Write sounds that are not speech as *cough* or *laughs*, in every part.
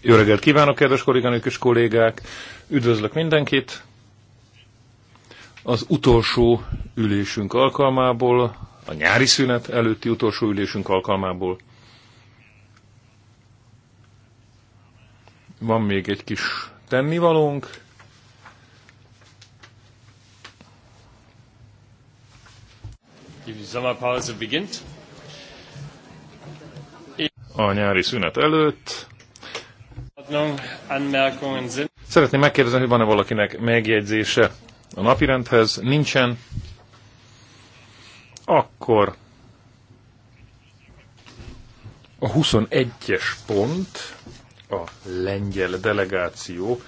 Jó reggelt kívánok, kedves kolléganők és kollégák! Üdvözlök mindenkit! Az utolsó ülésünk alkalmából, a nyári szünet előtti utolsó ülésünk alkalmából. Van még egy kis tennivalónk. Die Sommerpause beginnt a nyári szünet előtt. Szeretném megkérdezni, hogy van-e valakinek megjegyzése a napirendhez. Nincsen. Akkor a 21-es pont a lengyel delegáció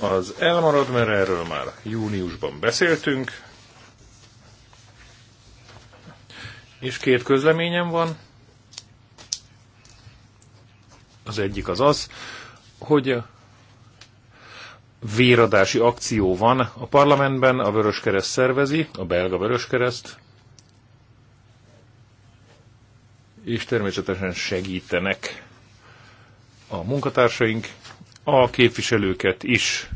az elmarad, mert erről már júniusban beszéltünk. És két közleményem van. Az egyik az az, hogy véradási akció van a parlamentben, a Vöröskereszt szervezi, a belga Vöröskereszt, és természetesen segítenek a munkatársaink, a képviselőket is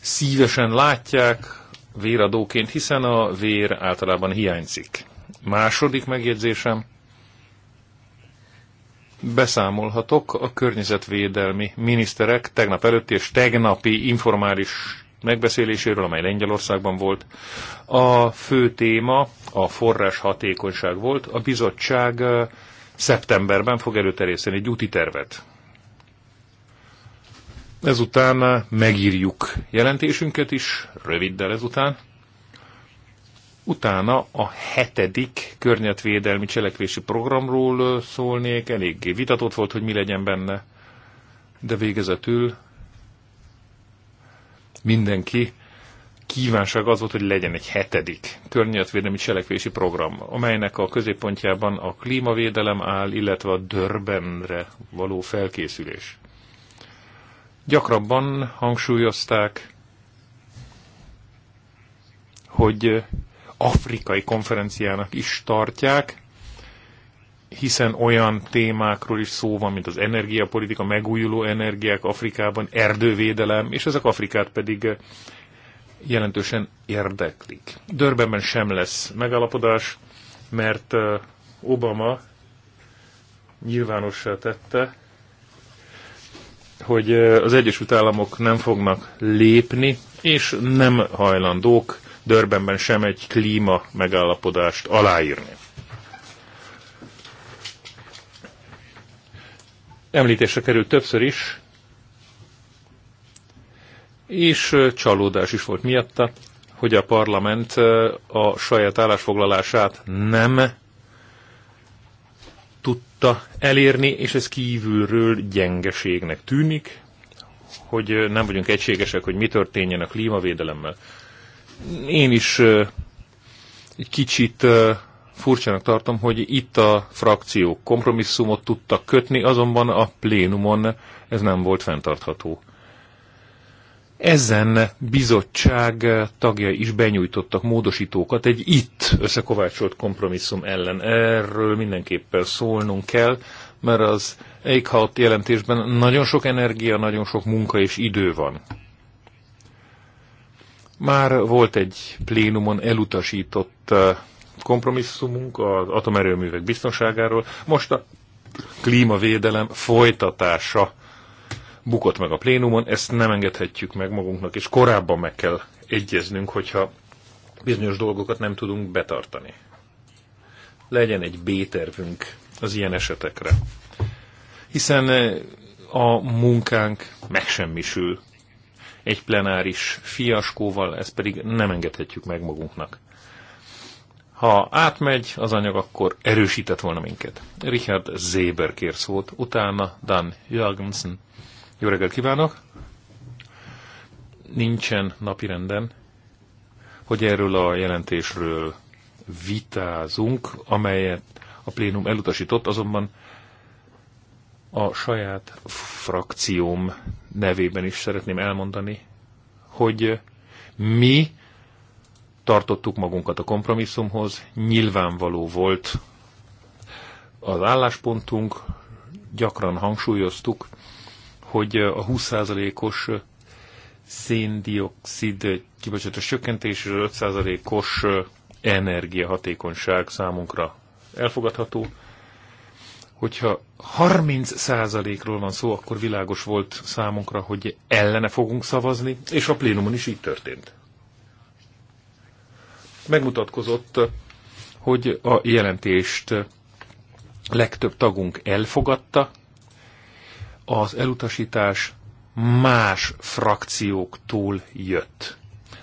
szívesen látják véradóként, hiszen a vér általában hiányzik. Második megjegyzésem, beszámolhatok a környezetvédelmi miniszterek tegnap előtti és tegnapi informális megbeszéléséről, amely Lengyelországban volt. A fő téma a forrás hatékonyság volt. A bizottság szeptemberben fog előterjeszteni egy úti tervet. Ezután megírjuk jelentésünket is, röviddel ezután, Utána a hetedik környezetvédelmi cselekvési programról szólnék, eléggé vitatott volt, hogy mi legyen benne, de végezetül mindenki kívánság az volt, hogy legyen egy hetedik környezetvédelmi cselekvési program, amelynek a középpontjában a klímavédelem áll, illetve a dörbenre való felkészülés. Gyakrabban hangsúlyozták, hogy afrikai konferenciának is tartják, hiszen olyan témákról is szó van, mint az energiapolitika, megújuló energiák Afrikában, erdővédelem, és ezek Afrikát pedig jelentősen érdeklik. Dörbenben sem lesz megállapodás, mert eh, Obama nyilvánossá tette, hogy eh, az Egyesült Államok nem fognak lépni, és nem hajlandók Dörbenben sem egy klíma megállapodást aláírni. Említésre került többször is, és csalódás is volt miatta, hogy a parlament a saját állásfoglalását nem tudta elérni, és ez kívülről gyengeségnek tűnik, hogy nem vagyunk egységesek, hogy mi történjen a klímavédelemmel. Én is egy kicsit furcsának tartom, hogy itt a frakciók kompromisszumot tudtak kötni, azonban a plénumon ez nem volt fenntartható. Ezen bizottság tagjai is benyújtottak módosítókat egy itt összekovácsolt kompromisszum ellen. Erről mindenképpen szólnunk kell, mert az Eichhaut jelentésben nagyon sok energia, nagyon sok munka és idő van. Már volt egy plénumon elutasított kompromisszumunk az atomerőművek biztonságáról, most a klímavédelem folytatása bukott meg a plénumon, ezt nem engedhetjük meg magunknak, és korábban meg kell egyeznünk, hogyha bizonyos dolgokat nem tudunk betartani. Legyen egy B-tervünk az ilyen esetekre. Hiszen a munkánk megsemmisül, egy plenáris fiaskóval, ezt pedig nem engedhetjük meg magunknak. Ha átmegy az anyag, akkor erősített volna minket. Richard Zéber kér szót, utána Dan Jürgensen. Jó reggelt kívánok! Nincsen napirenden, hogy erről a jelentésről vitázunk, amelyet a plénum elutasított, azonban a saját frakcióm nevében is szeretném elmondani, hogy mi tartottuk magunkat a kompromisszumhoz, nyilvánvaló volt az álláspontunk, gyakran hangsúlyoztuk, hogy a 20%-os széndiokszid kibocsátás csökkentés és az 5%-os energiahatékonyság számunkra elfogadható hogyha 30%-ról van szó, akkor világos volt számunkra, hogy ellene fogunk szavazni, és a plénumon is így történt. Megmutatkozott, hogy a jelentést legtöbb tagunk elfogadta, az elutasítás más frakcióktól jött.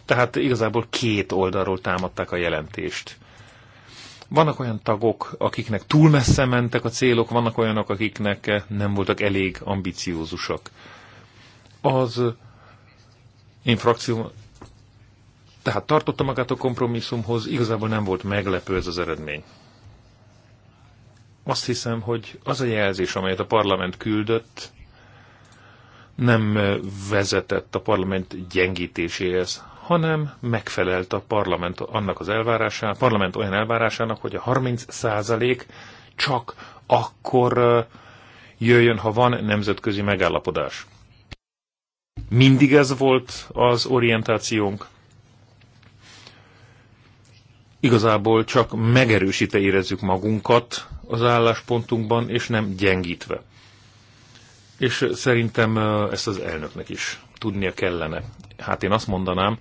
Tehát igazából két oldalról támadták a jelentést. Vannak olyan tagok, akiknek túl messze mentek a célok, vannak olyanok, akiknek nem voltak elég ambiciózusak. Az én frakció tehát tartotta magát a kompromisszumhoz, igazából nem volt meglepő ez az eredmény. Azt hiszem, hogy az a jelzés, amelyet a parlament küldött, nem vezetett a parlament gyengítéséhez, hanem megfelelt a parlament annak az elvárásának, parlament olyan elvárásának, hogy a 30% csak akkor jöjjön, ha van nemzetközi megállapodás. Mindig ez volt az orientációnk. Igazából csak megerősíte érezzük magunkat az álláspontunkban, és nem gyengítve. És szerintem ezt az elnöknek is tudnia kellene. Hát én azt mondanám,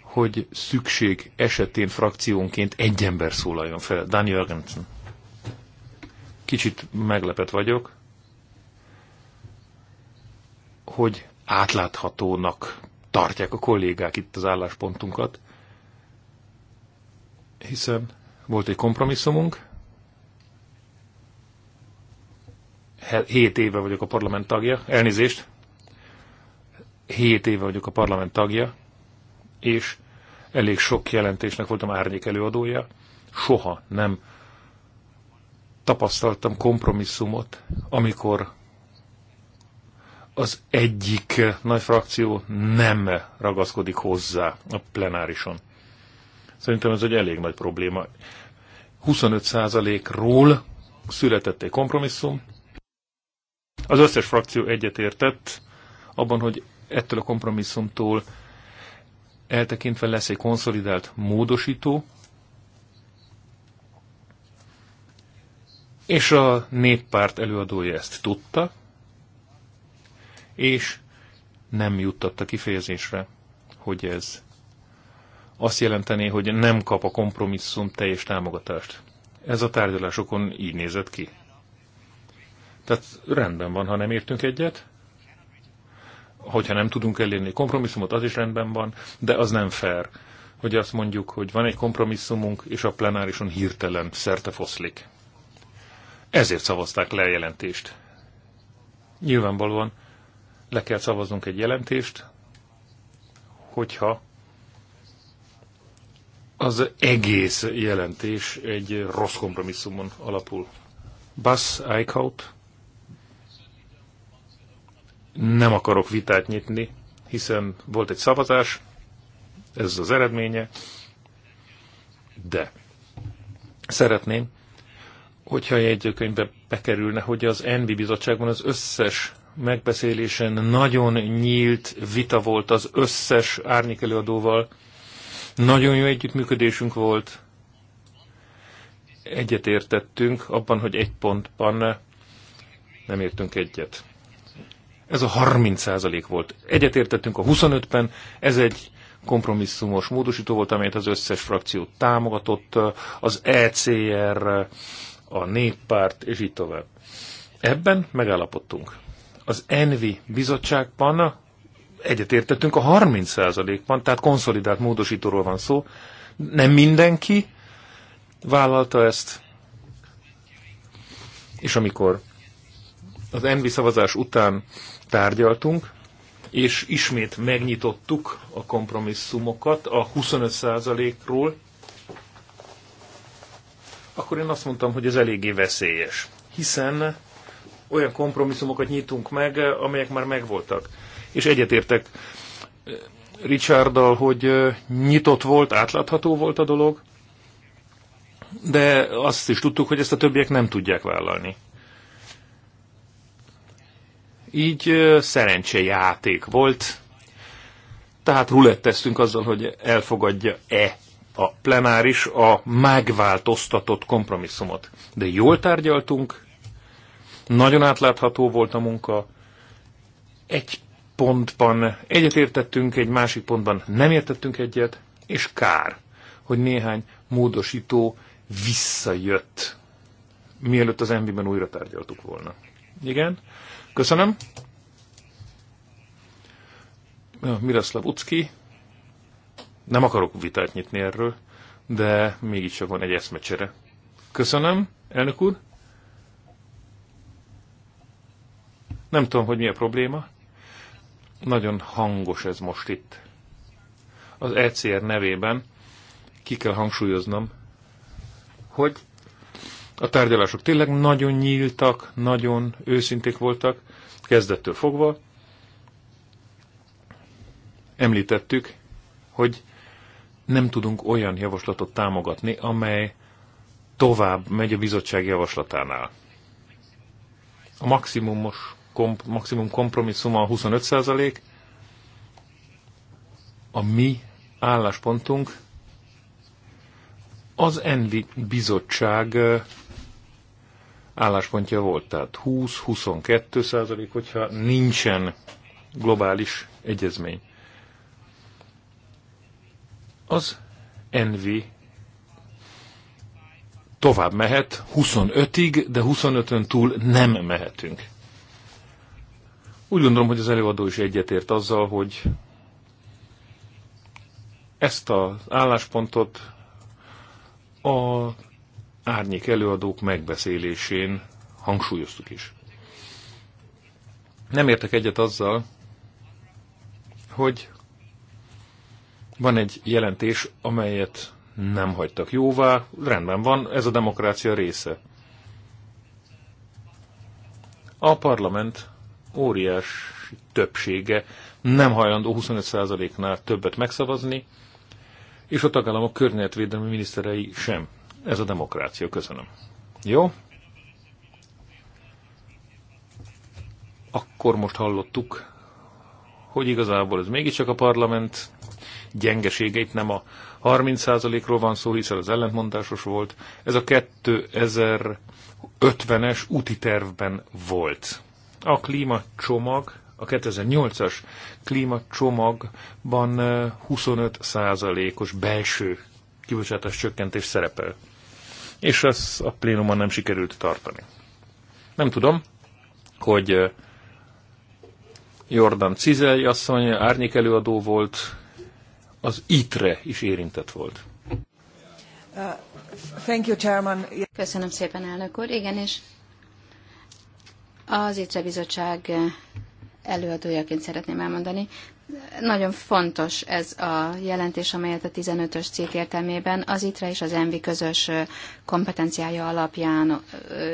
hogy szükség esetén frakciónként egy ember szólaljon fel. Dan Jörgensen. Kicsit meglepet vagyok, hogy átláthatónak tartják a kollégák itt az álláspontunkat, hiszen volt egy kompromisszumunk, hét éve vagyok a parlament tagja, elnézést, 7 éve vagyok a parlament tagja, és elég sok jelentésnek voltam árnyék előadója. Soha nem tapasztaltam kompromisszumot, amikor az egyik nagy frakció nem ragaszkodik hozzá a plenárison. Szerintem ez egy elég nagy probléma. 25%-ról született egy kompromisszum. Az összes frakció egyetértett abban, hogy ettől a kompromisszumtól eltekintve lesz egy konszolidált módosító, és a néppárt előadója ezt tudta, és nem juttatta kifejezésre, hogy ez azt jelenteni, hogy nem kap a kompromisszum teljes támogatást. Ez a tárgyalásokon így nézett ki. Tehát rendben van, ha nem értünk egyet, hogyha nem tudunk elérni kompromisszumot, az is rendben van, de az nem fair, hogy azt mondjuk, hogy van egy kompromisszumunk, és a plenárison hirtelen szerte foszlik. Ezért szavazták le a jelentést. Nyilvánvalóan le kell szavaznunk egy jelentést, hogyha az egész jelentés egy rossz kompromisszumon alapul. Bass Eichhout nem akarok vitát nyitni, hiszen volt egy szavazás, ez az eredménye, de szeretném, hogyha a jegyzőkönyvbe bekerülne, hogy az ENVI bizottságban az összes megbeszélésen nagyon nyílt vita volt az összes árnyékelőadóval, nagyon jó együttműködésünk volt, egyetértettünk abban, hogy egy pontban nem értünk egyet. Ez a 30% volt. Egyetértettünk a 25-ben, ez egy kompromisszumos módosító volt, amelyet az összes frakció támogatott, az ECR, a néppárt, és így tovább. Ebben megállapodtunk. Az Envi bizottságban egyetértettünk a 30%-ban, tehát konszolidált módosítóról van szó. Nem mindenki vállalta ezt. És amikor az envi szavazás után tárgyaltunk, és ismét megnyitottuk a kompromisszumokat a 25%-ról, akkor én azt mondtam, hogy ez eléggé veszélyes. Hiszen olyan kompromisszumokat nyitunk meg, amelyek már megvoltak. És egyetértek eh, Richarddal, hogy eh, nyitott volt, átlátható volt a dolog, de azt is tudtuk, hogy ezt a többiek nem tudják vállalni. Így szerencsejáték volt, tehát ruletteztünk azzal, hogy elfogadja-e a plenáris a megváltoztatott kompromisszumot. De jól tárgyaltunk, nagyon átlátható volt a munka, egy pontban egyetértettünk, egy másik pontban nem értettünk egyet, és kár, hogy néhány módosító visszajött, mielőtt az MB-ben újra tárgyaltuk volna. Igen, Köszönöm. Miroslav Ucki. Nem akarok vitát nyitni erről, de mégiscsak van egy eszmecsere. Köszönöm, elnök úr. Nem tudom, hogy mi a probléma. Nagyon hangos ez most itt. Az ECR nevében ki kell hangsúlyoznom, hogy a tárgyalások tényleg nagyon nyíltak, nagyon őszinték voltak, kezdettől fogva. Említettük, hogy nem tudunk olyan javaslatot támogatni, amely tovább megy a bizottság javaslatánál. A maximumos komp, maximum kompromisszuma a 25 százalék, a mi álláspontunk az Envi bizottság álláspontja volt, tehát 20-22 százalék, hogyha nincsen globális egyezmény. Az Envi tovább mehet 25-ig, de 25-ön túl nem mehetünk. Úgy gondolom, hogy az előadó is egyetért azzal, hogy ezt az álláspontot a árnyék előadók megbeszélésén hangsúlyoztuk is. Nem értek egyet azzal, hogy van egy jelentés, amelyet nem hagytak jóvá, rendben van, ez a demokrácia része. A parlament óriás többsége nem hajlandó 25%-nál többet megszavazni, és a tagállamok környezetvédelmi miniszterei sem ez a demokrácia. Köszönöm. Jó? Akkor most hallottuk, hogy igazából ez mégiscsak a parlament gyengeségeit nem a 30%-ról van szó, hiszen az ellentmondásos volt. Ez a 2050-es úti tervben volt. A klímacsomag, a 2008-as klímacsomagban 25%-os eh, belső kibocsátás csökkentés szerepel és az a plénumon nem sikerült tartani. Nem tudom, hogy eh, Jordan Cizely asszony árnyék előadó volt, az ITRE is érintett volt. Uh, thank you, Chairman. Köszönöm szépen, elnök úr. Igen, és az ITRE bizottság eh, előadójaként szeretném elmondani, nagyon fontos ez a jelentés, amelyet a 15-ös cikk értelmében az ITRA e és az ENVI közös kompetenciája alapján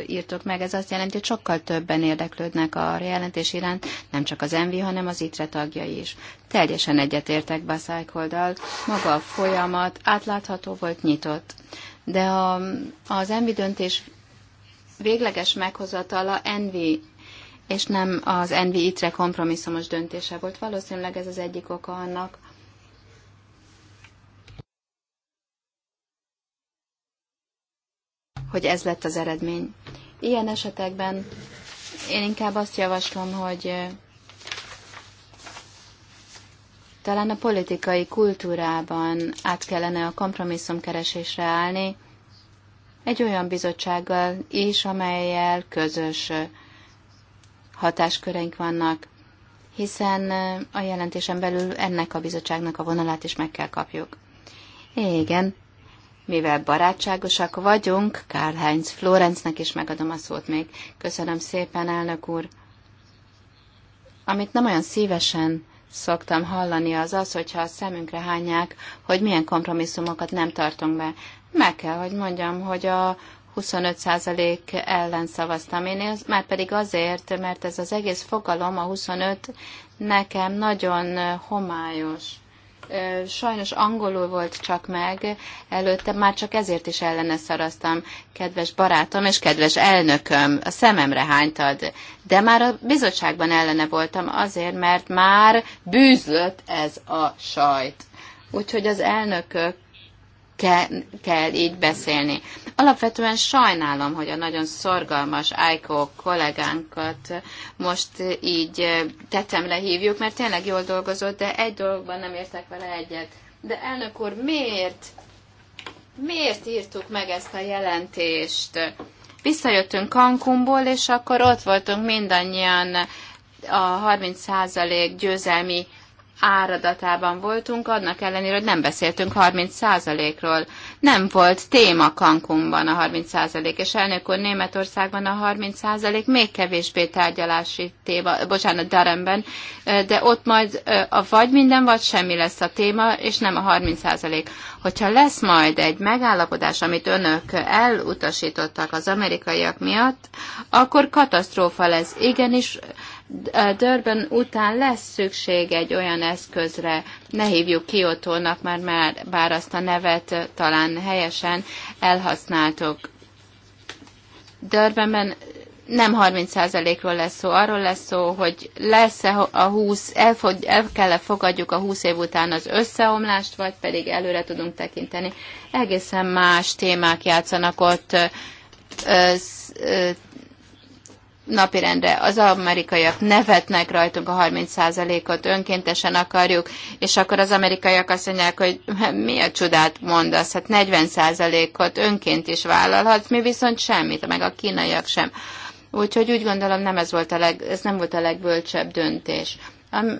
írtok meg. Ez azt jelenti, hogy sokkal többen érdeklődnek a jelentés iránt, nem csak az ENVI, hanem az ITRA e tagjai is. Teljesen egyetértek Baszájkoldal, maga a folyamat átlátható volt, nyitott. De a, az ENVI döntés végleges meghozatala ENVI és nem az NV ITRE kompromisszumos döntése volt. Valószínűleg ez az egyik oka annak, hogy ez lett az eredmény. Ilyen esetekben én inkább azt javaslom, hogy talán a politikai kultúrában át kellene a kompromisszumkeresésre állni, egy olyan bizottsággal is, amelyel közös hatásköreink vannak, hiszen a jelentésen belül ennek a bizottságnak a vonalát is meg kell kapjuk. Igen, mivel barátságosak vagyunk, Karl Heinz Florencnek is megadom a szót még. Köszönöm szépen, elnök úr. Amit nem olyan szívesen szoktam hallani, az az, hogyha a szemünkre hányják, hogy milyen kompromisszumokat nem tartunk be. Meg kell, hogy mondjam, hogy a 25% ellen szavaztam. Én már pedig azért, mert ez az egész fogalom, a 25 nekem nagyon homályos. Sajnos angolul volt csak meg, előtte már csak ezért is ellene szaraztam, kedves barátom és kedves elnököm, a szememre hánytad. De már a bizottságban ellene voltam azért, mert már bűzlött ez a sajt. Úgyhogy az elnökök kell, kell így beszélni. Alapvetően sajnálom, hogy a nagyon szorgalmas Aiko kollégánkat most így eh, tetemre hívjuk, mert tényleg jól dolgozott, de egy dologban nem értek vele egyet. De elnök úr, miért? Miért írtuk meg ezt a jelentést? Visszajöttünk Cancunból, és akkor ott voltunk mindannyian a 30% győzelmi áradatában voltunk, annak ellenére, hogy nem beszéltünk 30%-ról. Nem volt téma Cancunban a 30%, és elnök úr Németországban a 30% még kevésbé tárgyalási téma, bocsánat, Daremben, de ott majd a vagy minden, vagy semmi lesz a téma, és nem a 30%. Hogyha lesz majd egy megállapodás, amit önök elutasítottak az amerikaiak miatt, akkor katasztrófa lesz. Igenis, Dörben után lesz szükség egy olyan eszközre, ne hívjuk Kiotónak, mert már bár azt a nevet talán helyesen elhasználtok. Dörbenben nem 30%-ról lesz szó, arról lesz szó, hogy lesz-e a 20, elfogy, el kell -e fogadjuk a 20 év után az összeomlást, vagy pedig előre tudunk tekinteni. Egészen más témák játszanak ott napirendre. Az amerikaiak nevetnek rajtunk a 30%-ot, önkéntesen akarjuk, és akkor az amerikaiak azt mondják, hogy mi a csodát mondasz, hát 40%-ot önként is vállalhatsz, mi viszont semmit, meg a kínaiak sem. Úgyhogy úgy gondolom, nem ez, volt a leg, ez nem volt a legbölcsebb döntés. Am,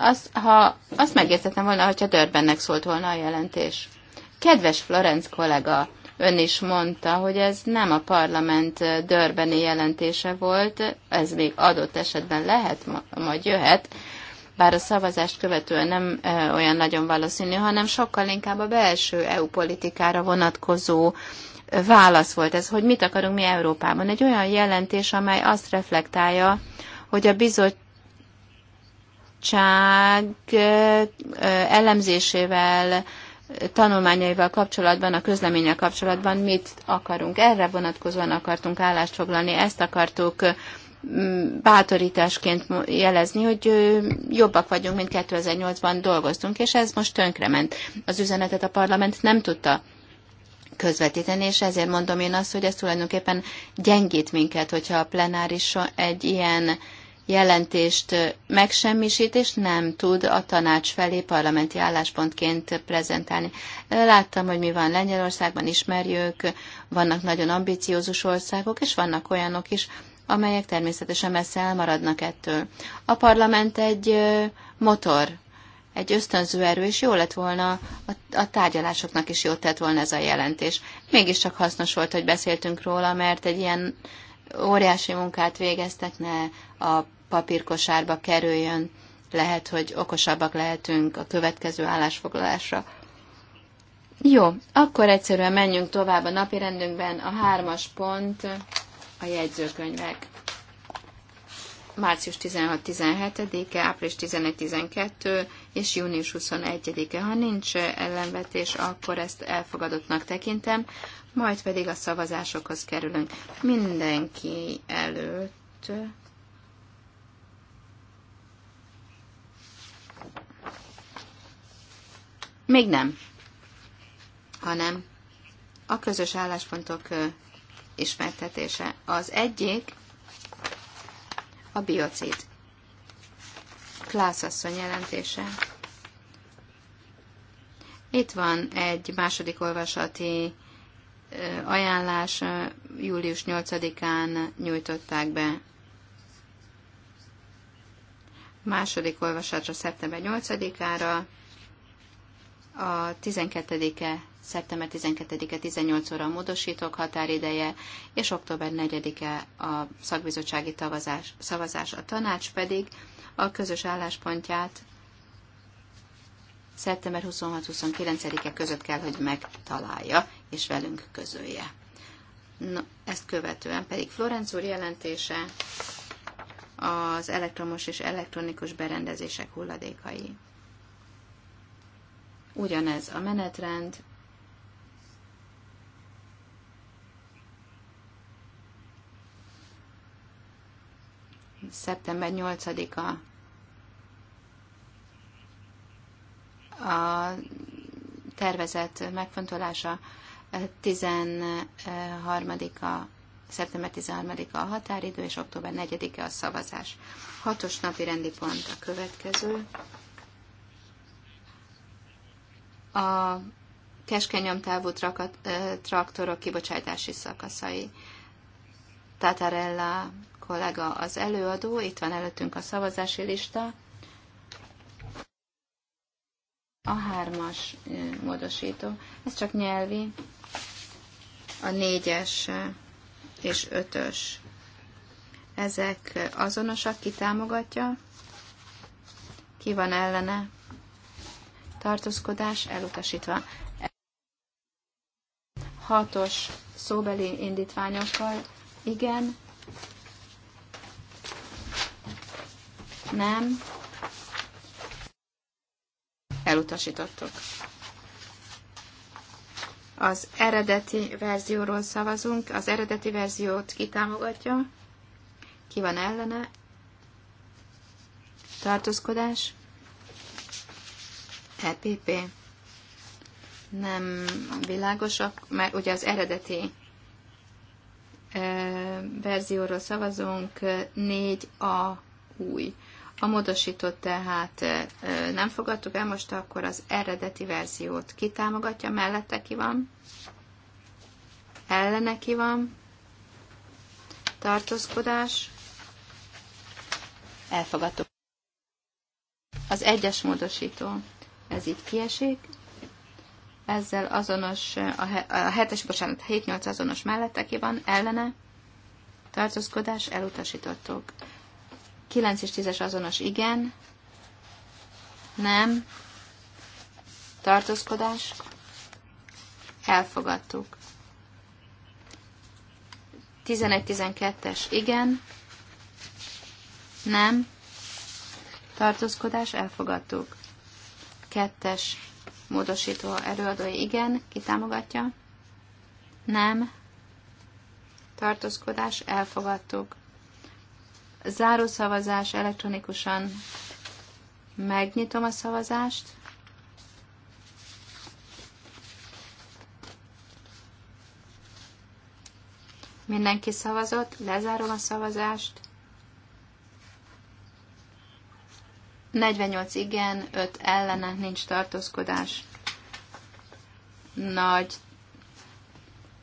az, ha, azt megértettem volna, hogyha Dörbennek szólt volna a jelentés. Kedves Florenc kollega, ön is mondta, hogy ez nem a parlament dörbeni jelentése volt, ez még adott esetben lehet, majd jöhet, bár a szavazást követően nem olyan nagyon valószínű, hanem sokkal inkább a belső EU politikára vonatkozó válasz volt ez, hogy mit akarunk mi Európában. Egy olyan jelentés, amely azt reflektálja, hogy a bizottság elemzésével tanulmányaival kapcsolatban, a közleménnyel kapcsolatban mit akarunk. Erre vonatkozóan akartunk állást foglalni, ezt akartuk mm, bátorításként jelezni, hogy jobbak vagyunk, mint 2008-ban dolgoztunk, és ez most tönkrement. Az üzenetet a parlament nem tudta közvetíteni, és ezért mondom én azt, hogy ez tulajdonképpen gyengít minket, hogyha a plenáris egy ilyen jelentést megsemmisít, és nem tud a tanács felé parlamenti álláspontként prezentálni. Láttam, hogy mi van Lengyelországban, ismerjük, vannak nagyon ambiciózus országok, és vannak olyanok is, amelyek természetesen messze elmaradnak ettől. A parlament egy motor, egy ösztönző erő, és jó lett volna a, a tárgyalásoknak is jót tett volna ez a jelentés. Mégiscsak hasznos volt, hogy beszéltünk róla, mert egy ilyen óriási munkát végeztek, ne a papírkosárba kerüljön. Lehet, hogy okosabbak lehetünk a következő állásfoglalásra. Jó, akkor egyszerűen menjünk tovább a rendünkben. A hármas pont a jegyzőkönyvek. Március 16-17-e, április 11-12 és június 21-e. Ha nincs ellenvetés, akkor ezt elfogadottnak tekintem, majd pedig a szavazásokhoz kerülünk. Mindenki előtt Még nem. Hanem a közös álláspontok ismertetése. Az egyik a biocid. Klászasszony jelentése. Itt van egy második olvasati ajánlás, július 8-án nyújtották be második olvasatra szeptember 8-ára, a 12-e, szeptember 12-e 18 óra a módosítók határideje, és október 4-e a szakbizottsági tavazás, szavazás. A tanács pedig a közös álláspontját szeptember 26-29-e között kell, hogy megtalálja és velünk közölje. No, ezt követően pedig Florenc úr jelentése az elektromos és elektronikus berendezések hulladékai. Ugyanez a menetrend, szeptember 8-a a tervezet megfontolása 13-a, szeptember 13-a a határidő, és október 4-e a szavazás. Hatos napi rendi pont a következő a keskeny nyomtávú traktorok kibocsátási szakaszai. Tatarella kollega az előadó, itt van előttünk a szavazási lista. A hármas módosító, ez csak nyelvi, a négyes és ötös. Ezek azonosak, ki támogatja, ki van ellene, tartózkodás elutasítva. Hatos szóbeli indítványokkal igen, nem, elutasítottuk. Az eredeti verzióról szavazunk, az eredeti verziót kitámogatja, ki van ellene, tartózkodás, EPP nem világosak, mert ugye az eredeti verzióról szavazunk, 4A új. A módosított tehát nem fogadtuk el, most akkor az eredeti verziót ki támogatja, mellette ki van, ellene ki van, tartózkodás, elfogadtuk. Az egyes módosító ez így kiesik. Ezzel azonos, a 7-es, bocsánat, 7-8 azonos melletteké van, ellene, tartózkodás, elutasítottuk. 9 és 10-es azonos, igen, nem, tartózkodás, elfogadtuk. 11-12-es, igen, nem, tartózkodás, elfogadtuk. 13-14, kettes módosító előadói igen, ki támogatja? Nem. Tartózkodás, elfogadtuk. Záró szavazás elektronikusan. Megnyitom a szavazást. Mindenki szavazott, lezárom a szavazást. 48 igen, 5 ellene, nincs tartózkodás. Nagy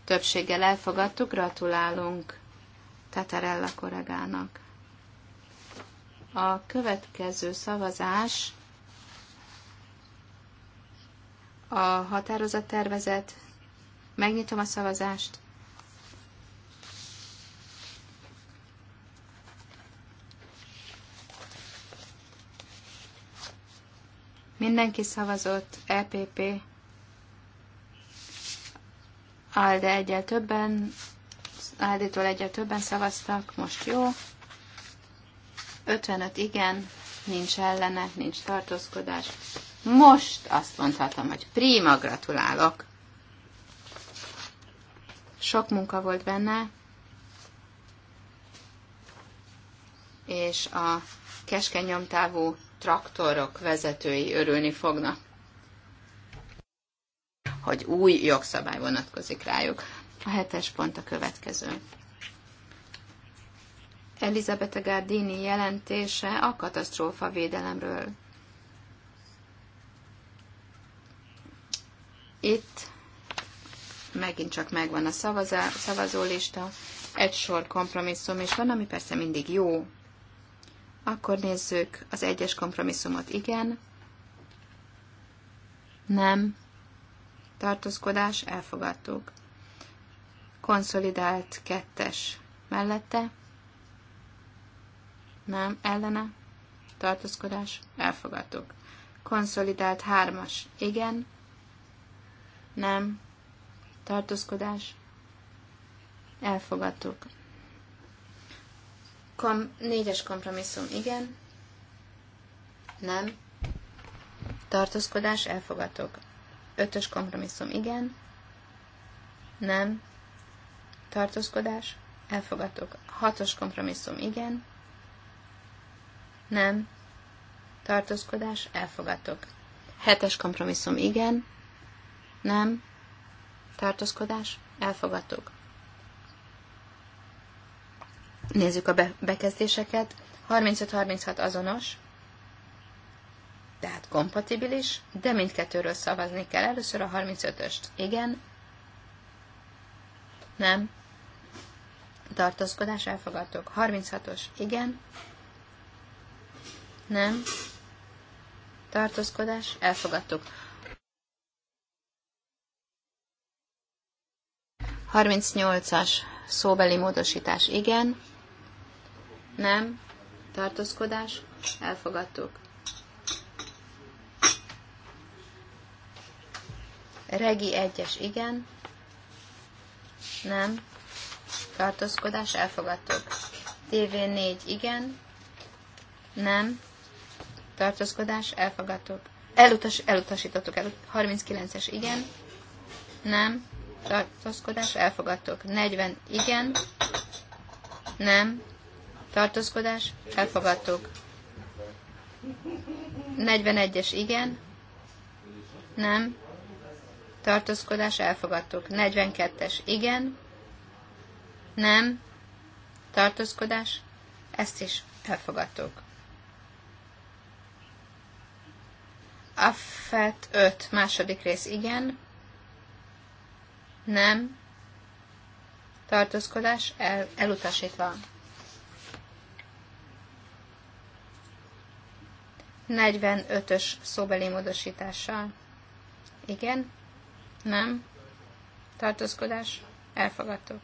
többséggel elfogadtuk, gratulálunk Tatarella koregának. A következő szavazás a határozattervezet. Megnyitom a szavazást. Mindenki szavazott, EPP, ALDE egyel többen, ALDE-tól egyel többen szavaztak, most jó. 55 igen, nincs ellene, nincs tartózkodás. Most azt mondhatom, hogy prima gratulálok. Sok munka volt benne, és a keskeny nyomtávú traktorok vezetői örülni fognak, hogy új jogszabály vonatkozik rájuk. A hetes pont a következő. Elizabeth Gardini jelentése a katasztrófa védelemről. Itt megint csak megvan a szavazó szavazólista, egy sor kompromisszum is van, ami persze mindig jó, akkor nézzük az egyes kompromisszumot. Igen. Nem. Tartózkodás. Elfogadtuk. Konszolidált kettes mellette. Nem. Ellene. Tartózkodás. Elfogadtuk. Konszolidált hármas. Igen. Nem. Tartózkodás. Elfogadtuk. Kom- négyes kompromisszum, igen. Nem. Tartózkodás, elfogadok. Ötös kompromisszum, igen. Nem. Tartózkodás, elfogadok. Hatos kompromisszum, igen. Nem. Tartózkodás, elfogadok. Hetes kompromisszum, igen. Nem. Tartózkodás, elfogadok. Nézzük a be- bekezdéseket. 35-36 azonos, tehát kompatibilis, de mindkettőről szavazni kell. Először a 35-öst. Igen. Nem. Tartózkodás elfogadtok. 36-os. Igen. Nem. Tartózkodás elfogadtuk. 38-as szóbeli módosítás. Igen. Nem. Tartózkodás. Elfogadtuk. Regi egyes. Igen. Nem. Tartózkodás. Elfogadtuk. TV4. Igen. Nem. Tartózkodás. Elfogadtuk. Elutas, elutasítottuk. El, 39-es. Igen. Nem. Tartózkodás. Elfogadtuk. 40. Igen. Nem Tartózkodás? Elfogadtuk. 41-es igen. Nem. Tartózkodás? Elfogadtuk. 42-es igen. Nem. Tartózkodás? Ezt is elfogadtuk. Affet 5. Második rész igen. Nem. Tartózkodás el, elutasítva. 45-ös szóbeli módosítással. Igen? Nem? Tartózkodás? Elfogadtuk.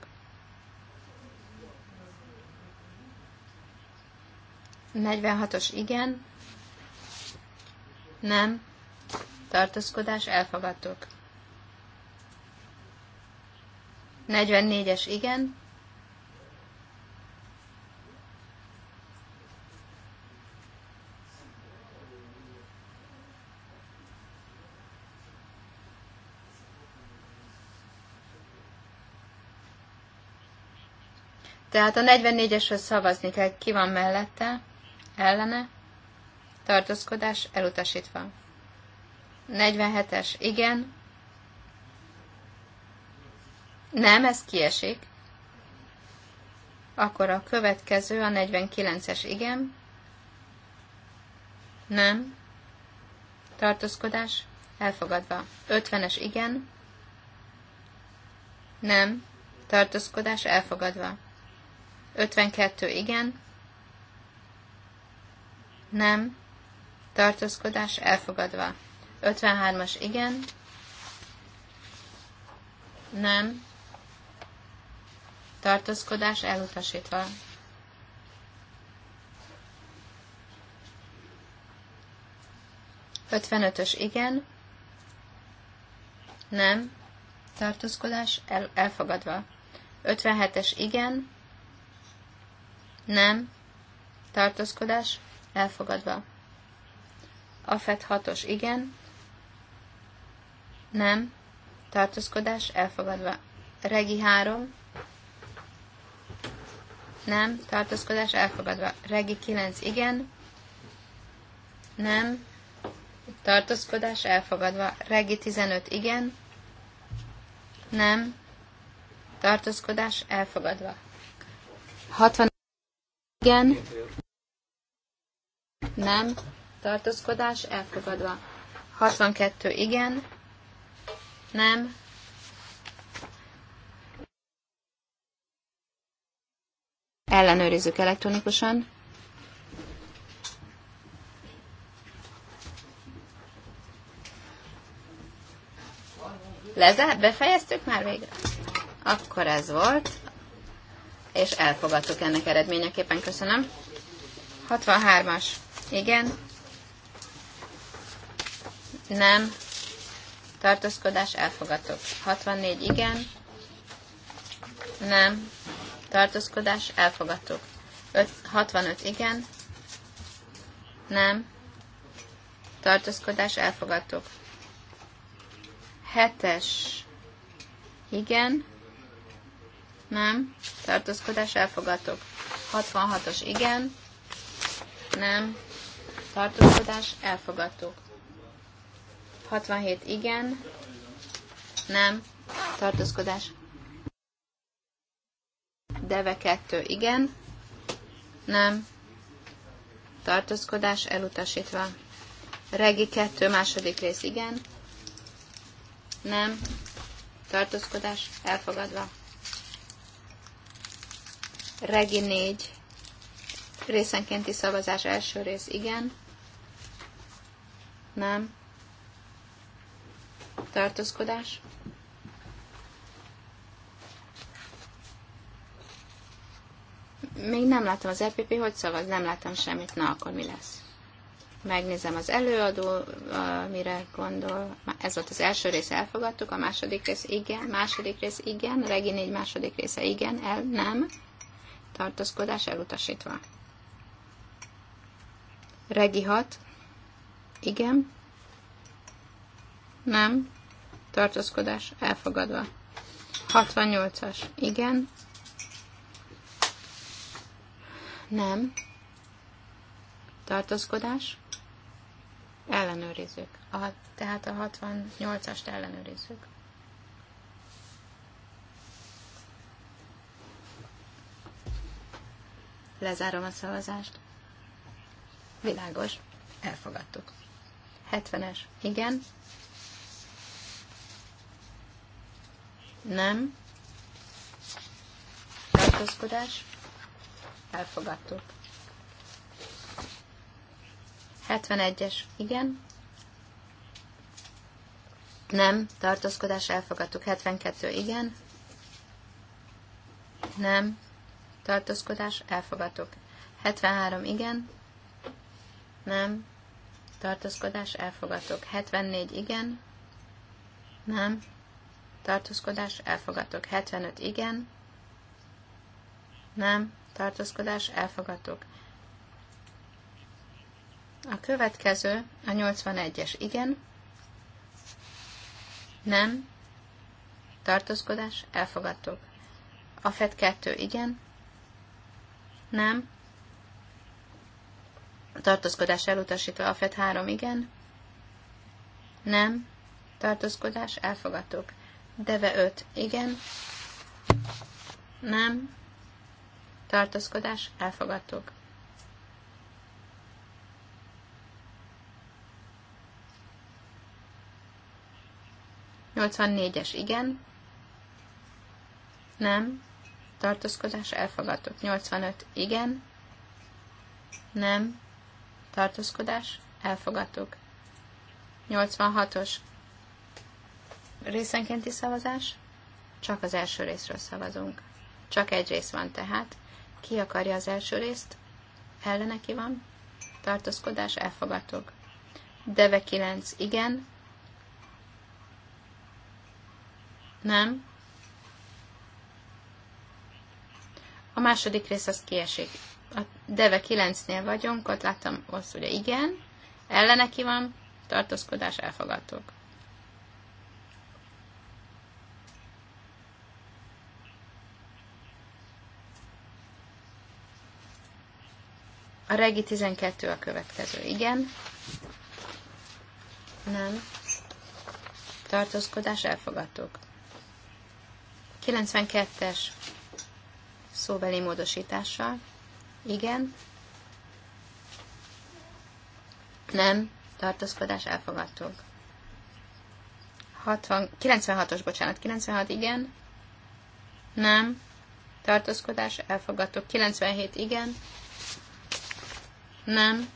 Negyvenhatos igen, nem, tartózkodás, elfogadtuk. 44-es igen, Tehát a 44-esről szavazni kell, ki van mellette, ellene, tartózkodás elutasítva. 47-es, igen. Nem, ez kiesik. Akkor a következő, a 49-es, igen. Nem. Tartózkodás elfogadva. 50-es, igen. Nem. Tartózkodás elfogadva. 52 igen, nem, tartózkodás elfogadva. 53-as igen, nem, tartózkodás elutasítva. Ötvenötös igen, nem, tartózkodás el, elfogadva. 57-es igen, nem. Tartózkodás. Elfogadva. Afet 6 hatos Igen. Nem. Tartózkodás. Elfogadva. Regi három Nem. Tartózkodás. Elfogadva. Regi kilenc Igen. Nem. Tartózkodás. Elfogadva. Regi tizenöt Igen. Nem. Tartózkodás elfogadva. 60 igen. Nem. Tartózkodás elfogadva. 62. Igen. Nem. Ellenőrizzük elektronikusan. Lezárt? Befejeztük már végre? Akkor ez volt és elfogadtuk ennek eredményeképpen. Köszönöm. 63-as. Igen. Nem. Tartózkodás elfogadtuk. 64. Igen. Nem. Tartózkodás elfogadtuk. 65. Igen. Nem. Tartózkodás elfogadtuk. 7-es. Igen nem, tartózkodás elfogadtuk. 66-os igen, nem, tartózkodás elfogadtuk. 67 igen, nem, tartózkodás. Deve 2 igen, nem, tartózkodás elutasítva. Regi 2 második rész igen, nem, tartózkodás elfogadva. Regi 4 részenkénti szavazás első rész igen, nem, tartózkodás. Még nem látom az EPP, hogy szavaz, nem látom semmit, na akkor mi lesz? Megnézem az előadó, mire gondol. Ez volt az első rész, elfogadtuk, a második rész igen, második rész igen, Regi négy második része igen, el nem tartózkodás elutasítva. Regi 6, igen, nem, tartózkodás elfogadva. 68-as, igen, nem, tartózkodás, ellenőrizzük. A, tehát a 68-ast ellenőrizzük. Lezárom a szavazást. Világos. Elfogadtuk. 70-es. Igen. Nem. Tartózkodás. Elfogadtuk. 71-es. Igen. Nem. Tartózkodás. Elfogadtuk. 72. Igen. Nem tartózkodás, elfogadok. 73 igen, nem, tartózkodás, elfogadok. 74 igen, nem, tartózkodás, elfogadok. 75 igen, nem, tartózkodás, elfogadok. A következő a 81-es igen, nem, tartózkodás, elfogadok. A FED 2 igen, nem. A tartózkodás elutasítva a FED 3 igen. Nem. Tartózkodás elfogadtuk. Deve 5 igen. Nem. Tartózkodás elfogadtuk. Nyolcvannégyes igen. Nem tartózkodás elfogadtuk. 85 igen, nem, tartózkodás elfogadtuk. 86-os részenkénti szavazás, csak az első részről szavazunk. Csak egy rész van tehát. Ki akarja az első részt? Ellene ki van? Tartózkodás elfogadtuk. Deve 9 igen, nem, A második rész az kiesik. A Deve 9-nél vagyunk, ott láttam azt, ugye igen, ellene ki van, tartózkodás elfogadtuk. A regi 12 a következő. Igen. Nem. Tartózkodás elfogadtuk. 92-es szóbeli módosítással. Igen. Nem. Tartózkodás elfogadtuk. 60, 96-os, bocsánat, 96, igen. Nem. Tartózkodás elfogadtuk. 97, igen. Nem.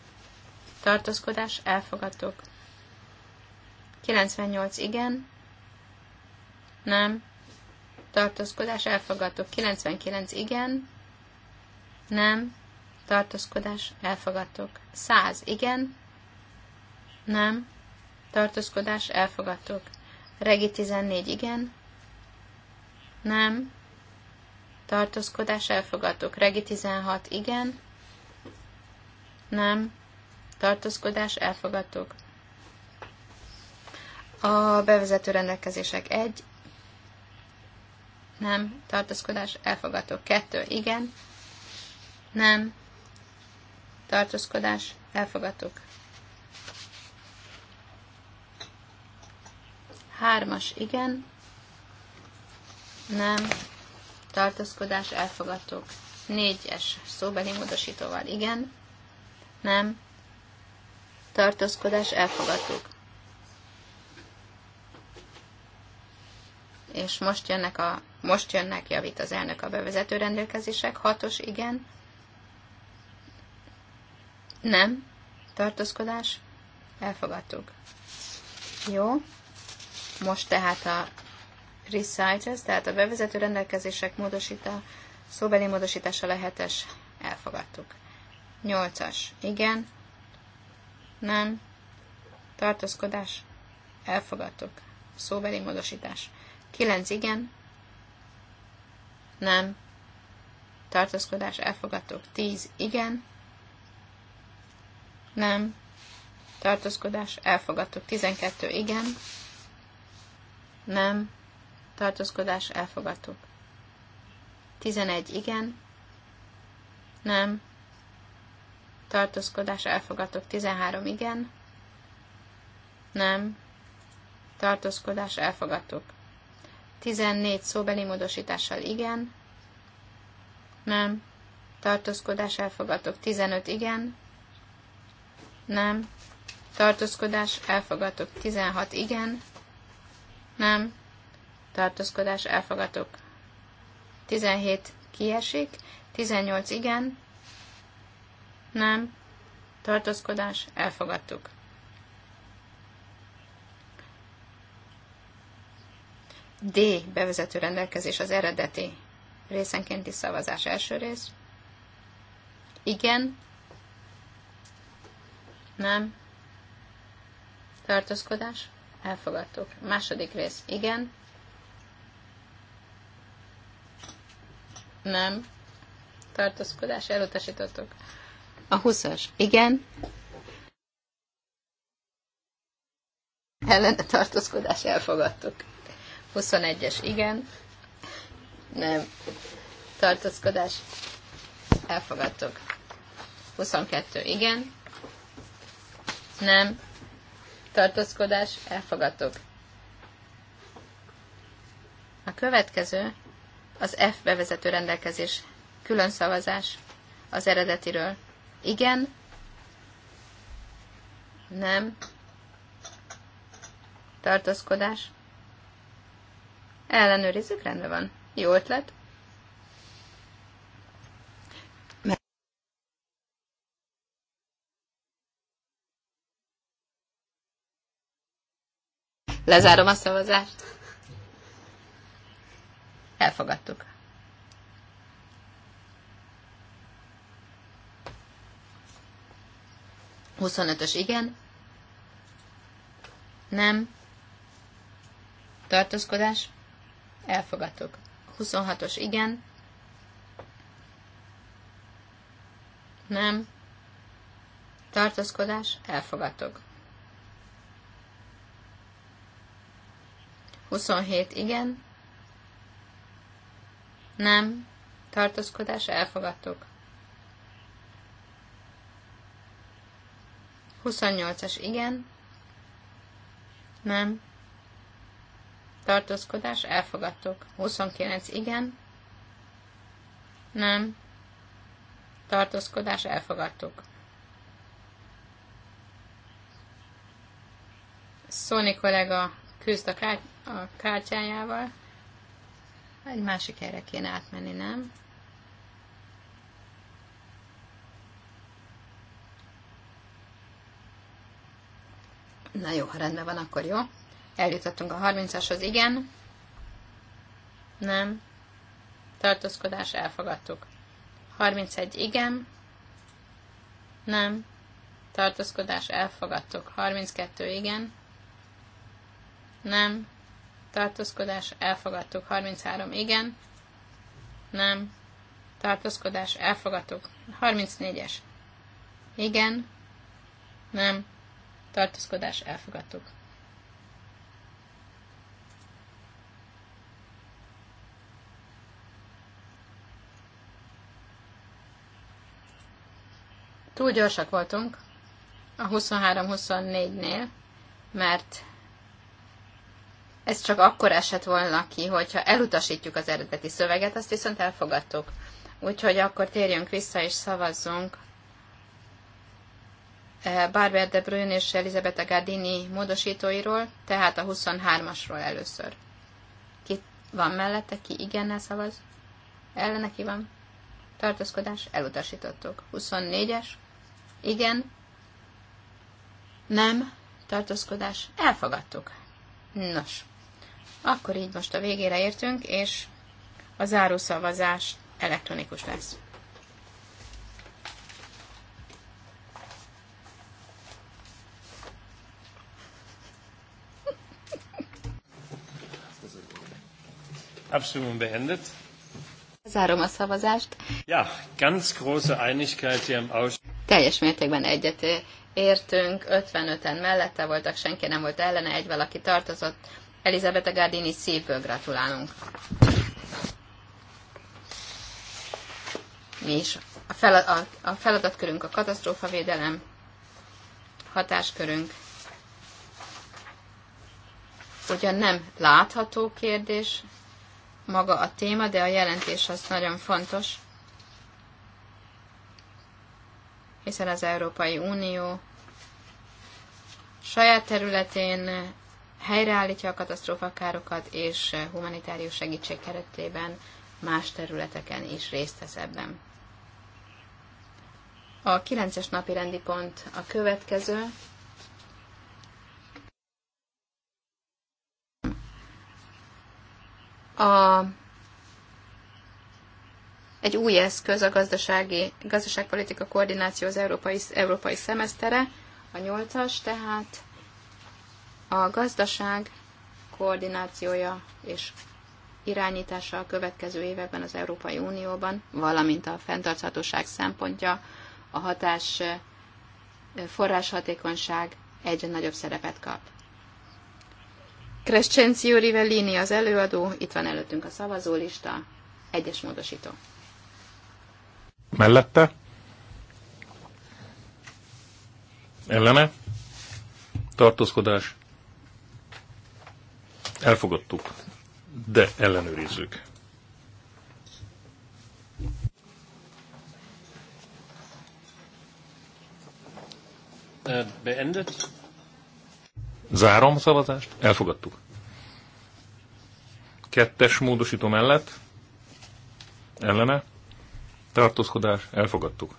Tartózkodás elfogadtuk. 98, igen. Nem tartózkodás elfogadó. 99 igen, nem, tartózkodás elfogadtuk. 100 igen, nem, tartózkodás elfogadtuk. Regi 14 igen, nem, tartózkodás elfogadtuk. Regi 16 igen, nem, tartózkodás elfogadtuk. A bevezető rendelkezések 1, nem, tartózkodás, elfogadó. Kettő, igen, nem, tartózkodás, elfogadtuk. Hármas, igen, nem, tartózkodás, elfogadtuk. Négyes, szóbeli módosítóval, igen, nem, tartózkodás, elfogadtuk. és most jönnek a most jönnek, javít az elnök a bevezető rendelkezések. Hatos, igen. Nem. Tartózkodás. Elfogadtuk. Jó. Most tehát a recitals, tehát a bevezető rendelkezések módosítása, szóbeli módosítása lehetes. Elfogadtuk. Nyolcas. Igen. Nem. Tartózkodás. Elfogadtuk. Szóbeli módosítás. Kilenc. Igen nem, tartózkodás elfogadtuk 10, igen, nem, tartózkodás elfogadtuk 12, igen, nem, tartózkodás elfogadtuk 11, igen, nem, tartózkodás elfogadtuk 13, igen, nem, tartózkodás elfogadtuk 14 szóbeli módosítással igen, nem, tartózkodás elfogadtok. 15 igen, nem, tartózkodás elfogadtok. 16 igen, nem, tartózkodás elfogadtok. 17 kiesik, 18 igen, nem, tartózkodás elfogadtuk. D. Bevezető rendelkezés az eredeti részenkénti szavazás első rész. Igen. Nem. Tartózkodás. Elfogadtuk. Második rész. Igen. Nem. Tartózkodás. Elutasítottuk. A 20-as. Igen. Ellene tartózkodás. Elfogadtuk. 21-es igen, nem, tartózkodás, elfogadtuk. 22 igen, nem, tartózkodás, elfogadtuk. A következő az F bevezető rendelkezés, külön szavazás az eredetiről. Igen, nem, tartózkodás, Ellenőrizzük, rendben van. Jó ötlet. Lezárom a szavazást. Elfogadtuk. Huszonötös igen. Nem. Tartózkodás. Elfogadtuk. 26-os igen. Nem. Tartózkodás. Elfogadtuk. 27 igen. Nem. Tartózkodás. Elfogadtuk. 28-as igen. Nem tartózkodás, elfogadtuk. 29 igen, nem, tartózkodás, elfogadtuk. Szóni kollega küzd a, kár, a kártyájával. Egy másik helyre kéne átmenni, nem? Na jó, ha rendben van, akkor jó. Eljutottunk a 30-ashoz, igen. Nem. Tartózkodás, elfogadtuk. 31, igen. Nem. Tartózkodás, elfogadtuk. 32, igen. Nem. Tartózkodás, elfogadtuk. 33, igen. Nem. Tartózkodás, elfogadtuk. 34-es. Igen. Nem. Tartózkodás, elfogadtuk. Túl gyorsak voltunk a 23-24-nél, mert ez csak akkor esett volna ki, hogyha elutasítjuk az eredeti szöveget, azt viszont elfogadtuk. Úgyhogy akkor térjünk vissza és szavazzunk eh, Barber de Bruyne és Elizabeth Gardini módosítóiról, tehát a 23-asról először. Ki van mellette, ki igennel szavaz? Ellene ki van? Tartózkodás, elutasítottuk. 24-es, igen. Nem. Tartózkodás. Elfogadtuk. Nos. Akkor így most a végére értünk, és a zárószavazás elektronikus lesz. Abstimmung beendet. Zárom a szavazást. Ja, ganz große Einigkeit hier im Ausschuss teljes mértékben egyet értünk, 55-en mellette voltak, senki nem volt ellene, egy valaki tartozott. Elizabeth Gardini szívből gratulálunk. Mi is. A, fel, a, a feladatkörünk a katasztrófavédelem, hatáskörünk ugyan nem látható kérdés maga a téma, de a jelentés az nagyon fontos, hiszen az Európai Unió saját területén helyreállítja a katasztrófakárokat, és humanitárius segítség keretében más területeken is részt vesz ebben. A 9 napi rendi pont a következő. A egy új eszköz a gazdasági, gazdaságpolitika koordináció az európai, európai szemesztere, a nyolcas, tehát a gazdaság koordinációja és irányítása a következő években az Európai Unióban, valamint a fenntarthatóság szempontja, a hatás forráshatékonyság egyre nagyobb szerepet kap. Crescenzio Rivellini az előadó, itt van előttünk a szavazólista, egyes módosító mellette, ellene, tartózkodás, elfogadtuk, de ellenőrizzük. Beendet. Zárom a szavazást. Elfogadtuk. Kettes módosító mellett. Ellene tartózkodás, elfogadtuk.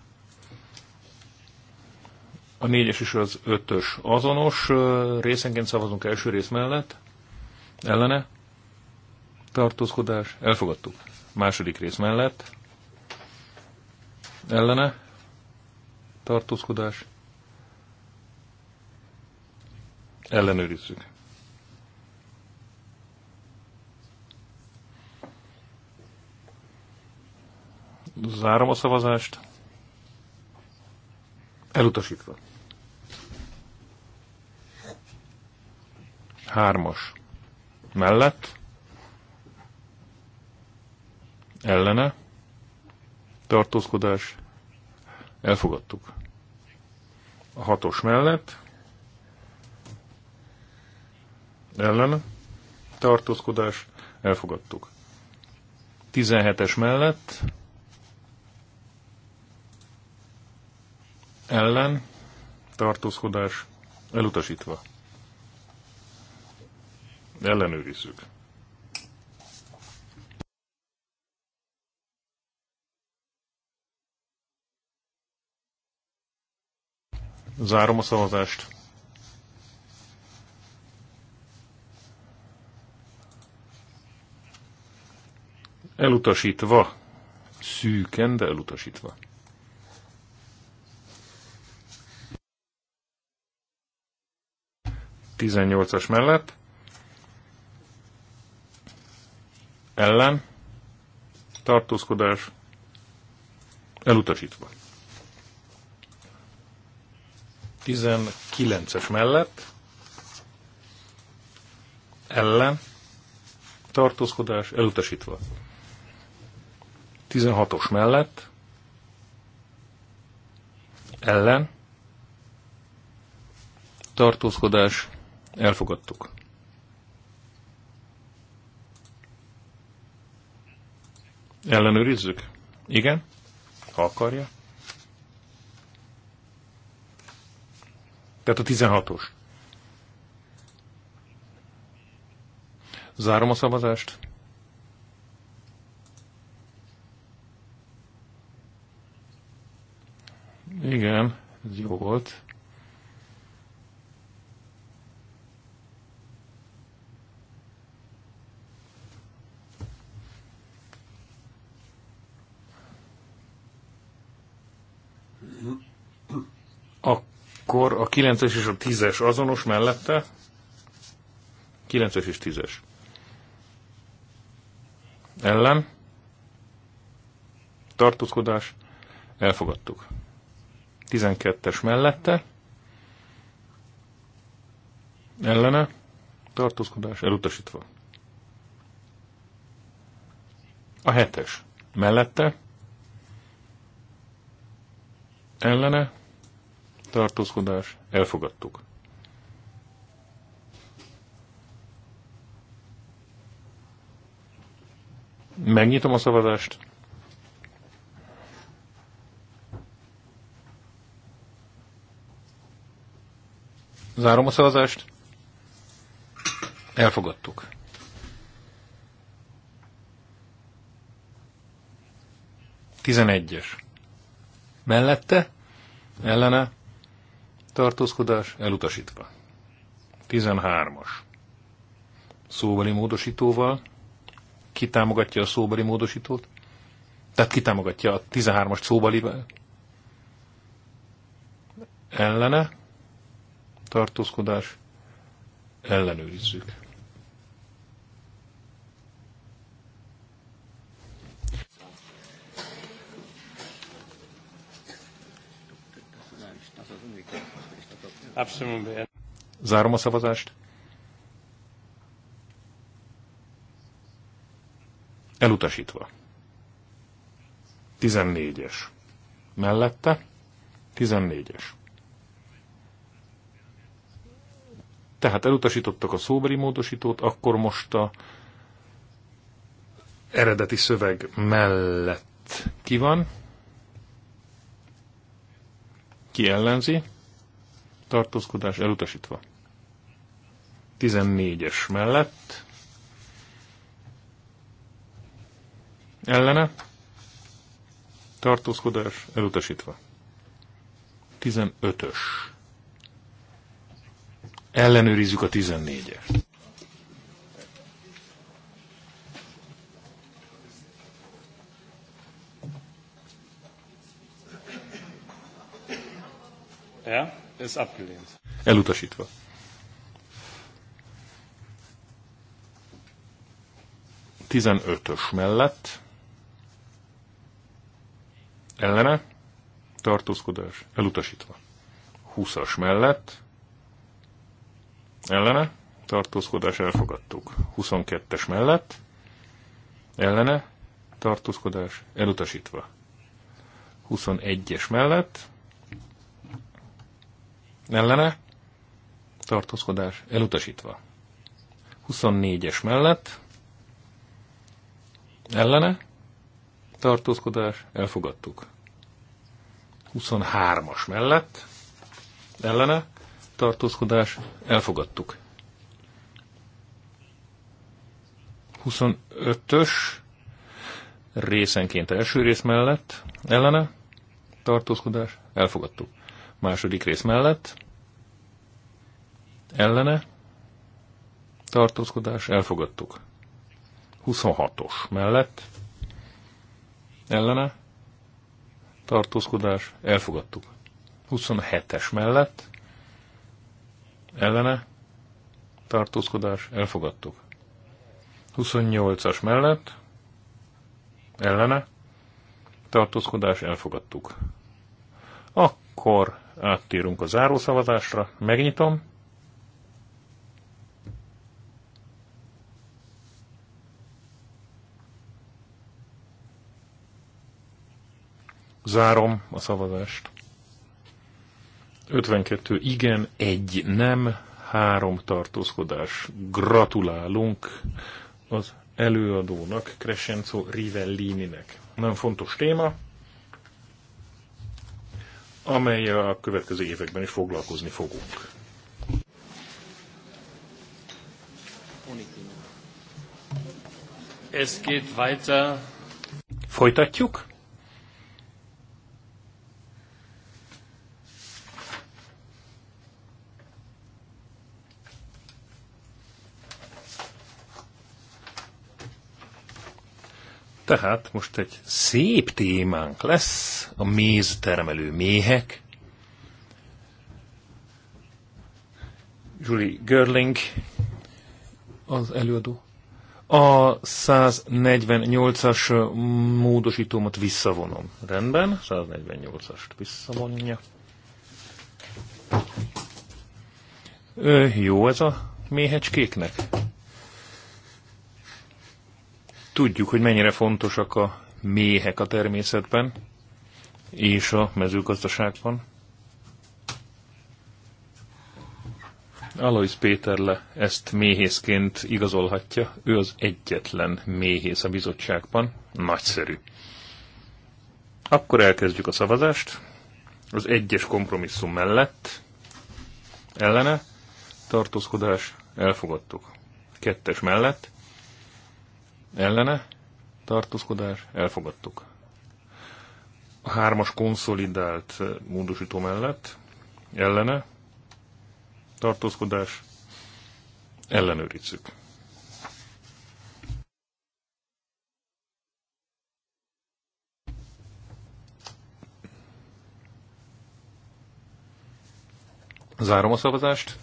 A négyes és az ötös azonos részenként szavazunk első rész mellett, ellene, tartózkodás, elfogadtuk. Második rész mellett, ellene, tartózkodás, ellenőrizzük. Zárom a szavazást. Elutasítva. Hármas. Mellett. Ellene. Tartózkodás. Elfogadtuk. A hatos mellett. Ellene. Tartózkodás. Elfogadtuk. 17-es mellett ellen tartózkodás elutasítva. Ellenőrizzük. Zárom a szavazást. Elutasítva. Szűken, de elutasítva. 18-as mellett ellen tartózkodás elutasítva. 19-es mellett ellen tartózkodás elutasítva. 16-os mellett ellen tartózkodás Elfogadtuk. Ellenőrizzük? Igen? Ha akarja. Tehát a 16-os. Zárom a szavazást. Igen, ez jó volt. Akkor a 9-es és a 10-es azonos mellette. 9-es és 10-es. Ellen. Tartózkodás. Elfogadtuk. 12-es mellette. Ellene. Tartózkodás elutasítva. A 7-es Mellette. Ellene tartózkodás, elfogadtuk. Megnyitom a szavazást. Zárom a szavazást. Elfogadtuk. Tizenegyes. Mellette? Ellene? tartózkodás elutasítva. 13-as. Szóbeli módosítóval. Ki támogatja a szóbeli módosítót? Tehát ki támogatja a 13-as szóbelivel? Ellene. Tartózkodás. Ellenőrizzük. Zárom a szavazást. Elutasítva. 14-es. Mellette 14-es. Tehát elutasítottak a szóbeli módosítót, akkor most a eredeti szöveg mellett ki van? Ki ellenzi? tartózkodás elutasítva. 14-es mellett ellene tartózkodás elutasítva. 15-ös. Ellenőrizzük a 14-est. Yeah. Ez abgelehnt. Elutasítva. Tizenötös mellett ellene tartózkodás elutasítva. 20 mellett ellene tartózkodás elfogadtuk. 22-es mellett ellene tartózkodás elutasítva. 21-es mellett ellene, tartózkodás elutasítva. 24-es mellett, ellene, tartózkodás elfogadtuk. 23-as mellett, ellene, tartózkodás elfogadtuk. 25-ös részenként első rész mellett, ellene, tartózkodás elfogadtuk Második rész mellett. Ellene. Tartózkodás. Elfogadtuk. 26-os mellett. Ellene. Tartózkodás. Elfogadtuk. 27-es mellett. Ellene. Tartózkodás. Elfogadtuk. 28-as mellett. Ellene. Tartózkodás. Elfogadtuk. Akkor áttérünk a zárószavazásra. Megnyitom. Zárom a szavazást. 52 igen, egy nem, három tartózkodás. Gratulálunk az előadónak, Crescenzo Rivellini-nek. Nagyon fontos téma amelyel a következő években is foglalkozni fogunk. Es geht weiter. Folytatjuk. Tehát most egy szép témánk lesz, a méztermelő méhek. Julie Görling az előadó. A 148-as módosítómat visszavonom. Rendben, 148-ast visszavonja. Ö, jó ez a méhecskéknek? Tudjuk, hogy mennyire fontosak a méhek a természetben és a mezőgazdaságban. Alois Péterle ezt méhészként igazolhatja. Ő az egyetlen méhész a bizottságban. Nagyszerű. Akkor elkezdjük a szavazást. Az egyes kompromisszum mellett ellene tartózkodás elfogadtuk. Kettes mellett ellene, tartózkodás, elfogadtuk. A hármas konszolidált eh, módosító mellett, ellene, tartózkodás, ellenőrizzük. Zárom a szavazást.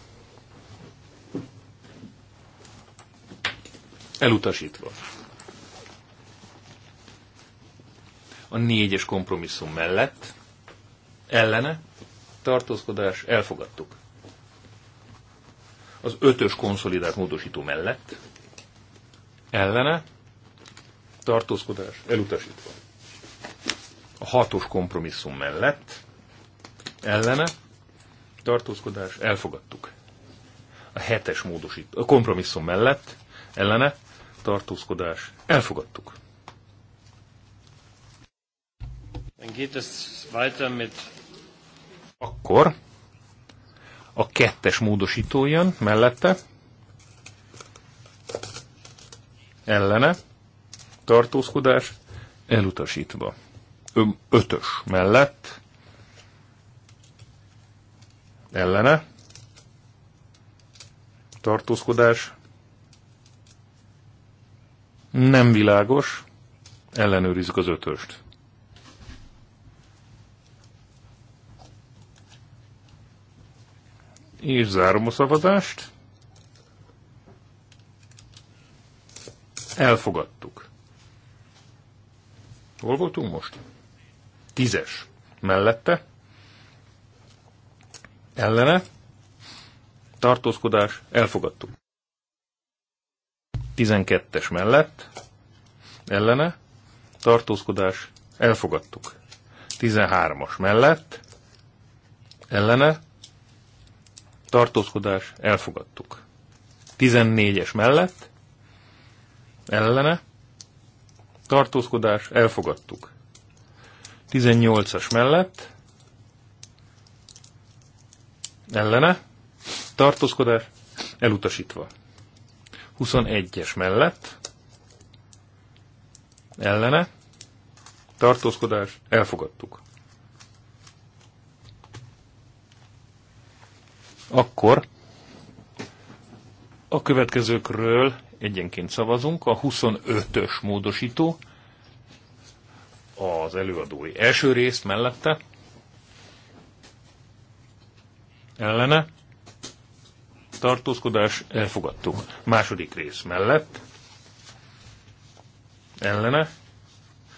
Elutasítva. a négyes kompromisszum mellett, ellene, tartózkodás, elfogadtuk. Az ötös konszolidált módosító mellett, ellene, tartózkodás, elutasítva. A hatos kompromisszum mellett, ellene, tartózkodás, elfogadtuk. A hetes módosító, a kompromisszum mellett, ellene, tartózkodás, elfogadtuk. Akkor a kettes módosító jön mellette, ellene, tartózkodás, elutasítva. Ö, ötös mellett, ellene, tartózkodás, nem világos, ellenőrizzük az ötöst. És zárom a szavazást. Elfogadtuk. Hol voltunk most? Tízes. Mellette. Ellene. Tartózkodás. Elfogadtuk. Tizenkettes mellett. Ellene. Tartózkodás. Elfogadtuk. Tizenhármas mellett, ellene, tartózkodás, elfogadtuk. 14-es mellett, ellene, tartózkodás, elfogadtuk. 18-as mellett, ellene, tartózkodás, elutasítva. 21-es mellett, ellene, tartózkodás, elfogadtuk. Akkor a következőkről egyenként szavazunk. A 25-ös módosító az előadói első részt mellette ellene tartózkodás elfogadtuk. Második rész mellett ellene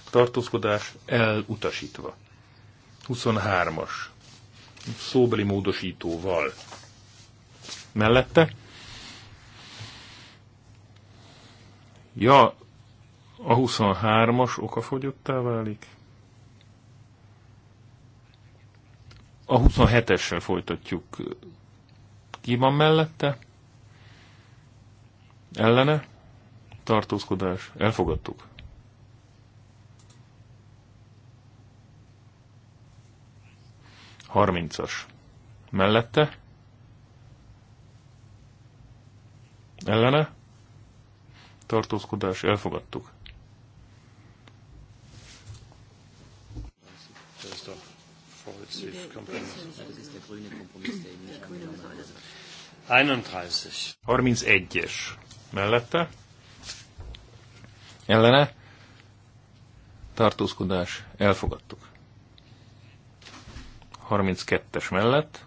tartózkodás elutasítva. 23-as szóbeli módosítóval mellette. Ja, a 23-as okafogyottá válik. A 27-essel folytatjuk. Ki van mellette? Ellene? Tartózkodás. Elfogadtuk. Harmincas. Mellette? ellene, tartózkodás, elfogadtuk. Harminc egyes mellette, ellene, tartózkodás, elfogadtuk. 32-es mellett,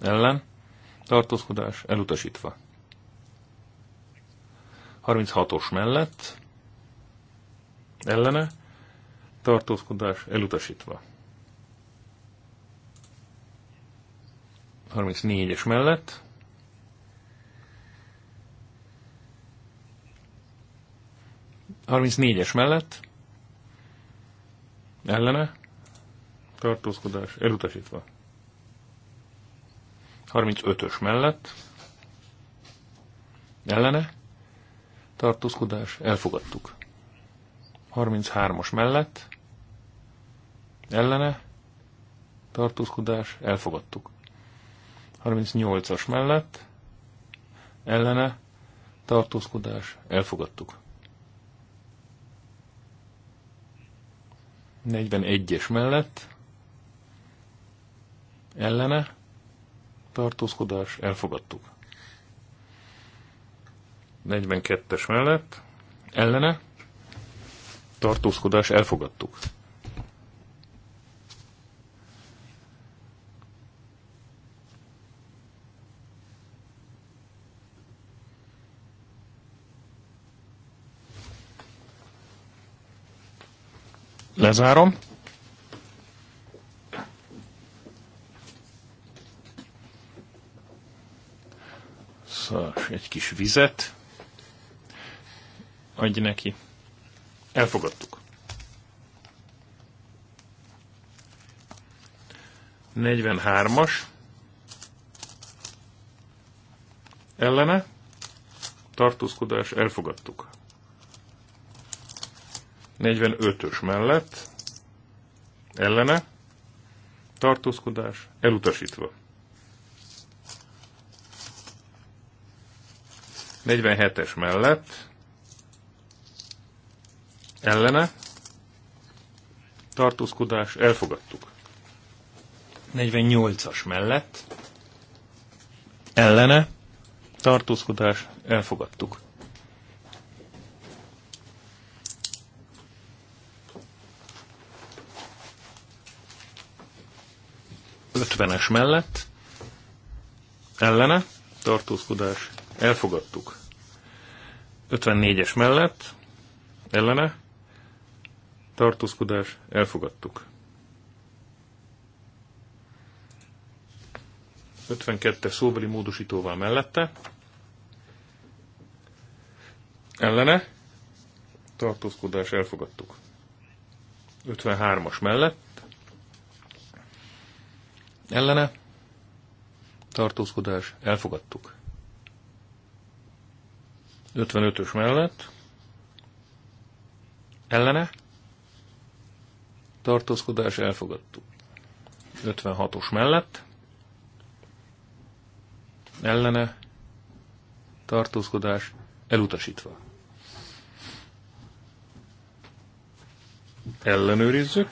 ellen, tartózkodás elutasítva. 36-os mellett ellene tartózkodás elutasítva. 34-es mellett es mellett ellene tartózkodás elutasítva. 35-ös mellett ellene tartózkodás, elfogadtuk. 33-as mellett, ellene, tartózkodás, elfogadtuk. 38-as mellett, ellene, tartózkodás, elfogadtuk. 41-es mellett, ellene, tartózkodás, elfogadtuk. 42-es mellett ellene tartózkodás elfogadtuk. Lezárom. Szóval egy kis vizet adj neki. Elfogadtuk. 43-as ellene tartózkodás elfogadtuk. 45-ös mellett ellene tartózkodás elutasítva. 47-es mellett ellene, tartózkodás, elfogadtuk. 48-as mellett, ellene, tartózkodás, elfogadtuk. Ötvenes mellett, ellene, tartózkodás, elfogadtuk. 54-es mellett, ellene, tartózkodás, elfogadtuk. 52-es szóbeli módosítóval mellette, ellene, tartózkodás, elfogadtuk. 53-as mellett, ellene, tartózkodás, elfogadtuk. 55-ös mellett, ellene, tartózkodás elfogadtuk. 56-os mellett ellene tartózkodás elutasítva. Ellenőrizzük.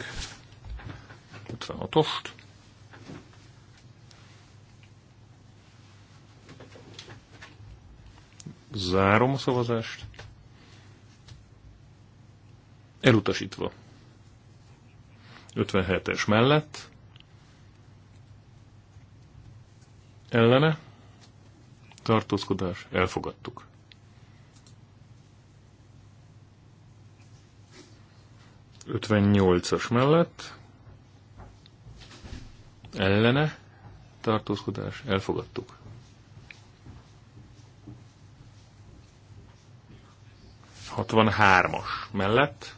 56-ost. Zárom a szavazást. Elutasítva. 57-es mellett, ellene, tartózkodás, elfogadtuk. Ötvennyolcas mellett, ellene, tartózkodás, elfogadtuk. Hatvanhármas mellett,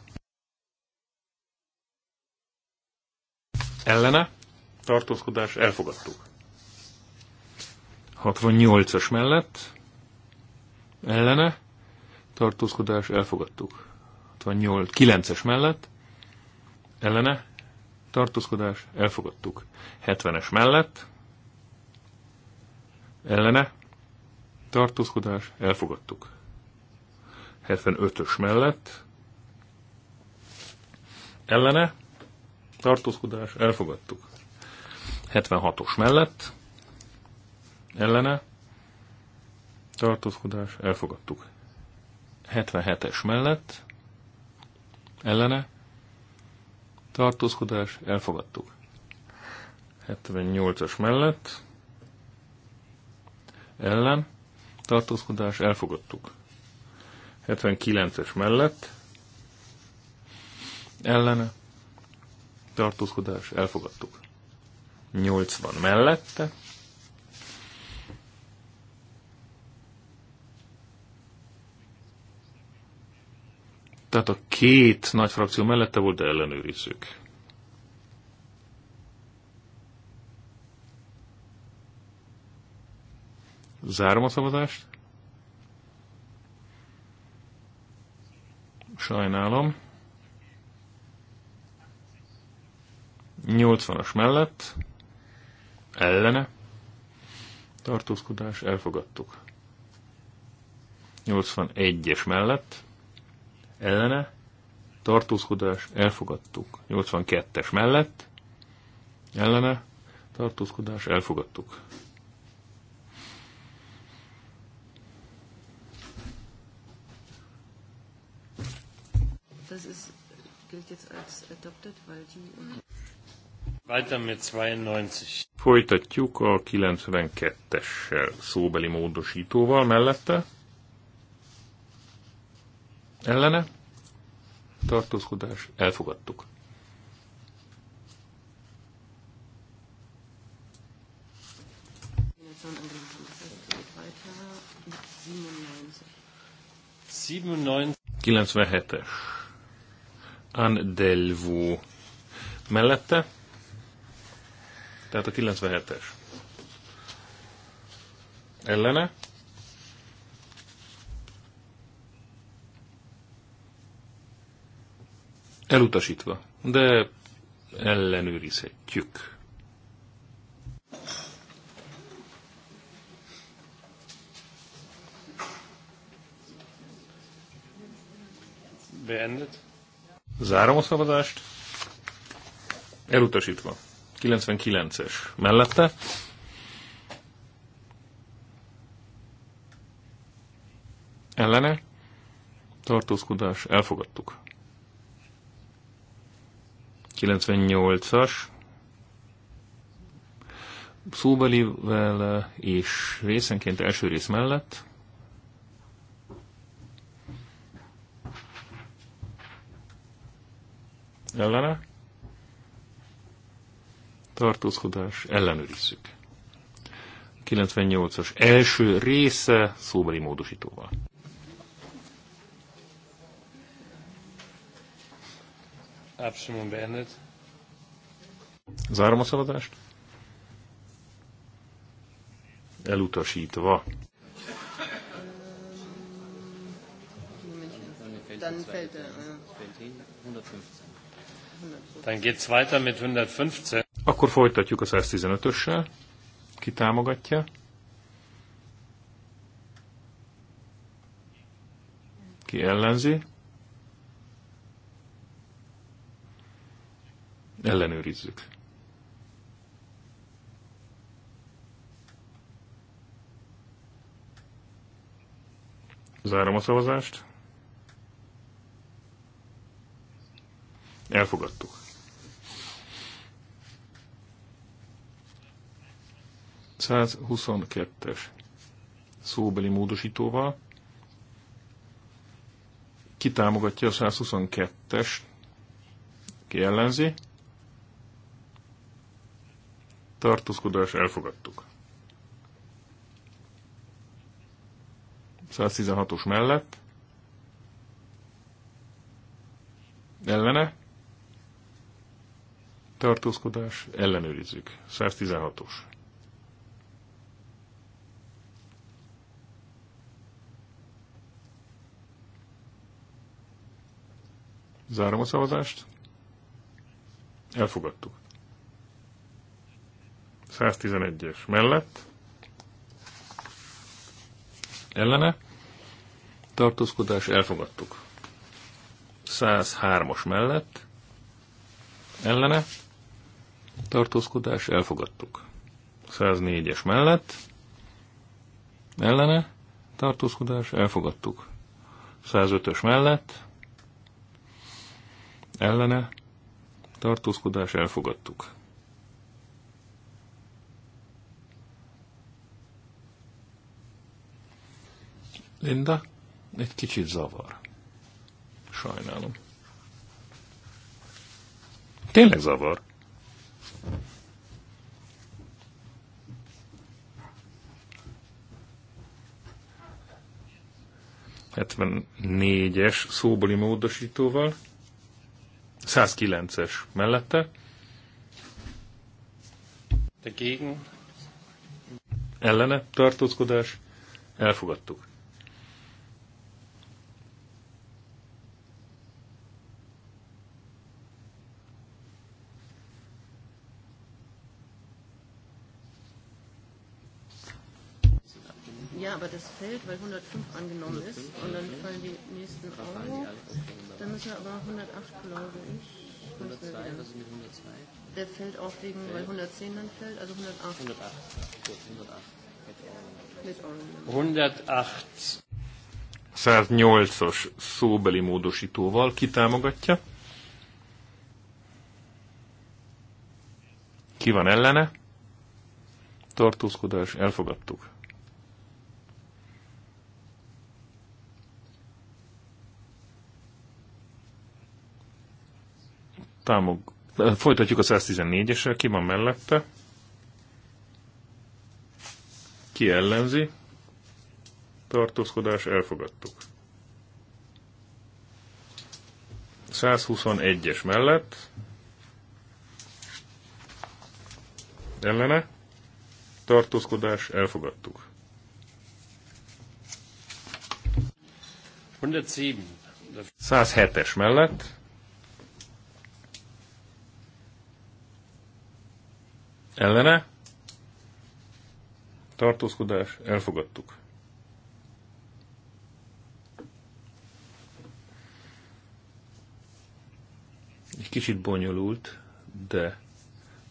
ellene, tartózkodás, elfogadtuk. 68-as mellett, ellene, tartózkodás, elfogadtuk. 68, 9-es mellett, ellene, tartózkodás, elfogadtuk. 70-es mellett, ellene, tartózkodás, elfogadtuk. 75-ös mellett, ellene, tartózkodás, elfogadtuk. 76-os mellett, ellene, tartózkodás, elfogadtuk. 77-es mellett, ellene, tartózkodás, elfogadtuk. 78-as mellett, ellen, tartózkodás, elfogadtuk. 79-es mellett, ellene, tartózkodás, elfogadtuk. 80 mellette. Tehát a két nagy frakció mellette volt, de ellenőrizzük. Zárom a szavazást. Sajnálom. 80-as mellett ellene tartózkodás elfogadtuk. 81-es mellett ellene tartózkodás elfogadtuk. 82-es mellett ellene tartózkodás elfogadtuk. Das ist, gilt jetzt als adopted, weil die... Weiter mit 92. Folytatjuk a 92-essel szóbeli módosítóval mellette. Ellene? Tartózkodás. Elfogadtuk. Kilencvenhetes. 97 Andelvó mellette tehát a 97-es. Ellene. Elutasítva, de ellenőrizhetjük. Beendet. Zárom a szavazást. Elutasítva. 99-es mellette. Ellene. Tartózkodás. Elfogadtuk. 98-as. Szóbelivel és részenként első rész mellett. Ellene tartózkodás, ellenőrizzük. 98-as első része szóbeli módosítóval. Abszolút beendet. Zárom a szavazást. Elutasítva. Dann äh, geht's weiter mit 115. Akkor folytatjuk a 115-össel. Ki támogatja? Ki ellenzi? Ellenőrizzük. Zárom a szavazást. Elfogadtuk. 122-es szóbeli módosítóval. Ki támogatja a 122-es? Ki ellenzi? Tartózkodás elfogadtuk. 116-os mellett. Ellene. Tartózkodás ellenőrizzük. 116-os. Zárom a szavazást. Elfogadtuk. 111-es mellett. Ellene. Tartózkodás elfogadtuk. 103-as mellett. Ellene. Tartózkodás elfogadtuk. 104-es mellett. Ellene. Tartózkodás elfogadtuk. 105-ös mellett ellene tartózkodás elfogadtuk. Linda, egy kicsit zavar. Sajnálom. Tényleg zavar. Hetvennégyes szóbeli módosítóval. 109-es mellette. Dagegen. Ellene tartózkodás. Elfogadtuk. aber das fällt, weil 105 angenommen ist und dann fallen die nächsten auch. Dann müssen wir aber 108, glaube ich. 102, was sind mit 102? Der fällt auch wegen, fällt. weil 110 dann fällt, also 108. 108, gut, 108. Er mit Orwell. 108. 108-as szóbeli módosítóval kitámogatja. Ki van ellene? Tartózkodás, elfogadtuk. támog... Folytatjuk a 114 esre ki van mellette? Ki ellenzi? Tartózkodás, elfogadtuk. 121-es mellett. Ellene? Tartózkodás, elfogadtuk. 107-es mellett ellene, tartózkodás, elfogadtuk. Egy kicsit bonyolult, de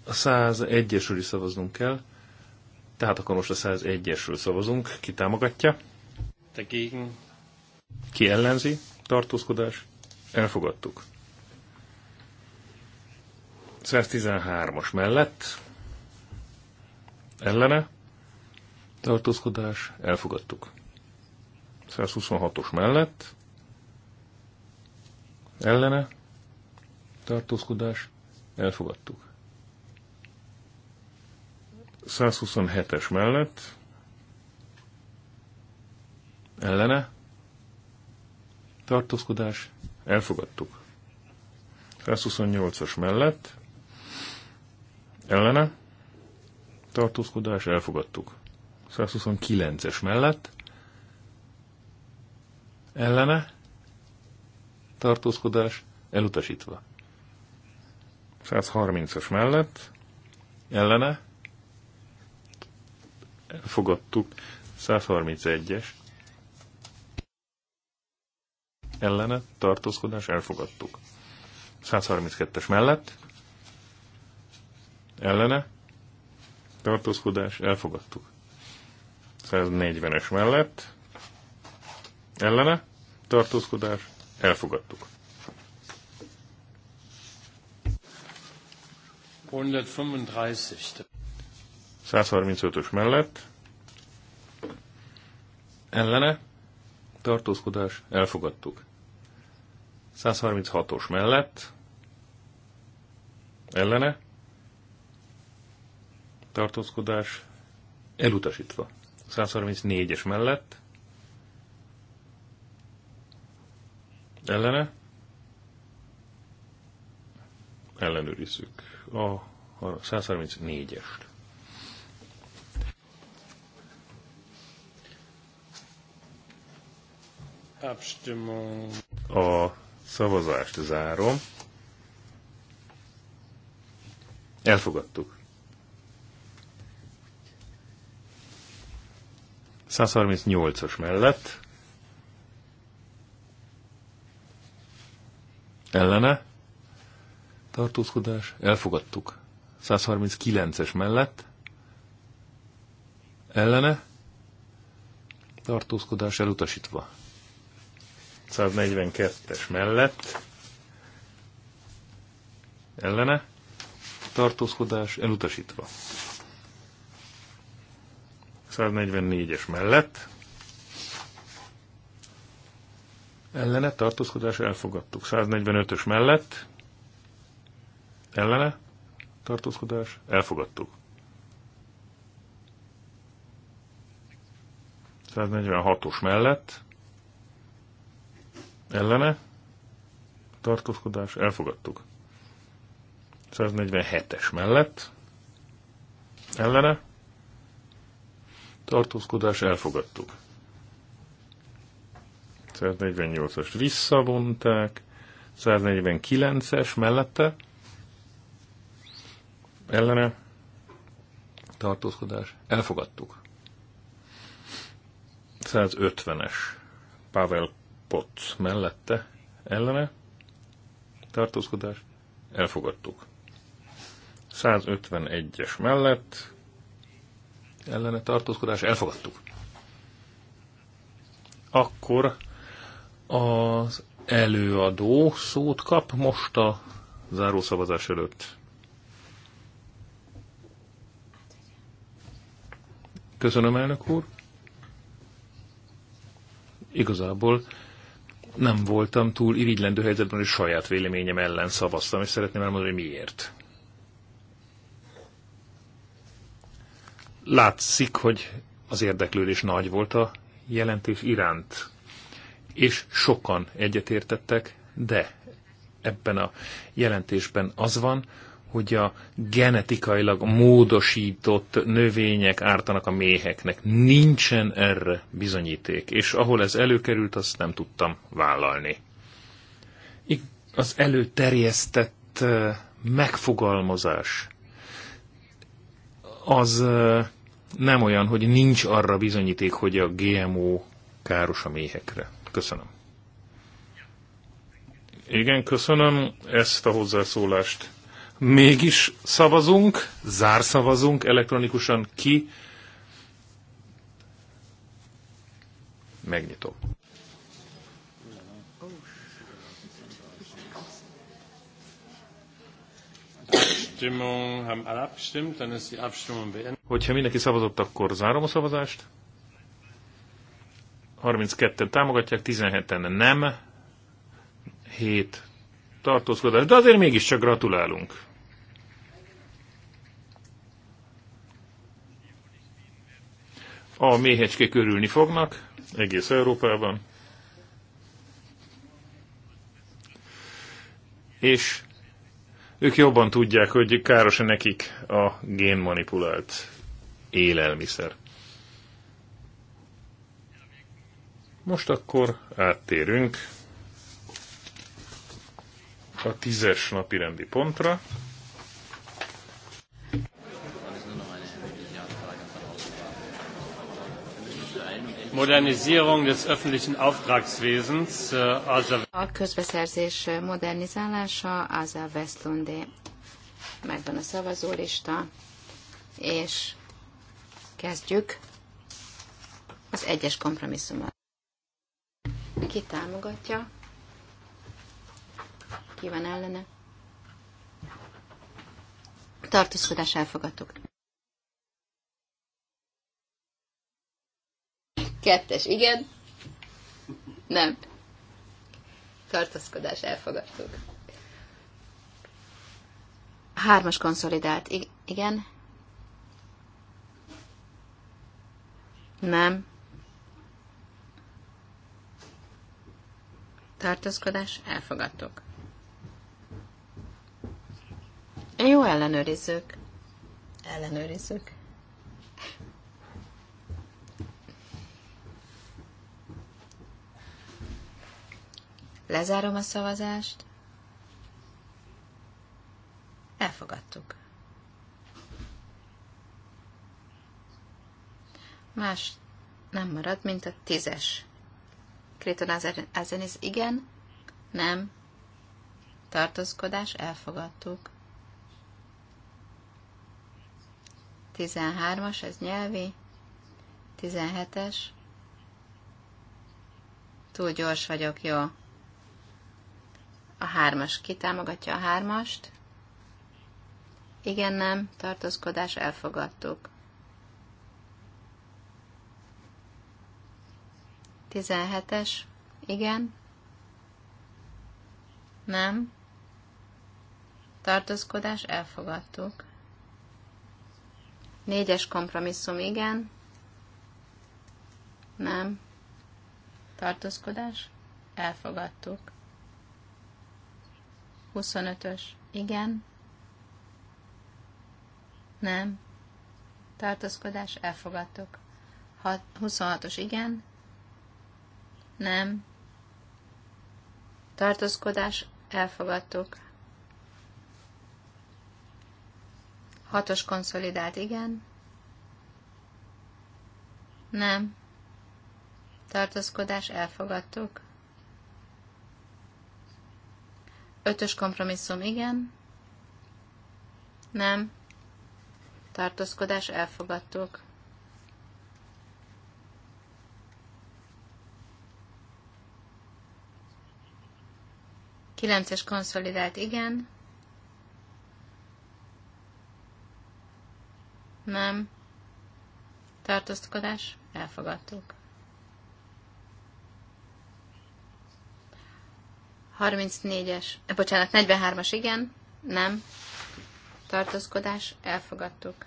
a 101-esről is szavaznunk kell, tehát akkor most a 101-esről szavazunk, ki támogatja. Ki ellenzi? Tartózkodás. Elfogadtuk. 113-as mellett ellene, tartózkodás, elfogadtuk. 126-os mellett, ellene, tartózkodás, elfogadtuk. 127-es mellett, ellene, tartózkodás, elfogadtuk. 128-as mellett, ellene, tartózkodás, elfogadtuk. 129-es mellett, ellene, tartózkodás, elutasítva. 130-as mellett, ellene, elfogadtuk. 131-es, ellene, tartózkodás, elfogadtuk. 132-es mellett, ellene, tartózkodás, elfogadtuk. 140-es mellett, ellene, tartózkodás, elfogadtuk. 135. ös mellett, ellene, tartózkodás, elfogadtuk. 136-os mellett, ellene, tartózkodás elutasítva. 134-es mellett ellene ellenőrizzük a, 134-est. A szavazást zárom. Elfogadtuk. 138 os mellett ellene tartózkodás, elfogadtuk. 139-es mellett ellene tartózkodás elutasítva. 142-es mellett ellene tartózkodás elutasítva. 144-es mellett ellene tartózkodás elfogadtuk. 145-ös mellett ellene tartózkodás elfogadtuk. 146-os mellett ellene tartózkodás elfogadtuk. 147-es mellett ellene tartózkodás elfogadtuk. 148-as visszavonták, 149-es mellette ellene tartózkodás elfogadtuk. 150-es Pavel Potts mellette ellene tartózkodás elfogadtuk. 151-es mellett ellene tartózkodás elfogadtuk. Akkor az előadó szót kap most a zárószavazás előtt. Köszönöm, elnök úr. Igazából nem voltam túl irigylendő helyzetben, hogy saját véleményem ellen szavaztam, és szeretném elmondani, hogy miért. látszik, hogy az érdeklődés nagy volt a jelentés iránt, és sokan egyetértettek, de ebben a jelentésben az van, hogy a genetikailag módosított növények ártanak a méheknek. Nincsen erre bizonyíték, és ahol ez előkerült, azt nem tudtam vállalni. Az előterjesztett megfogalmazás az nem olyan, hogy nincs arra bizonyíték, hogy a GMO káros a méhekre. Köszönöm. Igen, köszönöm ezt a hozzászólást. Mégis szavazunk, zárszavazunk elektronikusan ki. Megnyitom. Hogyha mindenki szavazott, akkor zárom a szavazást. 32-en támogatják, 17-en nem. 7 tartózkodás, de azért mégiscsak gratulálunk. A méhecskék örülni fognak egész Európában. És ők jobban tudják, hogy káros-e nekik a génmanipulált élelmiszer. Most akkor áttérünk a tízes napi rendi pontra. Äh, a közbeszerzés modernizálása az a Westlundé. Megvan a szavazólista, és kezdjük az egyes kompromisszumot. Ki támogatja? Ki van ellene? Tartózkodás elfogadtuk. Kettes, igen. Nem. Tartaszkodás, elfogadtuk. Hármas konszolidált, I- igen. Nem. Tartózkodás, elfogadtuk. Jó, ellenőrizők. Ellenőrizők. Lezárom a szavazást. Elfogadtuk. Más nem marad, mint a tízes. ezen is igen, nem, tartózkodás, elfogadtuk. 13-as, ez nyelvi, 17-es. Túl gyors vagyok, jó. A hármas. Ki támogatja a hármast? Igen, nem. Tartózkodás elfogadtuk. 17-es. Igen. Nem. Tartózkodás elfogadtuk. Négyes kompromisszum, igen. Nem. Tartózkodás elfogadtuk. 25-ös. Igen. Nem. Tartózkodás elfogadtuk. 26-os. Igen. Nem. Tartózkodás elfogadtuk. 6-os konszolidált. Igen. Nem. Tartózkodás elfogadtuk. Ötös kompromisszum igen. Nem. Tartózkodás elfogadtuk. Kilences konszolidált igen. Nem. Tartózkodás elfogadtuk. 34-es, eh, bocsánat, 43-as igen, nem, tartózkodás, elfogadtuk.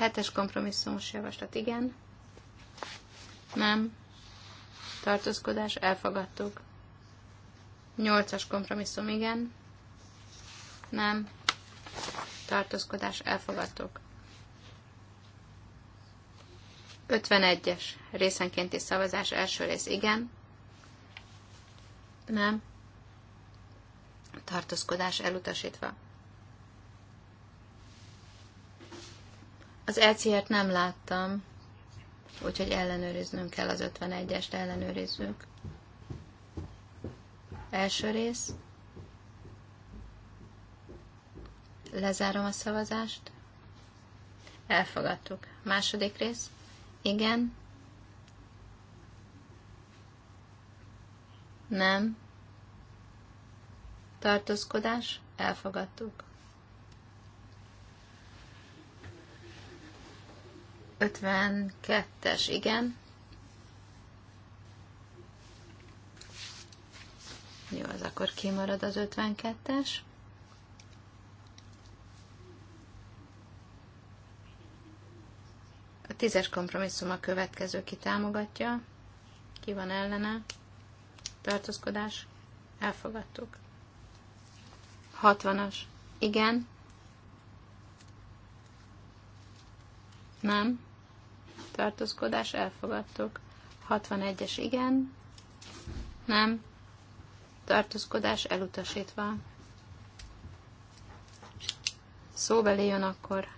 7-es kompromisszumos javaslat igen, nem, tartózkodás, elfogadtuk. 8-as kompromisszum igen, nem, tartózkodás, elfogadtuk. 51-es részenkénti szavazás első rész igen, nem, tartózkodás elutasítva. Az lcr t nem láttam, úgyhogy ellenőriznünk kell az 51-est, ellenőrizzük. Első rész. Lezárom a szavazást. Elfogadtuk. Második rész. Igen. Nem. Tartózkodás. Elfogadtuk. 52-es, igen. Jó, az akkor kimarad az 52-es. tízes kompromisszum a következő, ki támogatja, ki van ellene, tartózkodás, elfogadtuk. 60-as, igen, nem, tartózkodás, elfogadtuk. 61-es, igen, nem, tartózkodás, elutasítva. Szóbeli jön akkor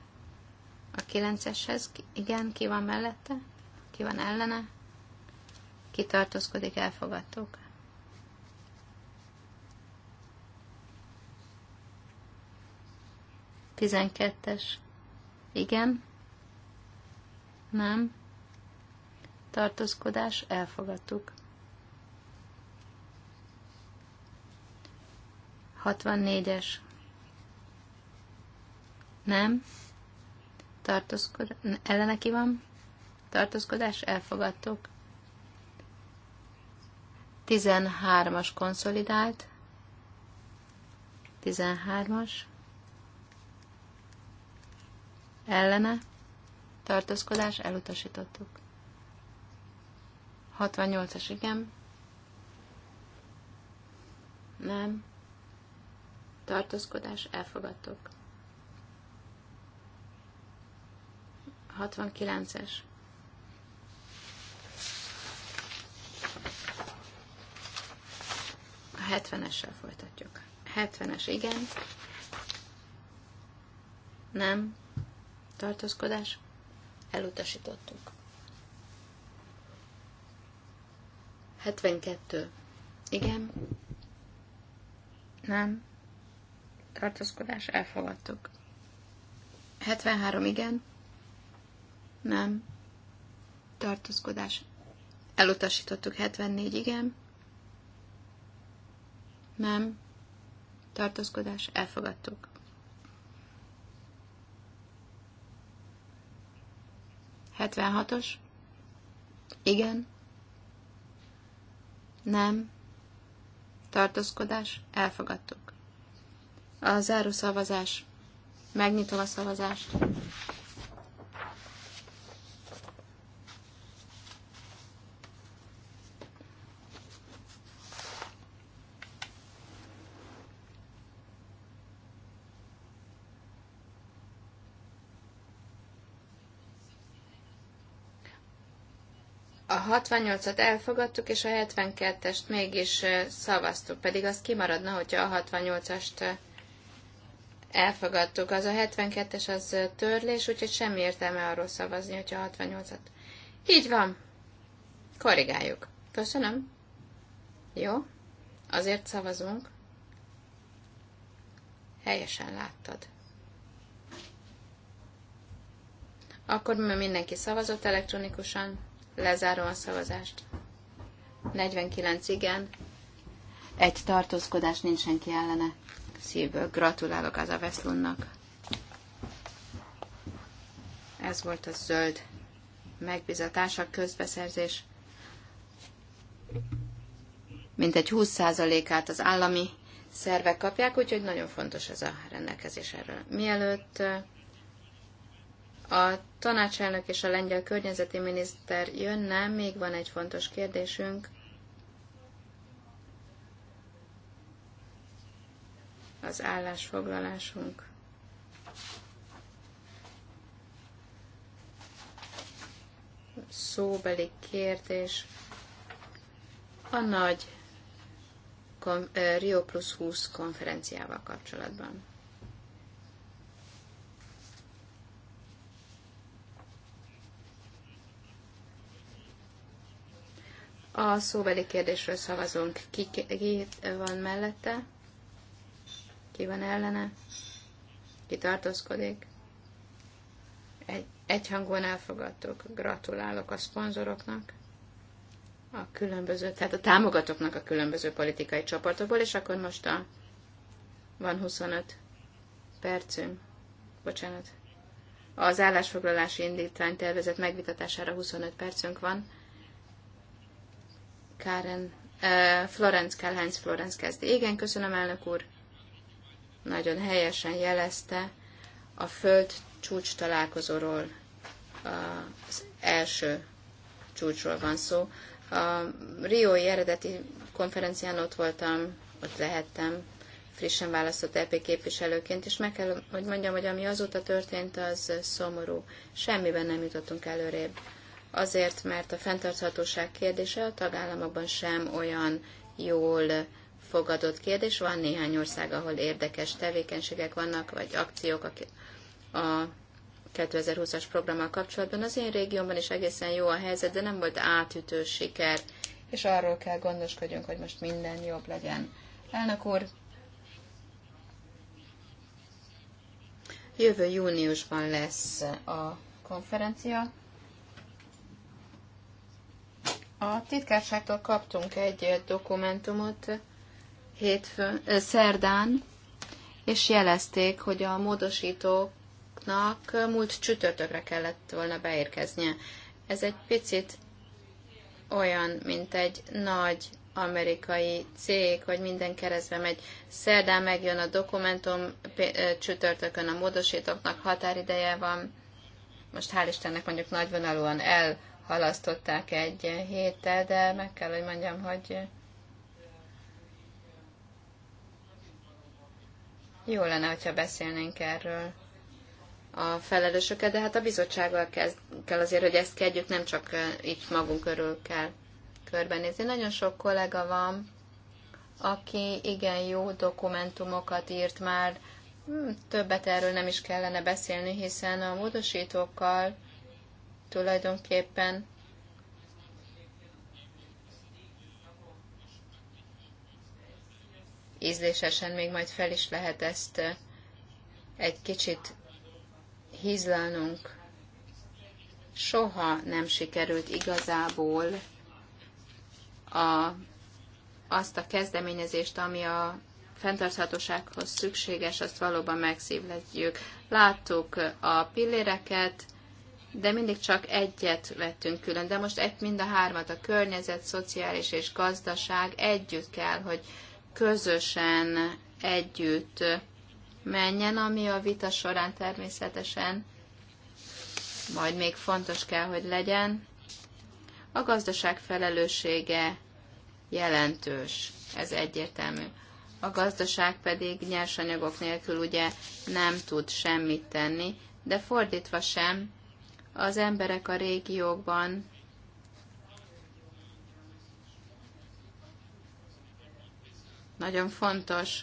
a 9-eshez, igen, ki van mellette, ki van ellene, ki tartózkodik, elfogadtuk. Tizenkettes. Igen. Nem. Tartózkodás, elfogadtuk. 64-es. Nem tartózkodás, ellene ki van, tartózkodás, elfogadtuk. 13-as konszolidált, 13-as, ellene, tartózkodás, elutasítottuk. 68-as, igen, nem, tartózkodás, elfogadtuk. 69-es. A 70-essel folytatjuk. 70-es igen. Nem. Tartózkodás. Elutasítottuk. 72. Igen. Nem. Tartózkodás. Elfogadtuk. 73. Igen nem, tartózkodás. Elutasítottuk 74, igen, nem, tartózkodás, elfogadtuk. Hetvenhatos, igen, nem, tartózkodás, elfogadtuk. A záró szavazás. Megnyitom a szavazást. a 68-at elfogadtuk, és a 72-est mégis szavaztuk, pedig az kimaradna, hogyha a 68-ast elfogadtuk. Az a 72-es az törlés, úgyhogy semmi értelme arról szavazni, hogyha a 68-at. Így van. Korrigáljuk. Köszönöm. Jó. Azért szavazunk. Helyesen láttad. Akkor mindenki szavazott elektronikusan. Lezárom a szavazást. 49 igen. Egy tartózkodás nincs senki ellene. Szívből gratulálok az a Veszlunnak. Ez volt a zöld megbizatása, közbeszerzés. Mintegy 20%-át az állami szervek kapják, úgyhogy nagyon fontos ez a rendelkezés erről. Mielőtt a tanácselnök és a lengyel környezeti miniszter jönne, még van egy fontos kérdésünk. Az állásfoglalásunk. Szóbeli kérdés. A nagy Rio Plus 20 konferenciával kapcsolatban. A szóbeli kérdésről szavazunk. Ki, ki van mellette? Ki van ellene? Ki tartózkodik? Egy, egyhangon elfogadtuk. Gratulálok a szponzoroknak, a különböző, tehát a támogatóknak a különböző politikai csoportokból, és akkor most a, van 25 percünk, bocsánat, az állásfoglalási indítvány tervezet megvitatására 25 percünk van Karen, eh, Florence Heinz Florence kezdi. Igen, köszönöm, elnök úr. Nagyon helyesen jelezte a föld csúcs találkozóról az első csúcsról van szó. A Riói eredeti konferencián ott voltam, ott lehettem, frissen választott EP képviselőként, és meg kell, hogy mondjam, hogy ami azóta történt, az szomorú. Semmiben nem jutottunk előrébb azért, mert a fenntarthatóság kérdése a tagállamokban sem olyan jól fogadott kérdés. Van néhány ország, ahol érdekes tevékenységek vannak, vagy akciók a 2020-as programmal kapcsolatban. Az én régiómban is egészen jó a helyzet, de nem volt átütő siker, és arról kell gondoskodjunk, hogy most minden jobb legyen. Elnök úr, jövő júniusban lesz a konferencia. A titkárságtól kaptunk egy dokumentumot hétfő, szerdán, és jelezték, hogy a módosítóknak múlt csütörtökre kellett volna beérkeznie. Ez egy picit olyan, mint egy nagy amerikai cég, hogy minden keresztbe megy. Szerdán megjön a dokumentum, csütörtökön a módosítóknak határideje van. Most hál' Istennek mondjuk nagyvonalúan el halasztották egy héttel, de meg kell, hogy mondjam, hogy jó lenne, hogyha beszélnénk erről a felelősöket, de hát a bizottsággal kezd, kell azért, hogy ezt kedjük, nem csak így magunk körül kell körbenézni. Nagyon sok kollega van, aki igen jó dokumentumokat írt már, hm, többet erről nem is kellene beszélni, hiszen a módosítókkal tulajdonképpen ízlésesen még majd fel is lehet ezt egy kicsit hízlanunk Soha nem sikerült igazából a, azt a kezdeményezést, ami a fenntarthatósághoz szükséges, azt valóban megszívletjük. Láttuk a pilléreket, de mindig csak egyet vettünk külön. De most egy, mind a hármat, a környezet, szociális és gazdaság együtt kell, hogy közösen együtt menjen, ami a vita során természetesen majd még fontos kell, hogy legyen. A gazdaság felelőssége jelentős, ez egyértelmű. A gazdaság pedig nyersanyagok nélkül ugye nem tud semmit tenni, de fordítva sem, az emberek a régiókban nagyon fontos,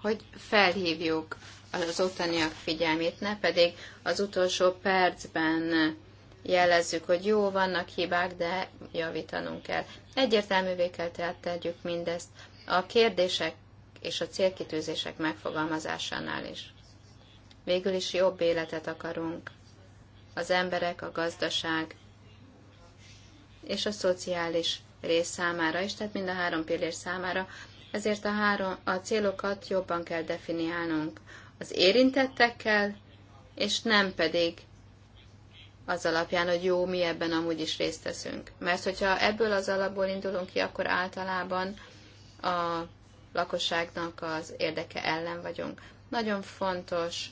hogy felhívjuk az ottaniak figyelmét, ne pedig az utolsó percben jelezzük, hogy jó, vannak hibák, de javítanunk kell. Egyértelművé kell tehát tegyük mindezt a kérdések és a célkitűzések megfogalmazásánál is. Végül is jobb életet akarunk az emberek, a gazdaság és a szociális rész számára is, tehát mind a három pillér számára. Ezért a, három, a célokat jobban kell definiálnunk az érintettekkel, és nem pedig az alapján, hogy jó, mi ebben amúgy is részt teszünk. Mert hogyha ebből az alapból indulunk ki, akkor általában a lakosságnak az érdeke ellen vagyunk. Nagyon fontos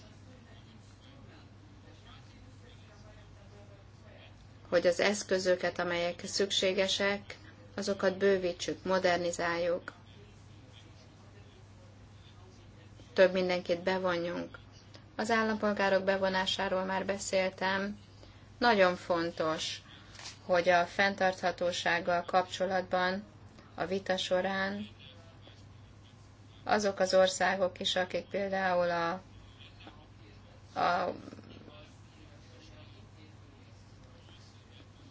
hogy az eszközöket, amelyek szükségesek, azokat bővítsük, modernizáljuk, több mindenkit bevonjunk. Az állampolgárok bevonásáról már beszéltem. Nagyon fontos, hogy a fenntarthatósággal kapcsolatban a vita során azok az országok is, akik például a, a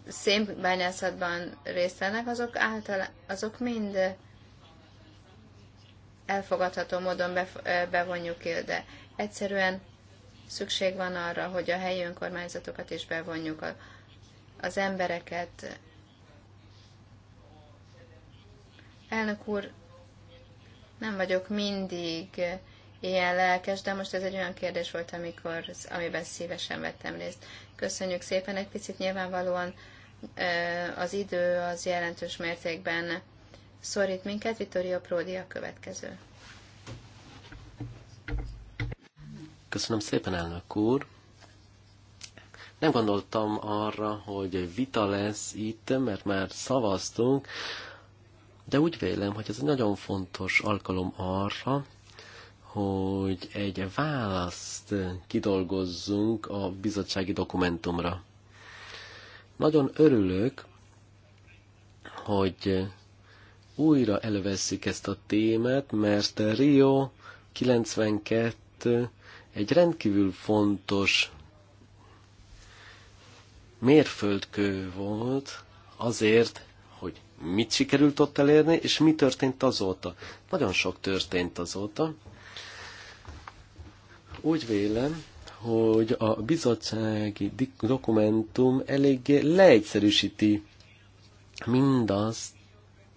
szénbányászatban részt vennek, azok, által, azok mind elfogadható módon bevonjuk de Egyszerűen szükség van arra, hogy a helyi önkormányzatokat is bevonjuk, az embereket. Elnök úr, nem vagyok mindig ilyen lelkes, de most ez egy olyan kérdés volt, amikor, amiben szívesen vettem részt. Köszönjük szépen, egy picit nyilvánvalóan az idő az jelentős mértékben szorít minket. Vittoria Pródi a következő. Köszönöm szépen, elnök úr. Nem gondoltam arra, hogy vita lesz itt, mert már szavaztunk, de úgy vélem, hogy ez egy nagyon fontos alkalom arra, hogy egy választ kidolgozzunk a bizottsági dokumentumra. Nagyon örülök, hogy újra elveszik ezt a témát, mert Rio 92 egy rendkívül fontos mérföldkő volt azért, hogy mit sikerült ott elérni, és mi történt azóta. Nagyon sok történt azóta. Úgy vélem, hogy a bizottsági dokumentum eléggé leegyszerűsíti mindazt,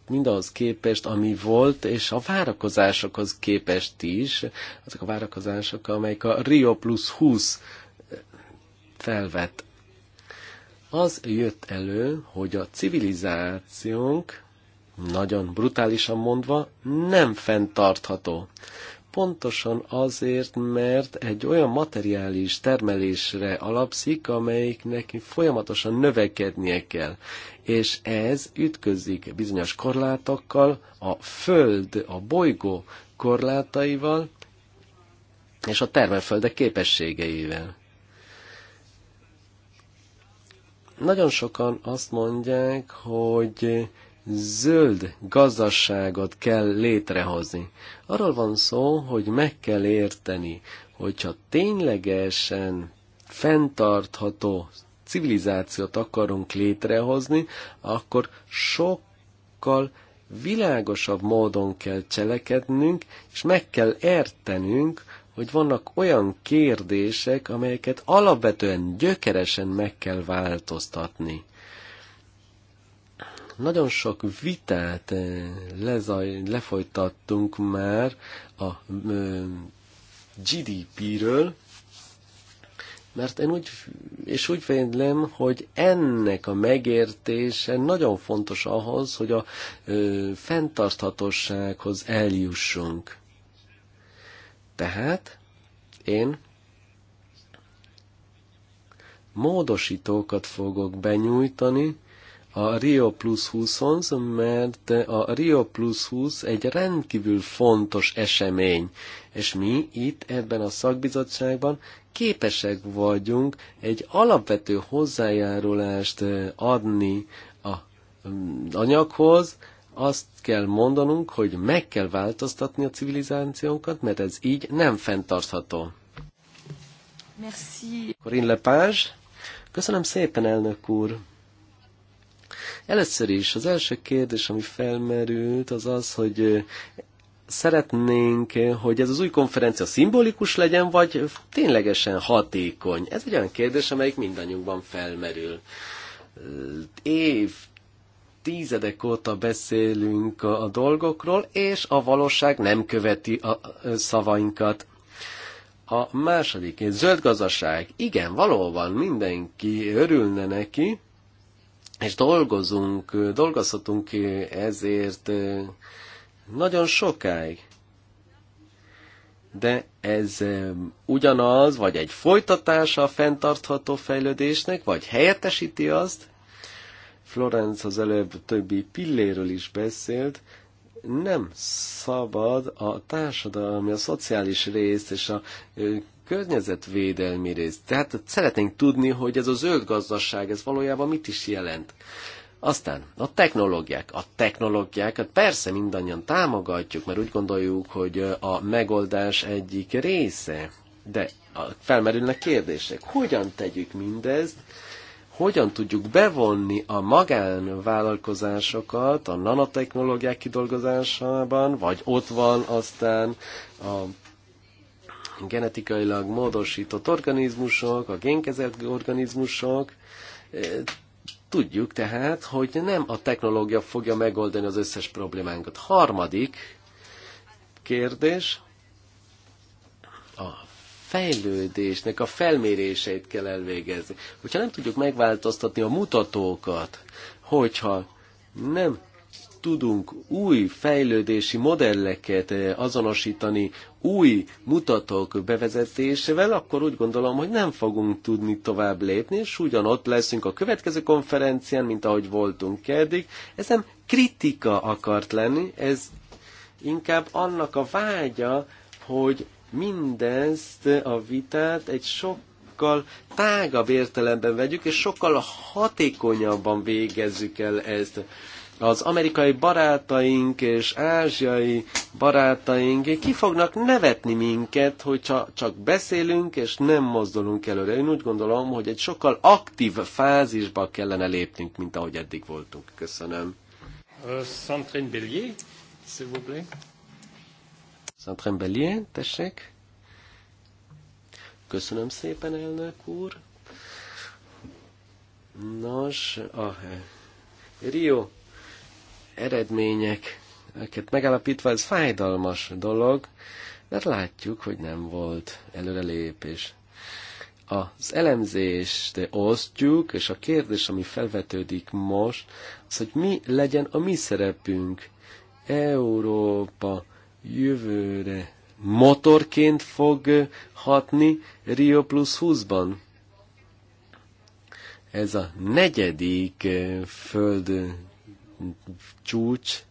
mindahhoz képest, ami volt, és a várakozásokhoz képest is, azok a várakozások, amelyek a Rio Plus 20 eh, felvet. Az jött elő, hogy a civilizációnk, nagyon brutálisan mondva, nem fenntartható pontosan azért, mert egy olyan materiális termelésre alapszik, amelyiknek folyamatosan növekednie kell. És ez ütközik bizonyos korlátokkal, a föld, a bolygó korlátaival, és a termelföldek képességeivel. Nagyon sokan azt mondják, hogy zöld gazdaságot kell létrehozni. Arról van szó, hogy meg kell érteni, hogyha ténylegesen fenntartható civilizációt akarunk létrehozni, akkor sokkal világosabb módon kell cselekednünk, és meg kell értenünk, hogy vannak olyan kérdések, amelyeket alapvetően gyökeresen meg kell változtatni. Nagyon sok vitát eh, lezaj, lefolytattunk már a eh, GDP-ről, mert én úgy, és úgy vélem, hogy ennek a megértése nagyon fontos ahhoz, hogy a ö, eh, fenntarthatósághoz eljussunk. Tehát én módosítókat fogok benyújtani, a Rio Plus 20-on, mert a Rio Plus 20 egy rendkívül fontos esemény, és mi itt ebben a szakbizottságban képesek vagyunk egy alapvető hozzájárulást eh, adni a mm, anyaghoz, azt kell mondanunk, hogy meg kell változtatni a civilizációnkat, mert ez így nem fenntartható. Merci. Corinne Lepage. Köszönöm szépen, elnök úr. Először is az első kérdés, ami felmerült, az az, hogy szeretnénk, hogy ez az új konferencia szimbolikus legyen, vagy ténylegesen hatékony. Ez egy olyan kérdés, amelyik mindannyiunkban felmerül. Év tizedek óta beszélünk a, dolgokról, és a valóság nem követi a szavainkat. A második, egy zöld gazdaság. Igen, valóban mindenki örülne neki, és dolgozunk, dolgozhatunk ezért nagyon sokáig. De ez ugyanaz, vagy egy folytatása a fenntartható fejlődésnek, vagy helyettesíti azt. Florence az előbb többi pilléről is beszélt, nem szabad a társadalmi, a szociális részt és a környezetvédelmi rész. Tehát szeretnénk tudni, hogy ez a zöld gazdaság, ez valójában mit is jelent. Aztán a technológiák. A technológiákat hát persze mindannyian támogatjuk, mert úgy gondoljuk, hogy a megoldás egyik része. De felmerülnek kérdések. Hogyan tegyük mindezt? Hogyan tudjuk bevonni a magánvállalkozásokat a nanotechnológiák kidolgozásában, vagy ott van aztán a genetikailag módosított organizmusok, a génkezelt organizmusok, e, tudjuk tehát, hogy nem a technológia fogja megoldani az összes problémánkat. Harmadik kérdés, a fejlődésnek a felméréseit kell elvégezni. Hogyha nem tudjuk megváltoztatni a mutatókat, hogyha nem tudunk új fejlődési modelleket eh, azonosítani, új mutatók bevezetésével, akkor úgy gondolom, hogy nem fogunk tudni tovább lépni, és ugyanott leszünk a következő konferencián, mint ahogy voltunk eddig. Ez nem kritika akart lenni, ez inkább annak a vágya, hogy mindezt a vitát egy sok sokkal tágabb értelemben vegyük, és sokkal hatékonyabban végezzük el ezt az amerikai barátaink és ázsiai barátaink ki fognak nevetni minket, hogyha csak beszélünk és nem mozdulunk előre. Én úgy gondolom, hogy egy sokkal aktív fázisba kellene lépnünk, mint ahogy eddig voltunk. Köszönöm. Centrine euh, Bélié, s'il vous plaît. Centrine Bellier, tessék. Köszönöm szépen, elnök úr. Nos, ah, Rio eredményeket megállapítva, ez fájdalmas dolog, mert látjuk, hogy nem volt előrelépés. Az elemzést osztjuk, és a kérdés, ami felvetődik most, az, hogy mi legyen a mi szerepünk Európa jövőre motorként fog hatni Rio Plus 20-ban. Ez a negyedik föld csúcs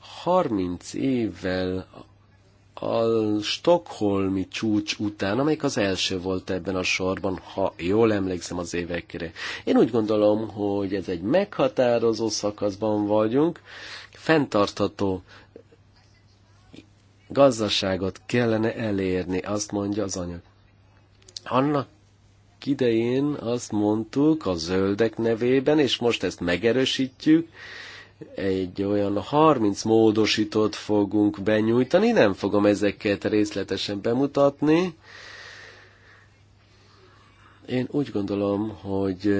30 évvel a Stockholmi csúcs után, amelyik az első volt ebben a sorban, ha jól emlékszem az évekre. Én úgy gondolom, hogy ez egy meghatározó szakaszban vagyunk, fenntartható gazdaságot kellene elérni, azt mondja az anyag. Annak annak idején azt mondtuk a zöldek nevében, és most ezt megerősítjük, egy olyan 30 módosítót fogunk benyújtani, nem fogom ezeket részletesen bemutatni. Én úgy gondolom, hogy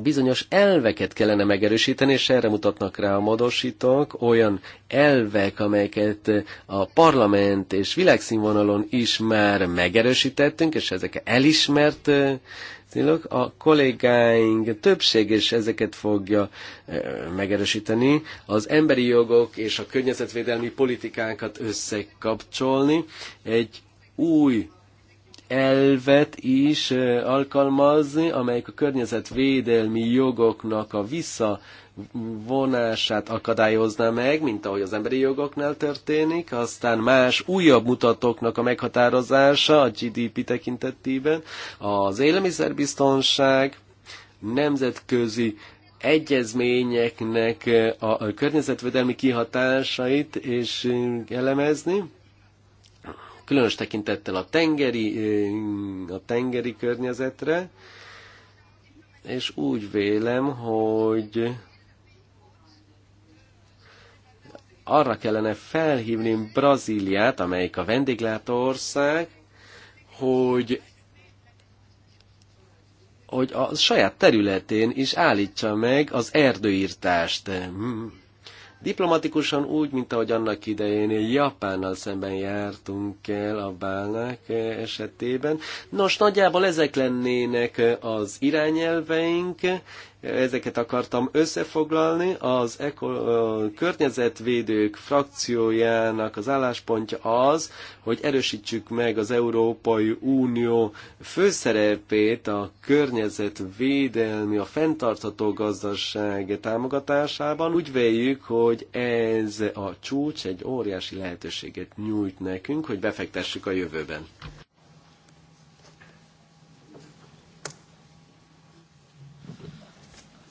bizonyos elveket kellene megerősíteni, és erre mutatnak rá a modosítók, olyan elvek, amelyeket eh, a parlament és világszínvonalon is már megerősítettünk, és ezek elismert eh, célok. A kollégáink többség is ezeket fogja eh, megerősíteni, az emberi jogok és a környezetvédelmi politikánkat összekapcsolni, egy új elvet is alkalmazni, amelyik a környezetvédelmi jogoknak a visszavonását akadályozná meg, mint ahogy az emberi jogoknál történik, aztán más újabb mutatóknak a meghatározása a GDP tekintetében, az élelmiszerbiztonság, nemzetközi egyezményeknek a környezetvédelmi kihatásait és elemezni, különös tekintettel a tengeri, a tengeri környezetre, és úgy vélem, hogy arra kellene felhívni Brazíliát, amelyik a vendéglátó ország, hogy hogy a saját területén is állítsa meg az erdőírtást. Diplomatikusan úgy, mint ahogy annak idején Japánnal szemben jártunk el a bálnák esetében. Nos, nagyjából ezek lennének az irányelveink, ezeket akartam összefoglalni. Az eko, a környezetvédők frakciójának az álláspontja az, hogy erősítsük meg az Európai Unió főszerepét a környezetvédelmi, a fenntartható gazdaság támogatásában. Úgy véljük, hogy ez a csúcs egy óriási lehetőséget nyújt nekünk, hogy befektessük a jövőben.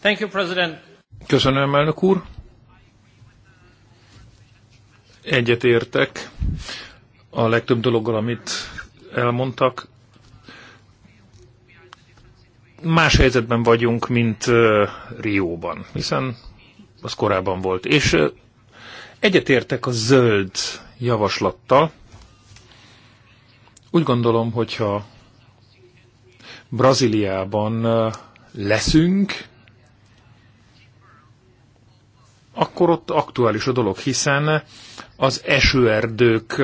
Thank you, President. Köszönöm, elnök úr. Egyetértek a legtöbb dologgal, amit elmondtak. Más helyzetben vagyunk, mint uh, Rióban, hiszen az korábban volt. És uh, egyetértek a zöld javaslattal. Úgy gondolom, hogyha Brazíliában uh, leszünk, akkor ott aktuális a dolog, hiszen az esőerdők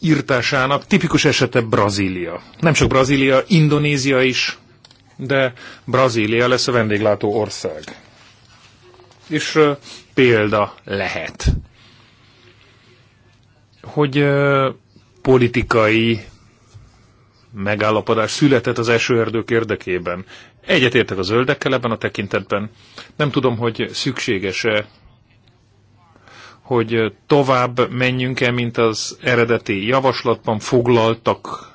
írtásának tipikus esete Brazília. Nem csak Brazília, Indonézia is, de Brazília lesz a vendéglátó ország. És példa lehet, hogy politikai megállapodás született az esőerdők érdekében. Egyetértek a zöldekkel ebben a tekintetben. Nem tudom, hogy szükséges-e, hogy tovább menjünk-e, mint az eredeti javaslatban foglaltak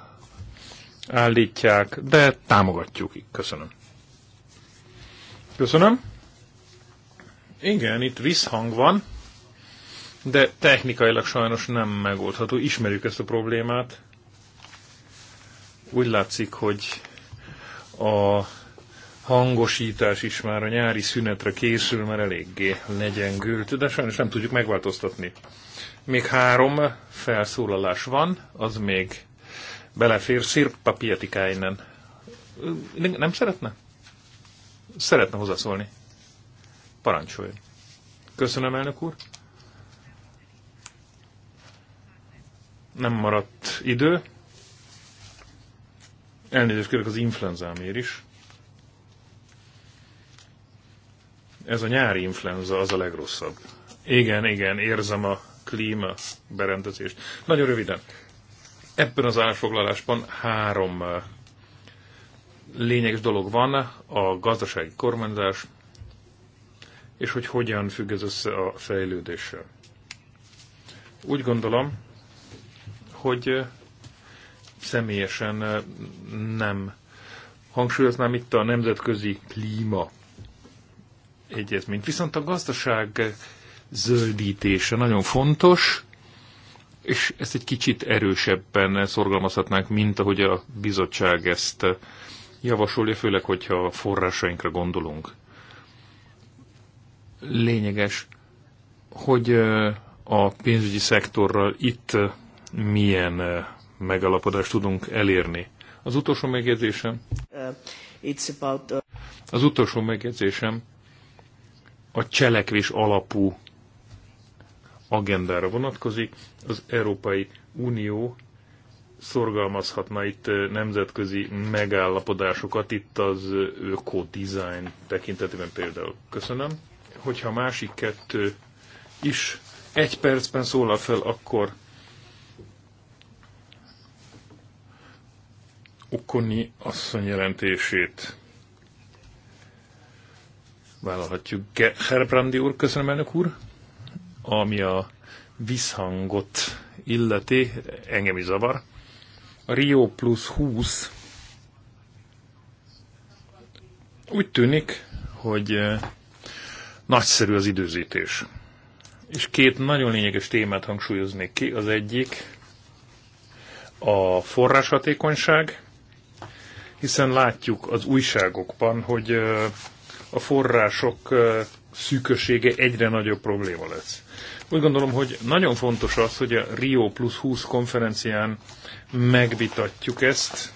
állítják, de támogatjuk. Köszönöm. Köszönöm. Igen, itt visszhang van, de technikailag sajnos nem megoldható. Ismerjük ezt a problémát. Úgy látszik, hogy a hangosítás is már a nyári szünetre készül, mert eléggé legyengült, de sajnos nem tudjuk megváltoztatni. Még három felszólalás van, az még belefér Szirpa Pietikáinen. Nem szeretne? Szeretne hozzászólni. Parancsoljon. Köszönöm, elnök úr. Nem maradt idő. Elnézést kérek az influenzámért is. Ez a nyári influenza az a legrosszabb. Igen, igen, érzem a klíma berendezést. Nagyon röviden. Ebben az állásfoglalásban három eh, lényeges dolog van, a gazdasági kormányzás, és hogy hogyan függ ez össze a fejlődéssel. Úgy gondolom, hogy eh, személyesen eh, nem hangsúlyoznám itt a nemzetközi klíma egyezményt. Viszont a gazdaság zöldítése nagyon fontos, és ezt egy kicsit erősebben szorgalmazhatnánk, mint ahogy a bizottság ezt javasolja, főleg, hogyha forrásainkra gondolunk. Lényeges, hogy a pénzügyi szektorral itt milyen megalapodást tudunk elérni. Az utolsó megjegyzésem. Uh, uh, Az utolsó megjegyzésem a cselekvés alapú agendára vonatkozik. Az Európai Unió szorgalmazhatna itt nemzetközi megállapodásokat, itt az öko-design tekintetében például. Köszönöm. Hogyha másik kettő is egy percben szólal fel, akkor Okoni asszony jelentését vállalhatjuk. Herbrandi úr, köszönöm elnök úr, ami a visszhangot illeti, engem is zavar. A Rio plus 20 úgy tűnik, hogy eh, nagyszerű az időzítés. És két nagyon lényeges témát hangsúlyoznék ki. Az egyik a forráshatékonyság, hiszen látjuk az újságokban, hogy eh, a források szűkössége egyre nagyobb probléma lesz. Úgy gondolom, hogy nagyon fontos az, hogy a Rio Plus 20 konferencián megvitatjuk ezt,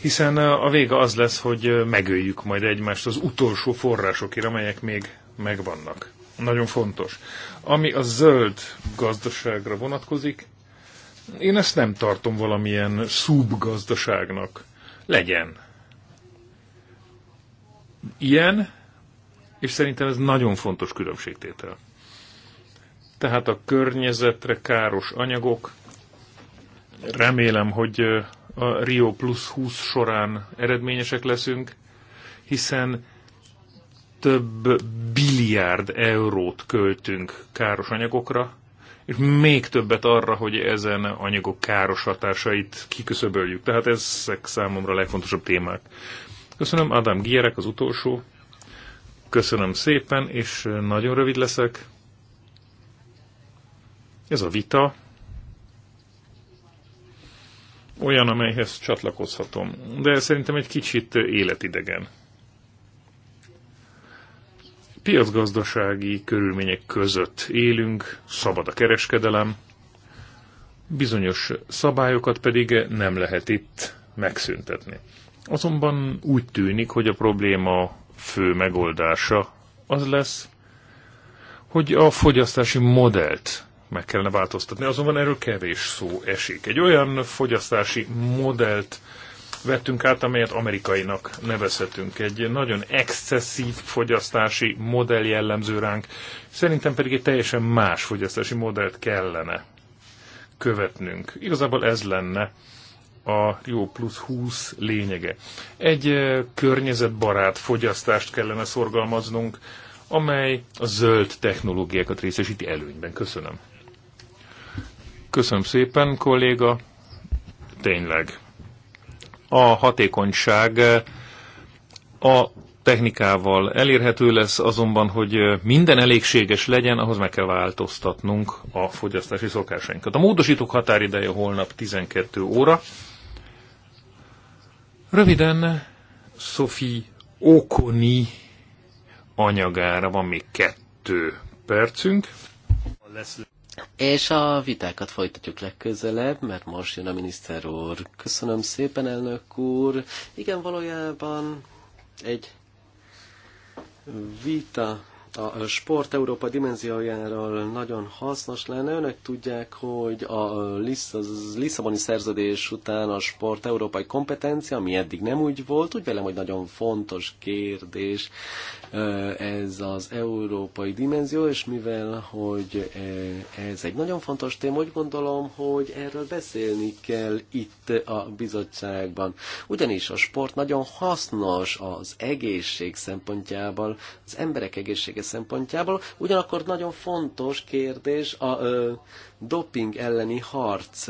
hiszen a vége az lesz, hogy megöljük majd egymást az utolsó forrásokért, amelyek még megvannak. Nagyon fontos. Ami a zöld gazdaságra vonatkozik, én ezt nem tartom valamilyen szubgazdaságnak. Legyen ilyen, és szerintem ez nagyon fontos különbségtétel. Tehát a környezetre káros anyagok, remélem, hogy a Rio Plus 20 során eredményesek leszünk, hiszen több biliárd eurót költünk káros anyagokra, és még többet arra, hogy ezen anyagok káros hatásait kiküszöböljük. Tehát ezek számomra a legfontosabb témák. Köszönöm, Adam Gierek az utolsó. Köszönöm szépen, és nagyon rövid leszek. Ez a vita olyan, amelyhez csatlakozhatom, de szerintem egy kicsit életidegen. Piacgazdasági körülmények között élünk, szabad a kereskedelem, bizonyos szabályokat pedig nem lehet itt megszüntetni. Azonban úgy tűnik, hogy a probléma fő megoldása az lesz, hogy a fogyasztási modellt meg kellene változtatni. Azonban erről kevés szó esik. Egy olyan fogyasztási modellt vettünk át, amelyet amerikainak nevezhetünk. Egy nagyon excesszív fogyasztási modell jellemző ránk. Szerintem pedig egy teljesen más fogyasztási modellt kellene követnünk. Igazából ez lenne a jó plusz 20 lényege. Egy környezetbarát fogyasztást kellene szorgalmaznunk, amely a zöld technológiákat részesíti előnyben. Köszönöm. Köszönöm szépen, kolléga. Tényleg. A hatékonyság a technikával elérhető lesz, azonban, hogy minden elégséges legyen, ahhoz meg kell változtatnunk a fogyasztási szokásainkat. A módosítók határideje holnap 12 óra. Röviden Sophie Okoni anyagára van még kettő percünk. És a vitákat folytatjuk legközelebb, mert most jön a miniszter úr. Köszönöm szépen, elnök úr. Igen, valójában egy vita a Sport Európa dimenziójáról nagyon hasznos lenne. Önök tudják, hogy a Lisszaboni szerződés után a Sport Európai kompetencia, ami eddig nem úgy volt, úgy velem, hogy nagyon fontos kérdés ez az európai dimenzió, és mivel, hogy ez egy nagyon fontos téma, úgy gondolom, hogy erről beszélni kell itt a bizottságban. Ugyanis a sport nagyon hasznos az egészség szempontjából, az emberek egészség egészsége szempontjából. Ugyanakkor nagyon fontos kérdés a ö, doping elleni harc.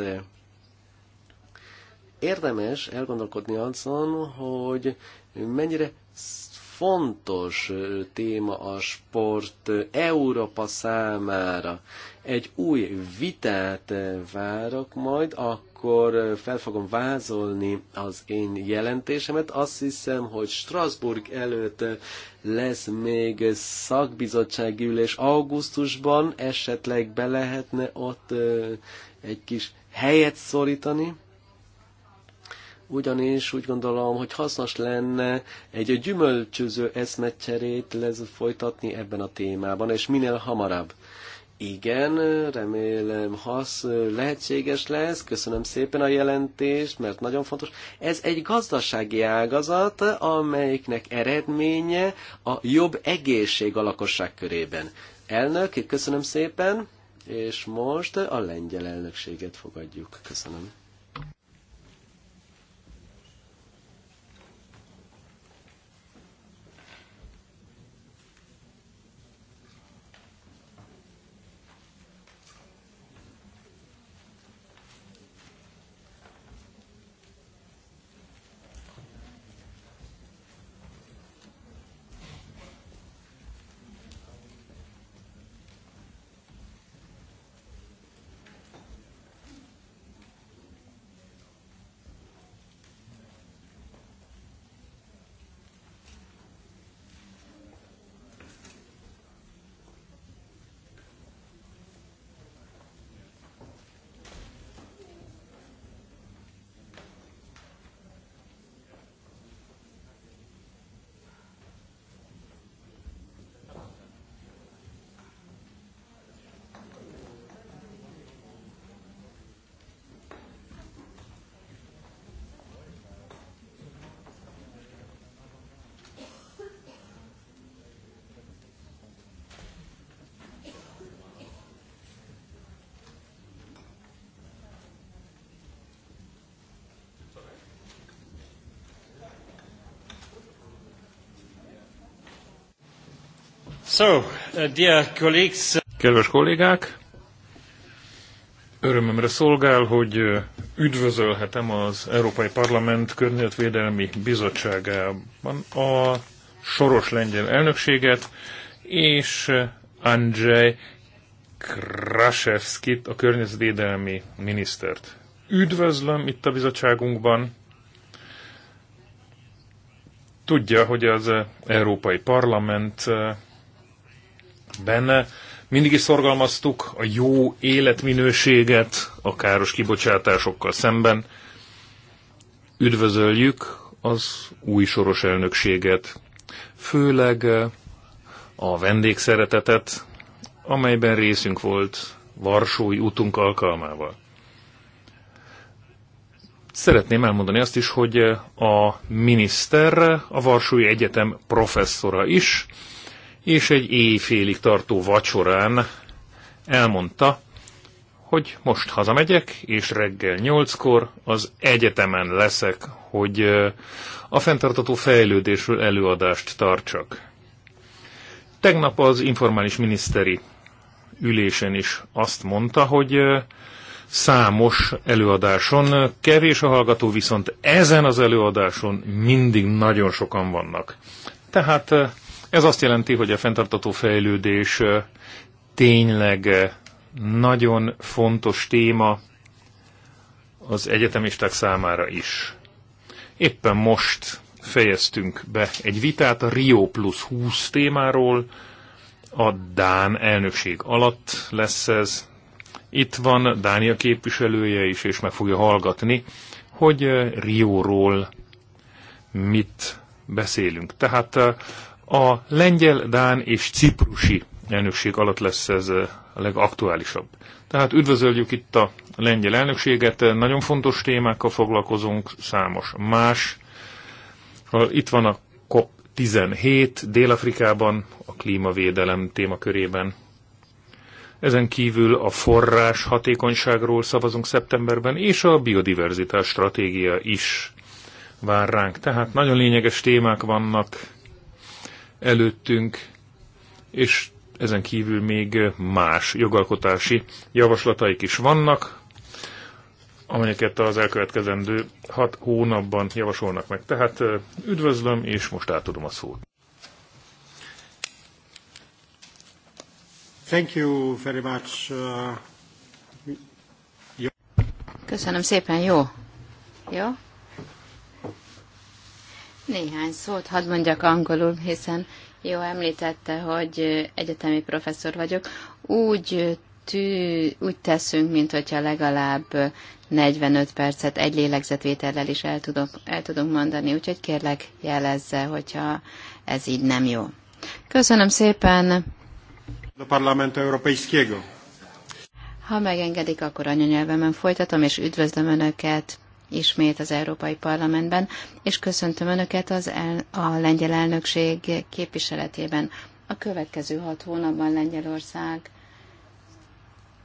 Érdemes elgondolkodni azon, hogy mennyire fontos téma a sport Európa számára. Egy új vitát várok majd a akkor fel fogom vázolni az én jelentésemet, azt hiszem, hogy Strasbourg előtt lesz még szakbizottsági ülés augusztusban, esetleg be lehetne ott egy kis helyet szorítani, ugyanis úgy gondolom, hogy hasznos lenne egy gyümölcsöző eszmecserét lesz folytatni ebben a témában, és minél hamarabb. Igen, remélem hasz lehetséges lesz. Köszönöm szépen a jelentést, mert nagyon fontos. Ez egy gazdasági ágazat, amelyiknek eredménye a jobb egészség a lakosság körében. Elnök, köszönöm szépen, és most a lengyel elnökséget fogadjuk. Köszönöm. So, uh, dear colleagues. Kedves kollégák, örömömre szolgál, hogy uh, üdvözölhetem az Európai Parlament Környezetvédelmi Bizottságában a soros lengyel elnökséget, és uh, Andrzej Kraszewskit, a környezetvédelmi minisztert. Üdvözlöm itt a bizottságunkban, tudja, hogy az Európai Parlament benne. ben mindig is szorgalmaztuk a jó életminőséget a káros kibocsátásokkal szemben. Üdvözöljük az új soros elnökséget, főleg eh, a vendégszeretetet, amelyben részünk volt Varsói útunk alkalmával. Szeretném elmondani azt is, hogy eh, a miniszter a Varsói Egyetem professzora is, és egy éjfélig tartó vacsorán elmondta, hogy most hazamegyek, és reggel nyolckor az egyetemen leszek, hogy a fenntartató fejlődésről előadást tartsak. Tegnap az informális miniszteri ülésen is azt mondta, hogy számos előadáson kevés a hallgató, viszont ezen az előadáson mindig nagyon sokan vannak. Tehát ez azt jelenti, hogy a fenntartató fejlődés tényleg nagyon fontos téma az egyetemisták számára is. Éppen most fejeztünk be egy vitát a Rio Plus 20 témáról, a Dán elnökség alatt lesz ez. Itt van Dánia képviselője is, és meg fogja hallgatni, hogy Rióról mit beszélünk. Tehát a lengyel, dán és ciprusi elnökség alatt lesz ez eh, a legaktuálisabb. Tehát üdvözöljük itt a lengyel elnökséget, eh, nagyon fontos témákkal foglalkozunk, számos más. Itt van a COP17 Dél-Afrikában, a klímavédelem témakörében. Ezen kívül a forrás hatékonyságról szavazunk szeptemberben, és a biodiverzitás stratégia is vár ránk. Tehát nagyon lényeges témák vannak, előttünk, és ezen kívül még más jogalkotási javaslataik is vannak, amelyeket az elkövetkezendő hat hónapban javasolnak meg. Tehát üdvözlöm, és most átadom a szót. Thank you very much. Uh, Köszönöm szépen, jó. Jó. Néhány szót hadd mondjak angolul, hiszen jó említette, hogy egyetemi professzor vagyok. Úgy, tű, úgy teszünk, mint hogyha legalább 45 percet egy lélegzetvétellel is el, tudok, el tudunk mondani, úgyhogy kérlek jelezze, hogyha ez így nem jó. Köszönöm szépen! A Parlament Europeiskiego. Ha megengedik, akkor anyanyelvemen folytatom, és üdvözlöm Önöket! ismét az Európai Parlamentben, és köszöntöm Önöket az el, a lengyel elnökség képviseletében. A következő hat hónapban Lengyelország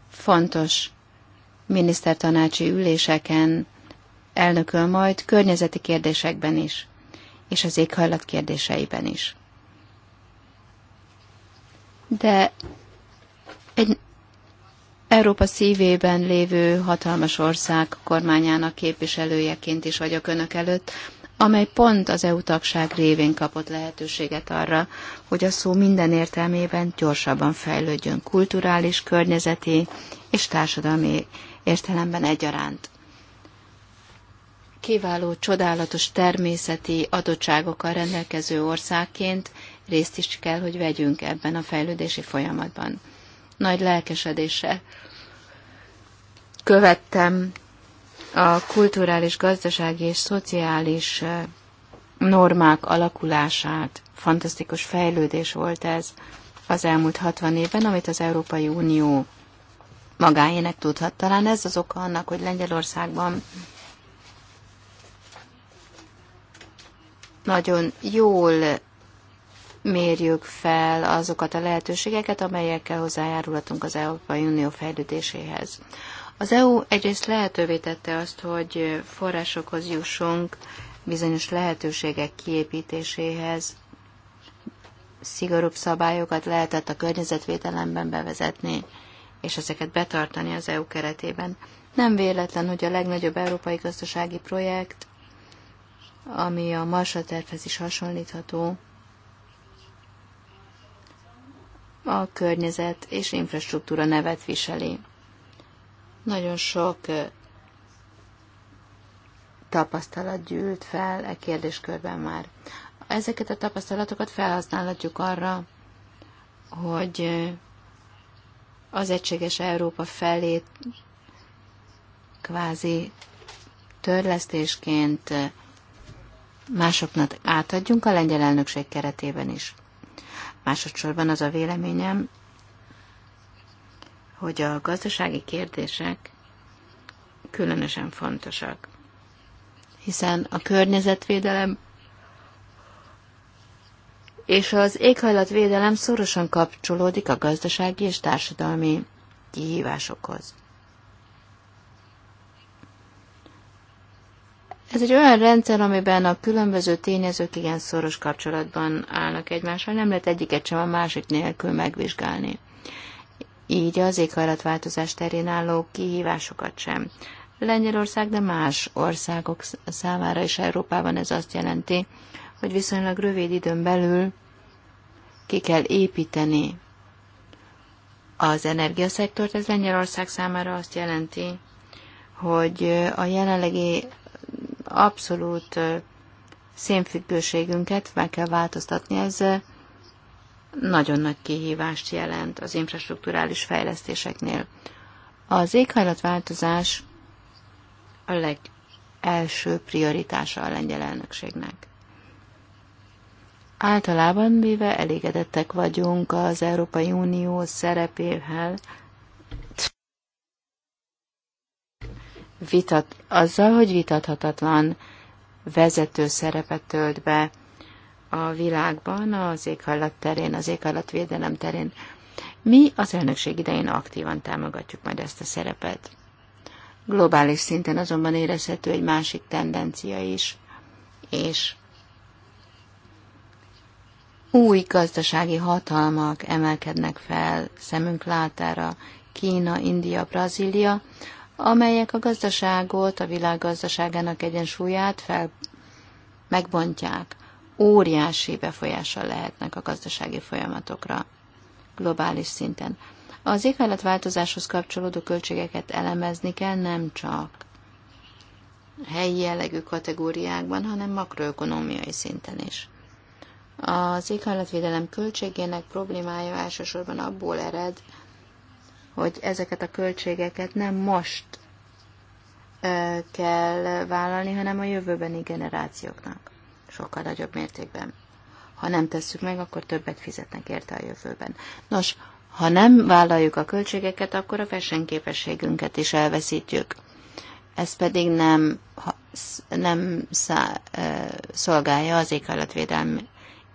fontos minisztertanácsi üléseken elnököl majd környezeti kérdésekben is, és az éghajlat kérdéseiben is. De egy Európa szívében lévő hatalmas ország kormányának képviselőjeként is vagyok önök előtt, amely pont az EU tagság révén kapott lehetőséget arra, hogy a szó minden értelmében gyorsabban fejlődjön kulturális, környezeti és társadalmi értelemben egyaránt. Kiváló, csodálatos természeti adottságokkal rendelkező országként részt is kell, hogy vegyünk ebben a fejlődési folyamatban. Nagy lelkesedéssel követtem a kulturális, gazdasági és szociális normák alakulását. Fantasztikus fejlődés volt ez az elmúlt 60 évben, amit az Európai Unió magáének tudhat. Talán ez az oka annak, hogy Lengyelországban nagyon jól mérjük fel azokat a lehetőségeket, amelyekkel hozzájárulhatunk az Európai Unió fejlődéséhez. Az EU egyrészt lehetővé tette azt, hogy forrásokhoz jussunk bizonyos lehetőségek kiépítéséhez, szigorúbb szabályokat lehetett a környezetvédelemben bevezetni, és ezeket betartani az EU keretében. Nem véletlen, hogy a legnagyobb európai gazdasági projekt, ami a Marsa tervhez is hasonlítható, a környezet és infrastruktúra nevet viseli. Nagyon sok tapasztalat gyűlt fel e kérdéskörben már. Ezeket a tapasztalatokat felhasználhatjuk arra, hogy az egységes Európa felé kvázi törlesztésként másoknak átadjunk a lengyel elnökség keretében is. Másodszorban az a véleményem, hogy a gazdasági kérdések különösen fontosak, hiszen a környezetvédelem és az éghajlatvédelem szorosan kapcsolódik a gazdasági és társadalmi kihívásokhoz. Ez egy olyan rendszer, amiben a különböző tényezők igen szoros kapcsolatban állnak egymással, nem lehet egyiket sem a másik nélkül megvizsgálni így az éghajlatváltozás terén álló kihívásokat sem. Lengyelország, de más országok számára is Európában ez azt jelenti, hogy viszonylag rövid időn belül ki kell építeni az energiaszektort. Ez Lengyelország számára azt jelenti, hogy a jelenlegi abszolút szénfüggőségünket meg kell változtatni. Ez nagyon nagy kihívást jelent az infrastruktúrális fejlesztéseknél. Az éghajlatváltozás a legelső prioritása a lengyel elnökségnek. Általában véve elégedettek vagyunk az Európai Unió szerepével, vitat, azzal, hogy vitathatatlan vezető szerepet tölt be a világban az éghajlat terén, az éghajlatvédelem terén. Mi az elnökség idején aktívan támogatjuk majd ezt a szerepet. Globális szinten azonban érezhető egy másik tendencia is, és új gazdasági hatalmak emelkednek fel szemünk látára, Kína, India, Brazília, amelyek a gazdaságot, a világ gazdaságának egyensúlyát fel megbontják óriási befolyással lehetnek a gazdasági folyamatokra globális szinten. Az éghajlatváltozáshoz kapcsolódó költségeket elemezni kell nem csak helyi jellegű kategóriákban, hanem makroökonomiai szinten is. Az éghajlatvédelem költségének problémája elsősorban abból ered, hogy ezeket a költségeket nem most kell vállalni, hanem a jövőbeni generációknak sokkal nagyobb mértékben. Ha nem tesszük meg, akkor többet fizetnek érte a jövőben. Nos, ha nem vállaljuk a költségeket, akkor a versenyképességünket is elveszítjük. Ez pedig nem, nem szá, szolgálja az éghajlatvédelm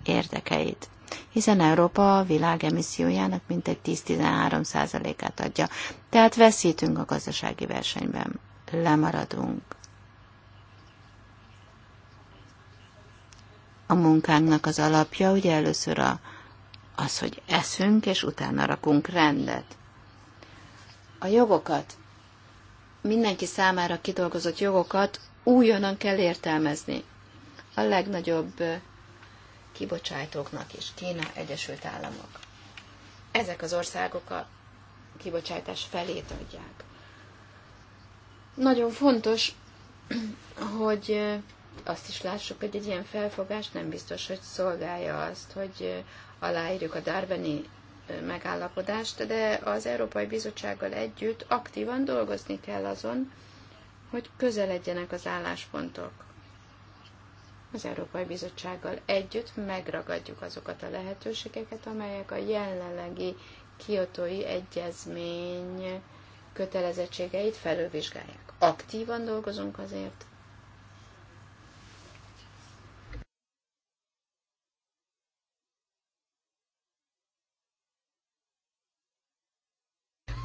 érdekeit hiszen Európa a világ emissziójának mintegy 10-13%-át adja, tehát veszítünk a gazdasági versenyben, lemaradunk. a munkánknak az alapja, ugye először a, az, hogy eszünk, és utána rakunk rendet. A jogokat, mindenki számára kidolgozott jogokat újonnan kell értelmezni. A legnagyobb kibocsátóknak is Kína, Egyesült Államok. Ezek az országok a kibocsátás felét adják. Nagyon fontos, hogy azt is lássuk, hogy egy ilyen felfogás nem biztos, hogy szolgálja azt, hogy eh, aláírjuk a Darbeni eh, megállapodást, de az Európai Bizottsággal együtt aktívan dolgozni kell azon, hogy közeledjenek az álláspontok. Az Európai Bizottsággal együtt megragadjuk azokat a lehetőségeket, amelyek a jelenlegi kiotói egyezmény kötelezettségeit felülvizsgálják. Aktívan dolgozunk azért,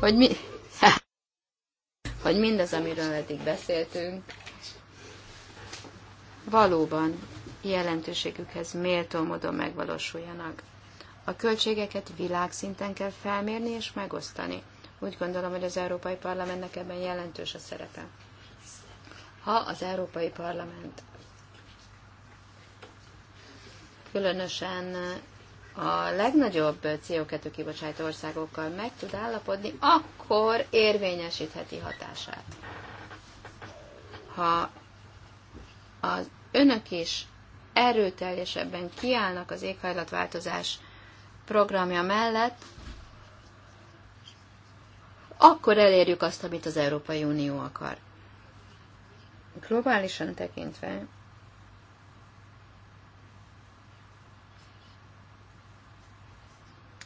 hogy mi, *laughs* hogy mindez, amiről eddig beszéltünk, valóban jelentőségükhez méltó módon megvalósuljanak. A költségeket világszinten kell felmérni és megosztani. Úgy gondolom, hogy az Európai Parlamentnek ebben jelentős a szerepe. Ha az Európai Parlament különösen a legnagyobb CO2 kibocsátó országokkal meg tud állapodni, akkor érvényesítheti hatását. Ha az önök is erőteljesebben kiállnak az éghajlatváltozás programja mellett, akkor elérjük azt, amit az Európai Unió akar. Globálisan tekintve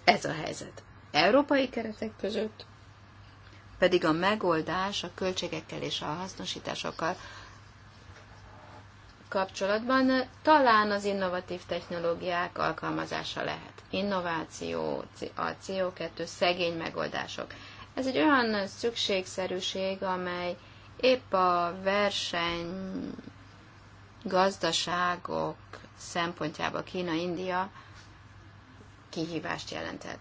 Ez a helyzet. Európai keretek között pedig a megoldás a költségekkel és a hasznosításokkal kapcsolatban talán az innovatív technológiák alkalmazása lehet. Innováció, a CO2, szegény megoldások. Ez egy olyan szükségszerűség, amely épp a verseny gazdaságok szempontjába Kína-India kihívást jelenthet.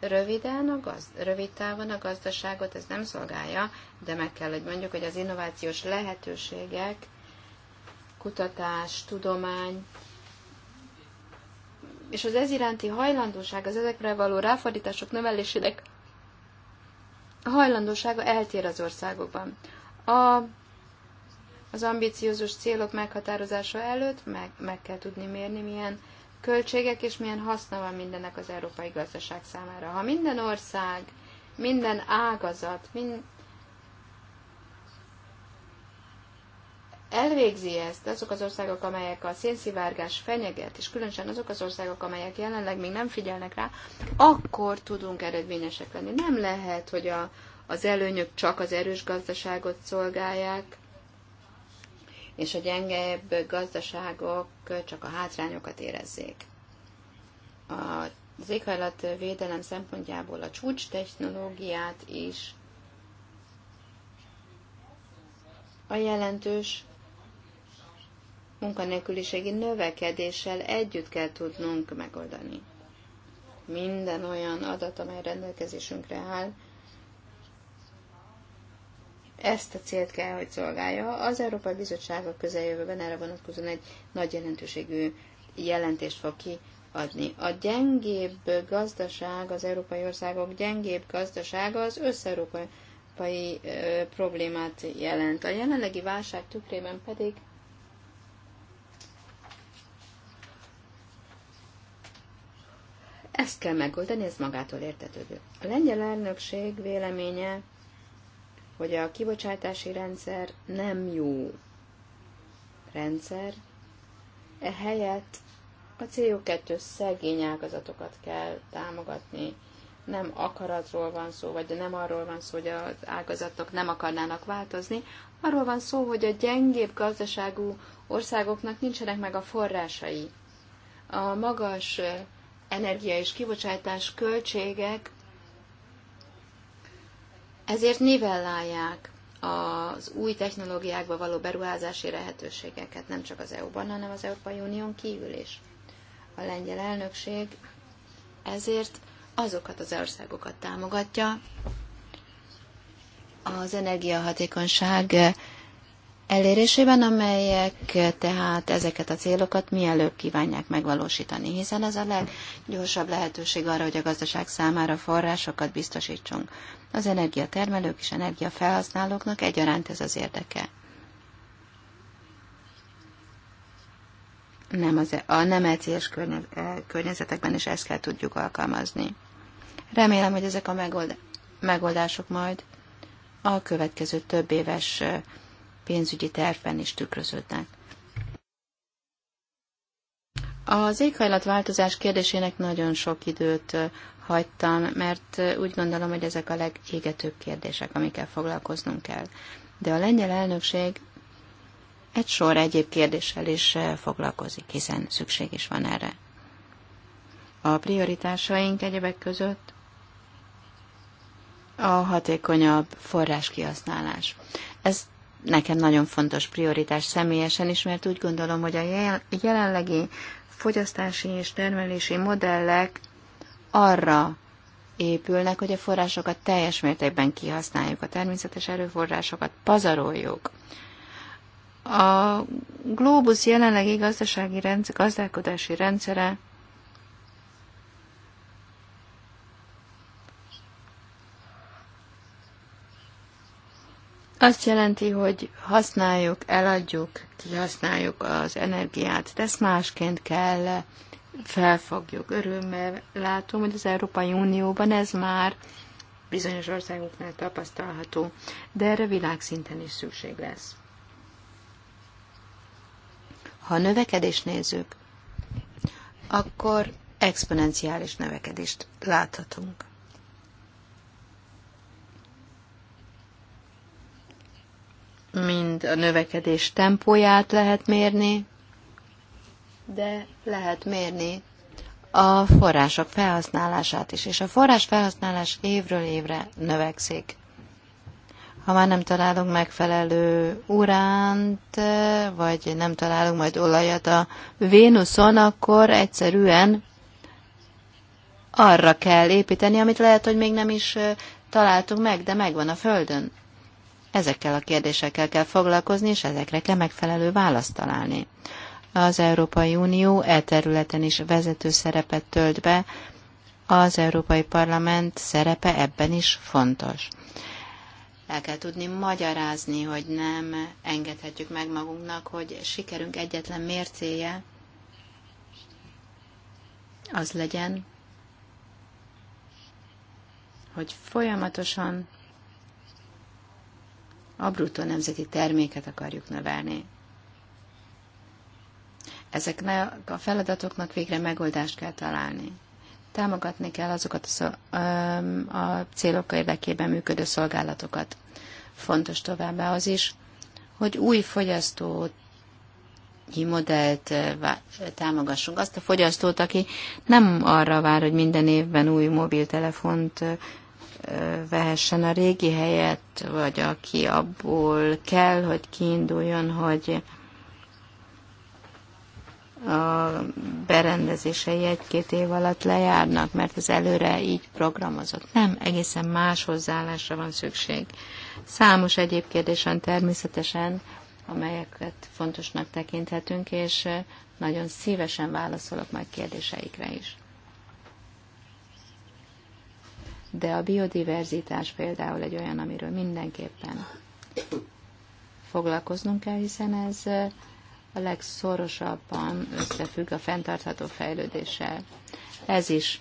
Röviden a gaz, rövid távon a gazdaságot ez nem szolgálja, de meg kell, hogy mondjuk, hogy az innovációs lehetőségek, kutatás, tudomány, és az ez iránti hajlandóság, az ezekre való ráfordítások növelésének hajlandósága eltér az országokban. A, az ambiciózus célok meghatározása előtt meg, meg kell tudni mérni, milyen költségek, és milyen haszna van mindennek az európai gazdaság számára. Ha minden ország, minden ágazat, mind elvégzi ezt azok az országok, amelyek a szénszivárgás fenyeget, és különösen azok az országok, amelyek jelenleg még nem figyelnek rá, akkor tudunk eredményesek lenni. Nem lehet, hogy a, az előnyök csak az erős gazdaságot szolgálják, és a gyengebb gazdaságok csak a hátrányokat érezzék. Az éghajlatvédelem szempontjából a csúcs technológiát is a jelentős munkanélküliségi növekedéssel együtt kell tudnunk megoldani. Minden olyan adat, amely rendelkezésünkre áll, ezt a célt kell, hogy szolgálja. Az Európai Bizottság a közeljövőben erre vonatkozóan egy nagy jelentőségű jelentést fog kiadni. A gyengébb gazdaság, az európai országok gyengébb gazdasága az összeurópai európai problémát jelent. A jelenlegi válság tükrében pedig ezt kell megoldani, ez magától értetődő. A lengyel elnökség véleménye hogy a kibocsátási rendszer nem jó rendszer, ehelyett a CO2 szegény ágazatokat kell támogatni. Nem akaratról van szó, vagy nem arról van szó, hogy az ágazatok nem akarnának változni. Arról van szó, hogy a gyengébb gazdaságú országoknak nincsenek meg a forrásai. A magas eh, energia és kibocsátás költségek ezért nivellálják az új technológiákba való beruházási lehetőségeket, nem csak az EU-ban, hanem az Európai Unión kívül is. A lengyel elnökség ezért azokat az országokat támogatja, az energiahatékonyság elérésében, amelyek tehát ezeket a célokat mielőbb kívánják megvalósítani, hiszen ez a leggyorsabb lehetőség arra, hogy a gazdaság számára forrásokat biztosítsunk. Az energiatermelők és energiafelhasználóknak egyaránt ez az érdeke. Nem az, e- a nem ECS e- környezetekben is ezt kell tudjuk alkalmazni. Remélem, hogy ezek a megoldások majd a következő több éves pénzügyi tervben is tükröződnek. Az éghajlatváltozás kérdésének nagyon sok időt hagytam, mert úgy gondolom, hogy ezek a legégetőbb kérdések, amikkel foglalkoznunk kell. De a lengyel elnökség egy sor egyéb kérdéssel is foglalkozik, hiszen szükség is van erre. A prioritásaink egyebek között a hatékonyabb forráskihasználás. Ez nekem nagyon fontos prioritás személyesen is, mert úgy gondolom, hogy a jelenlegi fogyasztási és termelési modellek arra épülnek, hogy a forrásokat teljes mértékben kihasználjuk, a természetes erőforrásokat pazaroljuk. A Globus jelenlegi gazdasági rendszer, gazdálkodási rendszere Azt jelenti, hogy használjuk, eladjuk, kihasználjuk az energiát, de ezt másként kell felfogjuk. Örömmel látom, hogy az Európai Unióban ez már bizonyos országoknál tapasztalható, de erre világszinten is szükség lesz. Ha a növekedést nézzük, akkor exponenciális növekedést láthatunk. mind a növekedés tempóját lehet mérni, de lehet mérni a források felhasználását is, és a forrás felhasználás évről évre növekszik. Ha már nem találunk megfelelő uránt, vagy nem találunk majd olajat a Vénuszon, akkor egyszerűen arra kell építeni, amit lehet, hogy még nem is találtunk meg, de megvan a Földön. Ezekkel a kérdésekkel kell foglalkozni, és ezekre kell megfelelő választ találni. Az Európai Unió e területen is vezető szerepet tölt be, az Európai Parlament szerepe ebben is fontos. El kell tudni magyarázni, hogy nem engedhetjük meg magunknak, hogy sikerünk egyetlen mércéje az legyen, hogy folyamatosan a bruttó nemzeti terméket akarjuk növelni. Ezeknek a feladatoknak végre megoldást kell találni. Támogatni kell azokat a, a célok érdekében működő szolgálatokat. Fontos továbbá az is, hogy új fogyasztót modellt támogassunk. Azt a fogyasztót, aki nem arra vár, hogy minden évben új mobiltelefont vehessen a régi helyet, vagy aki abból kell, hogy kiinduljon, hogy a berendezései egy-két év alatt lejárnak, mert az előre így programozott. Nem, egészen más hozzáállásra van szükség. Számos egyéb kérdésen természetesen, amelyeket fontosnak tekinthetünk, és nagyon szívesen válaszolok majd kérdéseikre is. de a biodiverzitás például egy olyan, amiről mindenképpen foglalkoznunk kell, hiszen ez a legszorosabban összefügg a fenntartható fejlődéssel. Ez is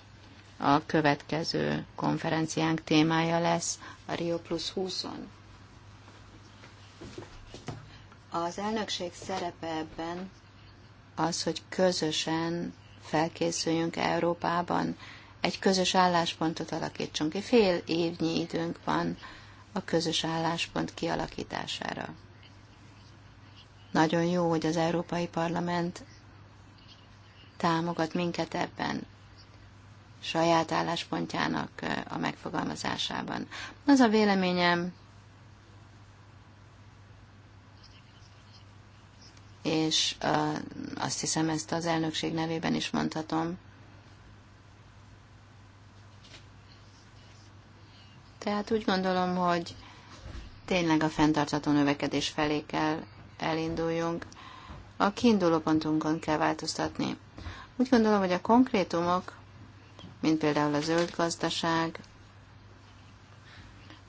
a következő konferenciánk témája lesz a Rio Plus 20-on. Az elnökség szerepe ebben az, hogy közösen felkészüljünk Európában egy közös álláspontot alakítsunk ki. Fél évnyi időnk van a közös álláspont kialakítására. Nagyon jó, hogy az Európai Parlament támogat minket ebben, saját álláspontjának a megfogalmazásában. Az a véleményem, és azt hiszem ezt az elnökség nevében is mondhatom, Tehát úgy gondolom, hogy tényleg a fenntartható növekedés felé kell elinduljunk. A kiinduló pontunkon kell változtatni. Úgy gondolom, hogy a konkrétumok, mint például a zöld gazdaság,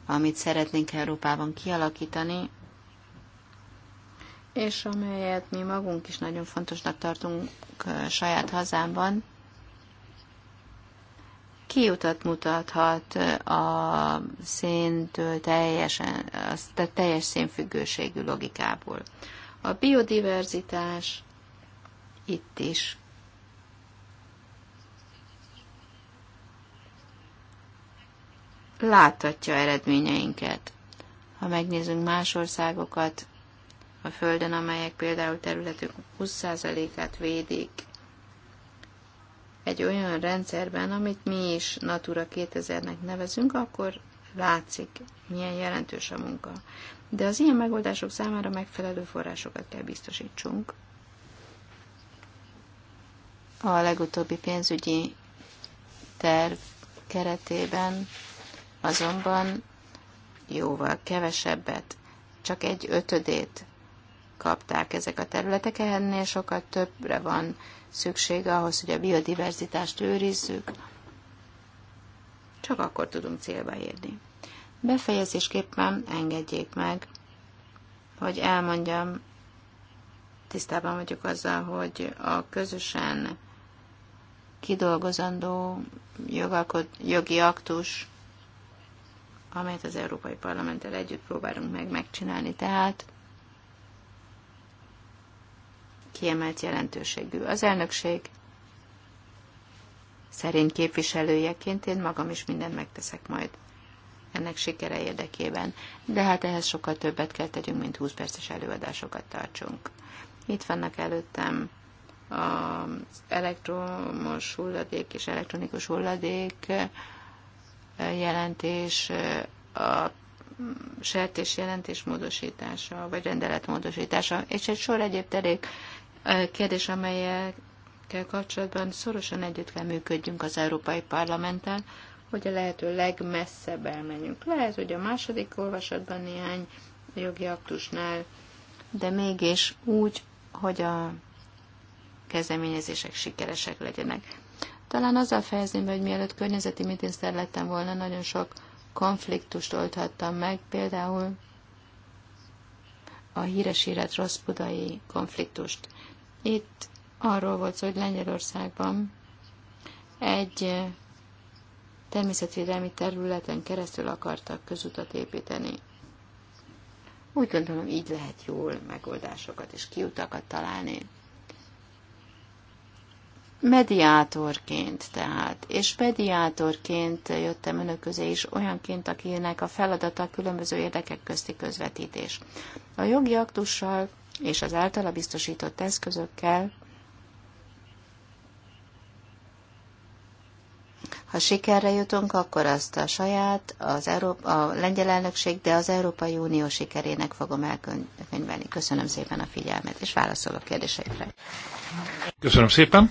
amit szeretnénk Európában kialakítani, és amelyet mi magunk is nagyon fontosnak tartunk saját hazámban, kiutat mutathat a széntől teljesen, a teljes szénfüggőségű logikából. A biodiverzitás itt is láthatja eredményeinket. Ha megnézzünk más országokat a Földön, amelyek például területük 20%-át védik, egy olyan rendszerben, amit mi is Natura 2000-nek nevezünk, akkor látszik, milyen jelentős a munka. De az ilyen megoldások számára megfelelő forrásokat kell biztosítsunk. A legutóbbi pénzügyi terv keretében azonban jóval kevesebbet, csak egy ötödét kapták ezek a területek, ennél sokkal többre van szüksége ahhoz, hogy a biodiverzitást őrizzük, csak akkor tudunk célba érni. Befejezésképpen engedjék meg, hogy elmondjam, tisztában vagyok azzal, hogy a közösen kidolgozandó jogalkot, jogi aktus, amelyet az Európai Parlamenttel együtt próbálunk meg megcsinálni, tehát kiemelt jelentőségű. Az elnökség szerint képviselőjeként én magam is mindent megteszek majd ennek sikere érdekében, de hát ehhez sokkal többet kell tegyünk, mint 20 perces előadásokat tartsunk. Itt vannak előttem az elektromos hulladék és elektronikus hulladék eh, jelentés, eh, a sertés jelentés módosítása, vagy rendelet módosítása, és egy sor egyéb terék kérdés, amelyekkel kapcsolatban szorosan együtt kell működjünk az Európai Parlamenttel, hogy a lehető legmesszebb elmenjünk. Lehet, hogy a második olvasatban néhány jogi aktusnál, de mégis úgy, hogy a kezdeményezések sikeresek legyenek. Talán azzal fejezném be, hogy mielőtt környezeti miniszter lettem volna, nagyon sok konfliktust oldhattam meg, például a híres élet rossz budai konfliktust. Itt arról volt szó, hogy Lengyelországban egy eh, természetvédelmi területen keresztül akartak közutat építeni. Úgy gondolom, így lehet jól megoldásokat és kiutakat találni. Mediátorként tehát, és mediátorként jöttem önök közé is olyanként, akinek a feladata a különböző érdekek közti közvetítés. A jogi aktussal és az általa biztosított eszközökkel, ha sikerre jutunk, akkor azt a saját, az Európa, a lengyel elnökség, de az Európai Unió sikerének fogom elkönyvelni. Köszönöm szépen a figyelmet, és válaszolok kérdésekre. Köszönöm szépen.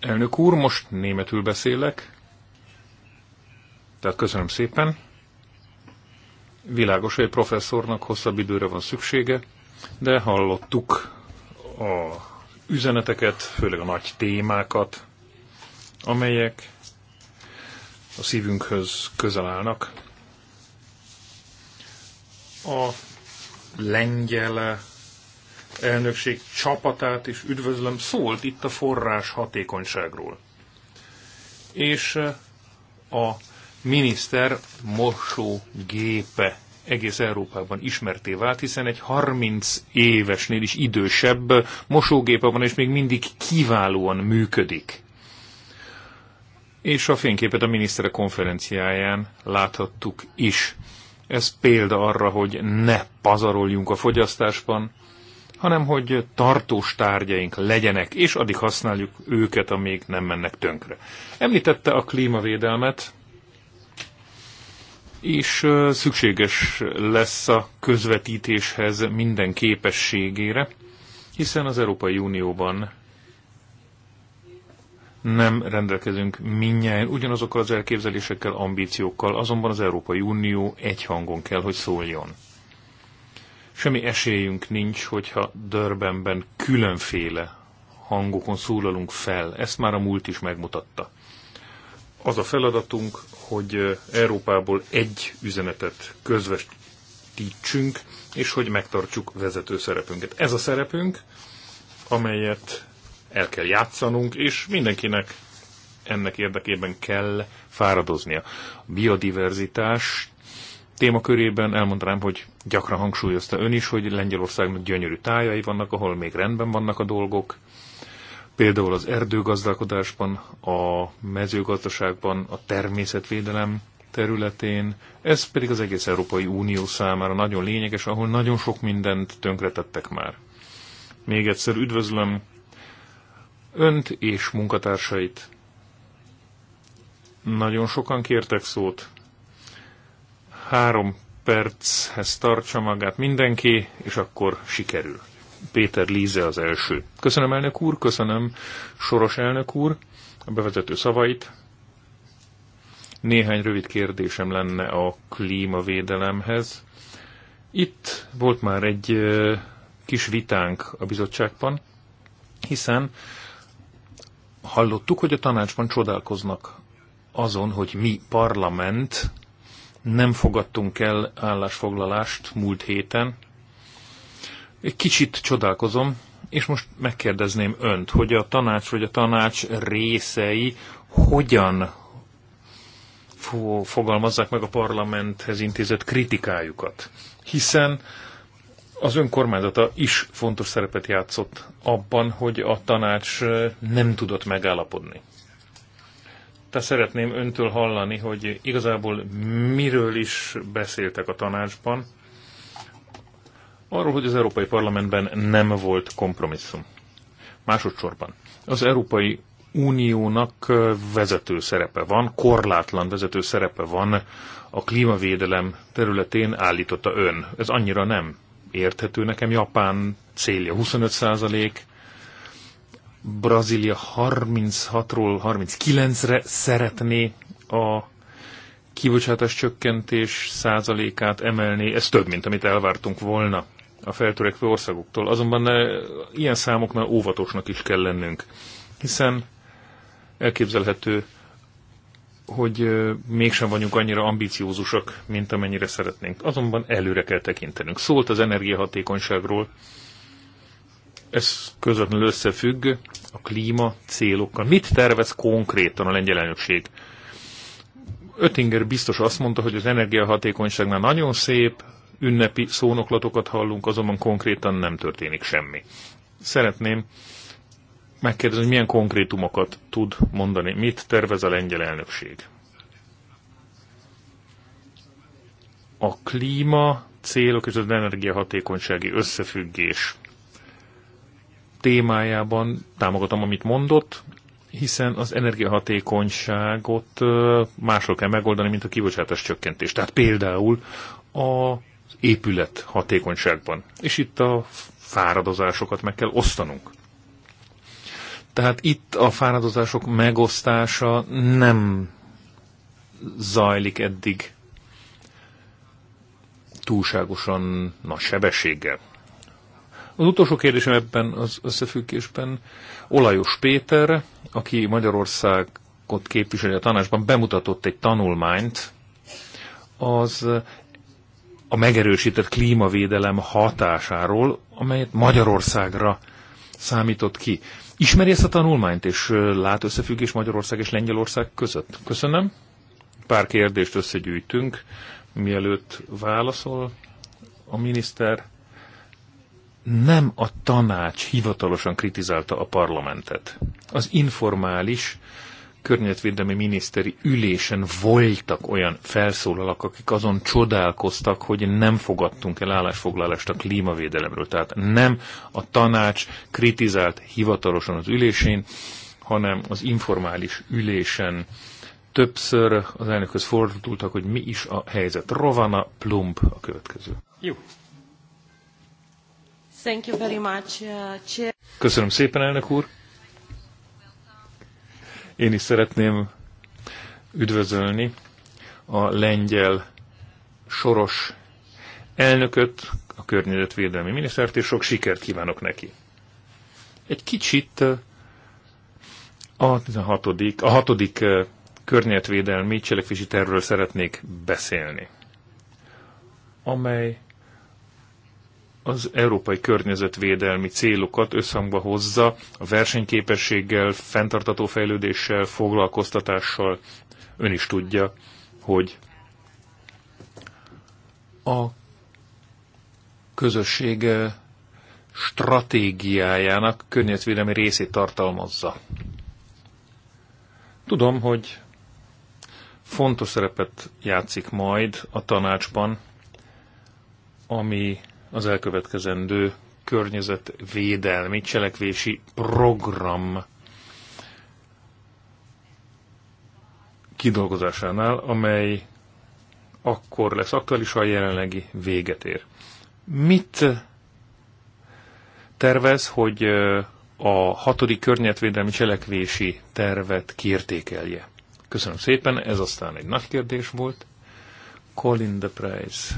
Elnök úr, most németül beszélek. Tehát köszönöm szépen. Világos, hogy professzornak hosszabb időre van szüksége, de hallottuk a üzeneteket, főleg a nagy témákat, amelyek a szívünkhöz közel állnak. A lengyel elnökség csapatát is üdvözlöm, szólt itt a forrás hatékonyságról. És eh, a miniszter mosógépe egész Európában ismerté vált, hiszen egy 30 évesnél is idősebb mosógépe van, és még mindig kiválóan működik. És a fényképet a minisztere konferenciáján láthattuk is. Ez példa arra, hogy ne pazaroljunk a fogyasztásban, hanem hogy tartós tárgyaink legyenek, és addig használjuk őket, amíg nem mennek tönkre. Említette a klímavédelmet, és szükséges lesz a közvetítéshez minden képességére, hiszen az Európai Unióban nem rendelkezünk minnyáján ugyanazokkal az elképzelésekkel, ambíciókkal, azonban az Európai Unió egy hangon kell, hogy szóljon. Semmi esélyünk nincs, hogyha Dörbenben különféle hangokon szólalunk fel. Ezt már a múlt is megmutatta az a feladatunk, hogy Európából egy üzenetet közvetítsünk, és hogy megtartsuk vezető szerepünket. Ez a szerepünk, amelyet el kell játszanunk, és mindenkinek ennek érdekében kell fáradoznia. A biodiverzitás témakörében elmondanám, hogy gyakran hangsúlyozta ön is, hogy Lengyelországnak gyönyörű tájai vannak, ahol még rendben vannak a dolgok, például az erdőgazdálkodásban, a mezőgazdaságban, a természetvédelem területén, ez pedig az egész Európai Unió számára nagyon lényeges, ahol nagyon sok mindent tönkretettek már. Még egyszer üdvözlöm önt és munkatársait. Nagyon sokan kértek szót. Három perchez tartsa magát mindenki, és akkor sikerül. Péter Líze az első. Köszönöm elnök úr, köszönöm Soros elnök úr a bevezető szavait. Néhány rövid kérdésem lenne a klímavédelemhez. Itt volt már egy kis vitánk a bizottságban, hiszen hallottuk, hogy a tanácsban csodálkoznak azon, hogy mi parlament nem fogadtunk el állásfoglalást múlt héten, egy kicsit csodálkozom, és most megkérdezném önt, hogy a tanács vagy a tanács részei hogyan fogalmazzák meg a parlamenthez intézett kritikájukat. Hiszen az önkormányzata is fontos szerepet játszott abban, hogy a tanács nem tudott megállapodni. Tehát szeretném öntől hallani, hogy igazából miről is beszéltek a tanácsban, arról, hogy az Európai Parlamentben nem volt kompromisszum. Másodszorban az Európai Uniónak vezető szerepe van, korlátlan vezető szerepe van a klímavédelem területén, állította ön. Ez annyira nem érthető nekem. Japán célja 25 százalék, Brazília 36-ról 39-re szeretné a kibocsátás csökkentés százalékát emelni. Ez több, mint amit elvártunk volna a feltörekvő országoktól. Azonban eh, ilyen számoknál óvatosnak is kell lennünk, hiszen elképzelhető, hogy eh, mégsem vagyunk annyira ambiciózusak, mint amennyire szeretnénk. Azonban előre kell tekintenünk. Szólt az energiahatékonyságról, ez közvetlenül összefügg a klíma célokkal. Mit tervez konkrétan a lengyel elnökség? Öttinger biztos azt mondta, hogy az energiahatékonyságnál nagyon szép, ünnepi szónoklatokat hallunk, azonban konkrétan nem történik semmi. Szeretném megkérdezni, hogy milyen konkrétumokat tud mondani, mit tervez a lengyel elnökség. A klíma célok és az energiahatékonysági összefüggés témájában támogatom, amit mondott, hiszen az energiahatékonyságot másról kell megoldani, mint a kibocsátás csökkentés. Tehát például a épület hatékonyságban. És itt a fáradozásokat meg kell osztanunk. Tehát itt a fáradozások megosztása nem zajlik eddig túlságosan nagy sebességgel. Az utolsó kérdésem ebben az összefüggésben Olajos Péter, aki Magyarországot képviseli a tanácsban, bemutatott egy tanulmányt az a megerősített klímavédelem hatásáról, amelyet Magyarországra számított ki. Ismeri ezt a tanulmányt, és lát összefüggés Magyarország és Lengyelország között? Köszönöm. Pár kérdést összegyűjtünk, mielőtt válaszol a miniszter. Nem a tanács hivatalosan kritizálta a parlamentet. Az informális környezetvédelmi miniszteri ülésen voltak olyan felszólalak, akik azon csodálkoztak, hogy nem fogadtunk el állásfoglalást a klímavédelemről. Tehát nem a tanács kritizált hivatalosan az ülésén, hanem az informális ülésen többször az elnökhöz fordultak, hogy mi is a helyzet. Rovana Plump a következő. Jó. Thank you very much, uh, Köszönöm szépen, elnök úr. Én is szeretném üdvözölni a lengyel soros elnököt, a környezetvédelmi minisztert, és sok sikert kívánok neki. Egy kicsit eh, a 16. a 6. Eh, környezetvédelmi cselekvési tervről szeretnék beszélni, amely az európai környezetvédelmi célokat összhangba hozza a versenyképességgel, fenntartató fejlődéssel, foglalkoztatással. Ön is tudja, hogy a közösség eh, stratégiájának környezetvédelmi részét tartalmazza. Tudom, hogy fontos szerepet játszik majd a tanácsban, ami az elkövetkezendő környezetvédelmi cselekvési program kidolgozásánál, amely akkor lesz aktuális, ha a jelenlegi véget ér. Mit tervez, hogy a hatodik környezetvédelmi cselekvési tervet kiértékelje? Köszönöm szépen, ez aztán egy nagy kérdés volt. Colin the Price.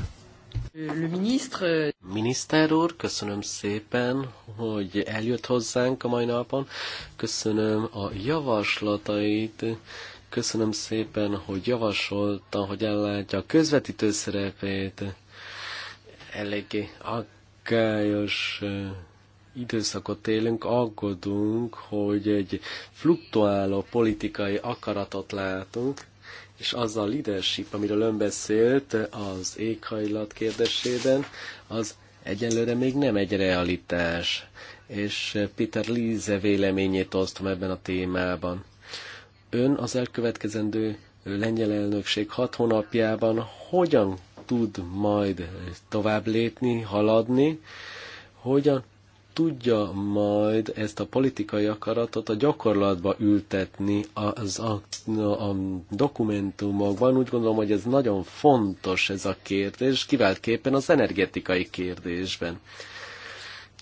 Miniszter úr, köszönöm szépen, hogy eljött hozzánk a mai napon. Köszönöm a javaslatait. Köszönöm szépen, hogy javasolta, hogy ellátja a közvetítő szerepét. Eléggé aggályos időszakot élünk, aggódunk, hogy egy fluktuáló politikai akaratot látunk, és az a leadership, amiről ön beszélt az éghajlat kérdésében, az egyelőre még nem egy realitás, és Peter Líze véleményét osztom ebben a témában. Ön az elkövetkezendő lengyel elnökség hat hónapjában hogyan tud majd tovább lépni, haladni, hogyan tudja majd ezt a politikai akaratot a gyakorlatba ültetni az a, a dokumentumokban. Úgy gondolom, hogy ez nagyon fontos ez a kérdés, kiváltképpen az energetikai kérdésben.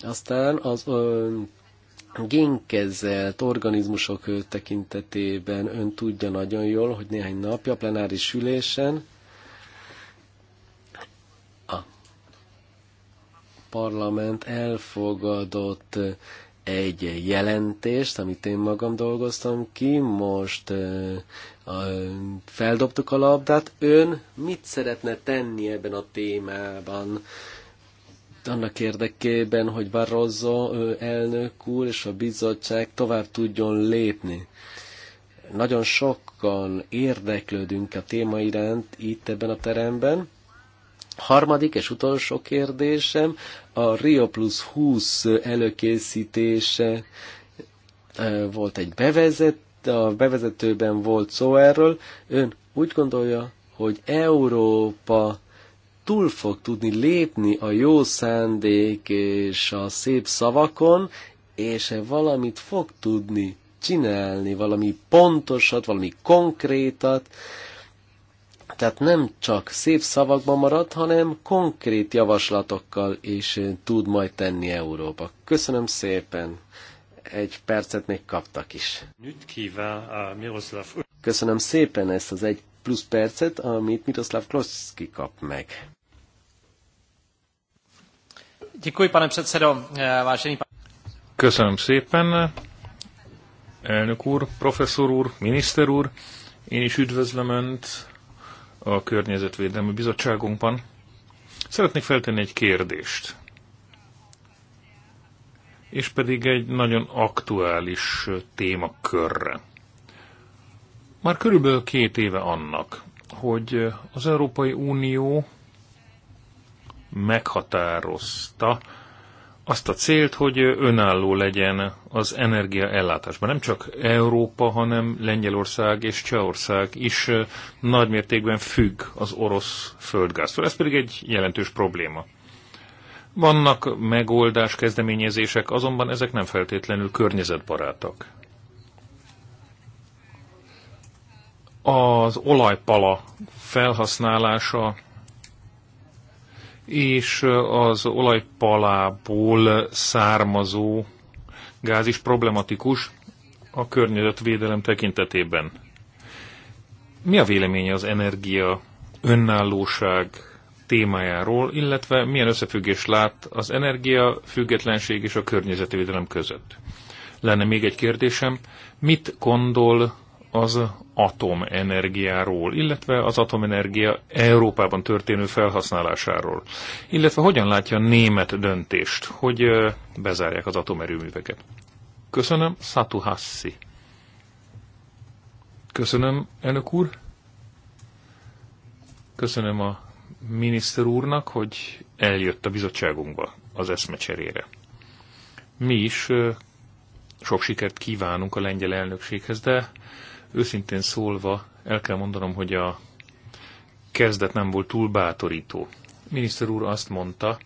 Aztán az ö, génkezelt organizmusok tekintetében ön tudja nagyon jól, hogy néhány napja plenáris ülésen Parlament elfogadott egy jelentést, amit én magam dolgoztam ki, most feldobtuk a labdát. Ön mit szeretne tenni ebben a témában? annak érdekében, hogy Barroso elnök úr és a bizottság tovább tudjon lépni. Nagyon sokan érdeklődünk a téma iránt itt ebben a teremben, Harmadik és utolsó kérdésem, a Rio Plus 20 előkészítése volt egy bevezet, a bevezetőben volt szó erről. Ön úgy gondolja, hogy Európa túl fog tudni lépni a jó szándék és a szép szavakon, és e valamit fog tudni csinálni, valami pontosat, valami konkrétat, tehát nem csak szép szavakban marad, hanem konkrét javaslatokkal is tud majd tenni Európa. Köszönöm szépen! Egy percet még kaptak is. Köszönöm szépen ezt az egy plusz percet, amit Miroslav Kloszki kap meg. Köszönöm szépen, elnök úr, professzor úr, miniszter úr. Én is üdvözlöm Önt a Környezetvédelmi Bizottságunkban. Szeretnék feltenni egy kérdést, és pedig egy nagyon aktuális témakörre. Már körülbelül két éve annak, hogy az Európai Unió meghatározta azt a célt, hogy önálló legyen az energia Nem csak Európa, hanem Lengyelország és Csehország is nagymértékben függ az orosz földgáztól. Ez pedig egy jelentős probléma. Vannak megoldás kezdeményezések, azonban ezek nem feltétlenül környezetbarátak. Az olajpala felhasználása és az olajpalából származó gáz is problematikus a környezetvédelem tekintetében. Mi a véleménye az energia önállóság témájáról, illetve milyen összefüggés lát az energia, függetlenség és a környezetvédelem között? Lenne még egy kérdésem, mit gondol az atomenergiáról, illetve az atomenergia Európában történő felhasználásáról, illetve hogyan látja a német döntést, hogy bezárják az atomerőműveket. Köszönöm, Satu Hassi. Köszönöm, elnök úr. Köszönöm a miniszter úrnak, hogy eljött a bizottságunkba az eszmecserére. Mi is sok sikert kívánunk a lengyel elnökséghez, de Őszintén szólva el kell mondanom, hogy a kezdet nem volt túl bátorító. Miniszter úr azt mondta,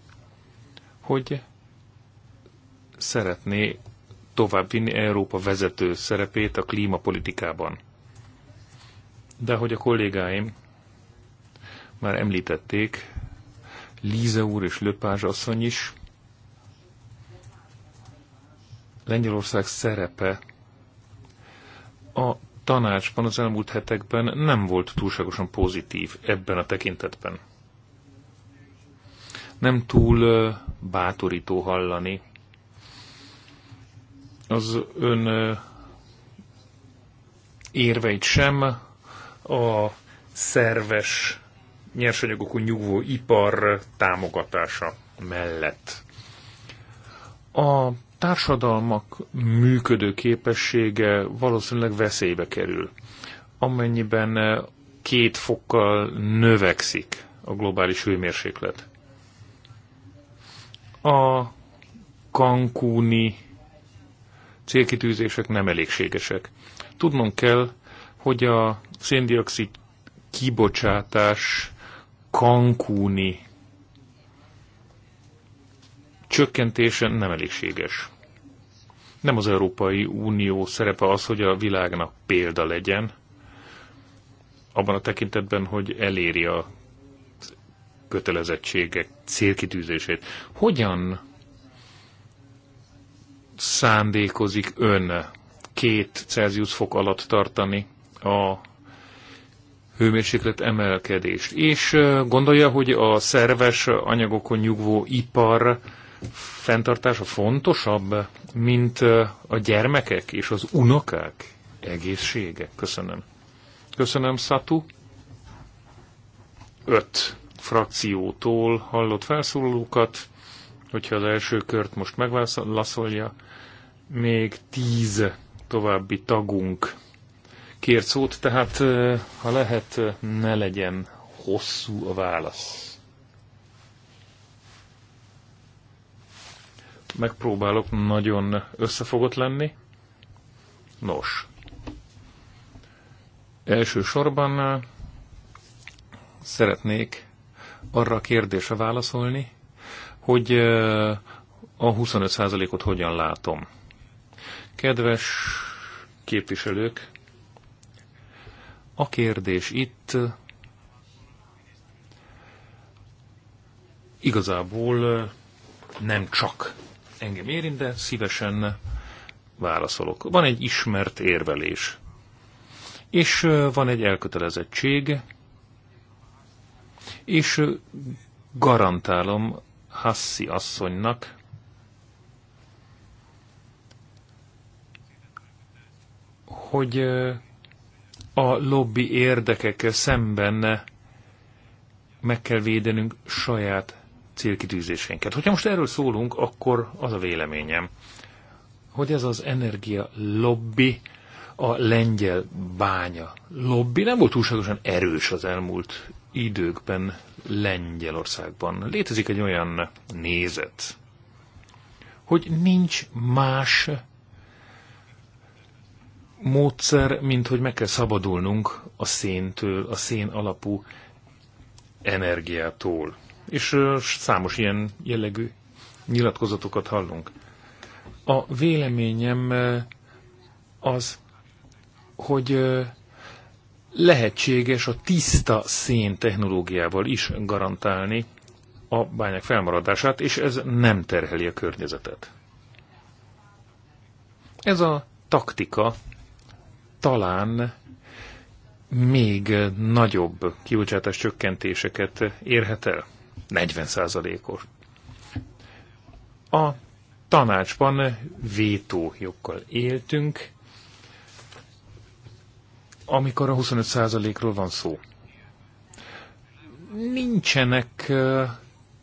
hogy szeretné továbbvinni Európa vezető szerepét a klímapolitikában. De hogy a kollégáim már említették, Líze úr és Löpázs asszony is, Lengyelország szerepe a tanácsban az elmúlt hetekben nem volt túlságosan pozitív ebben a tekintetben. Nem túl bátorító hallani az ön érveit sem, a szerves nyersanyagokon nyugvó ipar támogatása mellett. A társadalmak működő képessége valószínűleg veszélybe kerül, amennyiben eh, két fokkal növekszik a globális hőmérséklet. A kankúni célkitűzések nem elégségesek. Tudnunk kell, hogy a széndiokszid kibocsátás kankúni csökkentése nem elégséges nem az Európai Unió szerepe az, hogy a világnak példa legyen, abban a tekintetben, hogy eléri a kötelezettségek célkitűzését. Hogyan szándékozik ön két Celsius fok alatt tartani a hőmérséklet emelkedést? És gondolja, hogy a szerves anyagokon nyugvó ipar fenntartása fontosabb, mint a gyermekek és az unokák egészsége? Köszönöm. Köszönöm, Szatu. Öt frakciótól hallott felszólókat, hogyha az első kört most megválaszolja, még tíz további tagunk kért szót, tehát ha lehet, ne legyen hosszú a válasz. megpróbálok nagyon összefogott lenni. Nos, elsősorban eh, szeretnék arra a kérdésre válaszolni, hogy eh, a 25%-ot hogyan látom. Kedves képviselők, a kérdés itt igazából eh, nem csak engem érint, de szívesen válaszolok. Van egy ismert érvelés, és van egy elkötelezettség, és garantálom Hassi asszonynak, hogy a lobby érdekekkel szemben meg kell védenünk saját célkitűzéseinket. Hogyha most erről szólunk, akkor az a véleményem, hogy ez az energia lobby, a lengyel bánya lobby nem volt túlságosan erős az elmúlt időkben Lengyelországban. Létezik egy olyan nézet, hogy nincs más módszer, mint hogy meg kell szabadulnunk a széntől, a szén alapú energiától és számos ilyen jellegű nyilatkozatokat hallunk. A véleményem az, hogy lehetséges a tiszta szén technológiával is garantálni a bányák felmaradását, és ez nem terheli a környezetet. Ez a taktika talán még nagyobb kibocsátás csökkentéseket érhet el. 40 százalékos. A tanácsban vétójogkal éltünk, amikor a 25%-ról van szó. Nincsenek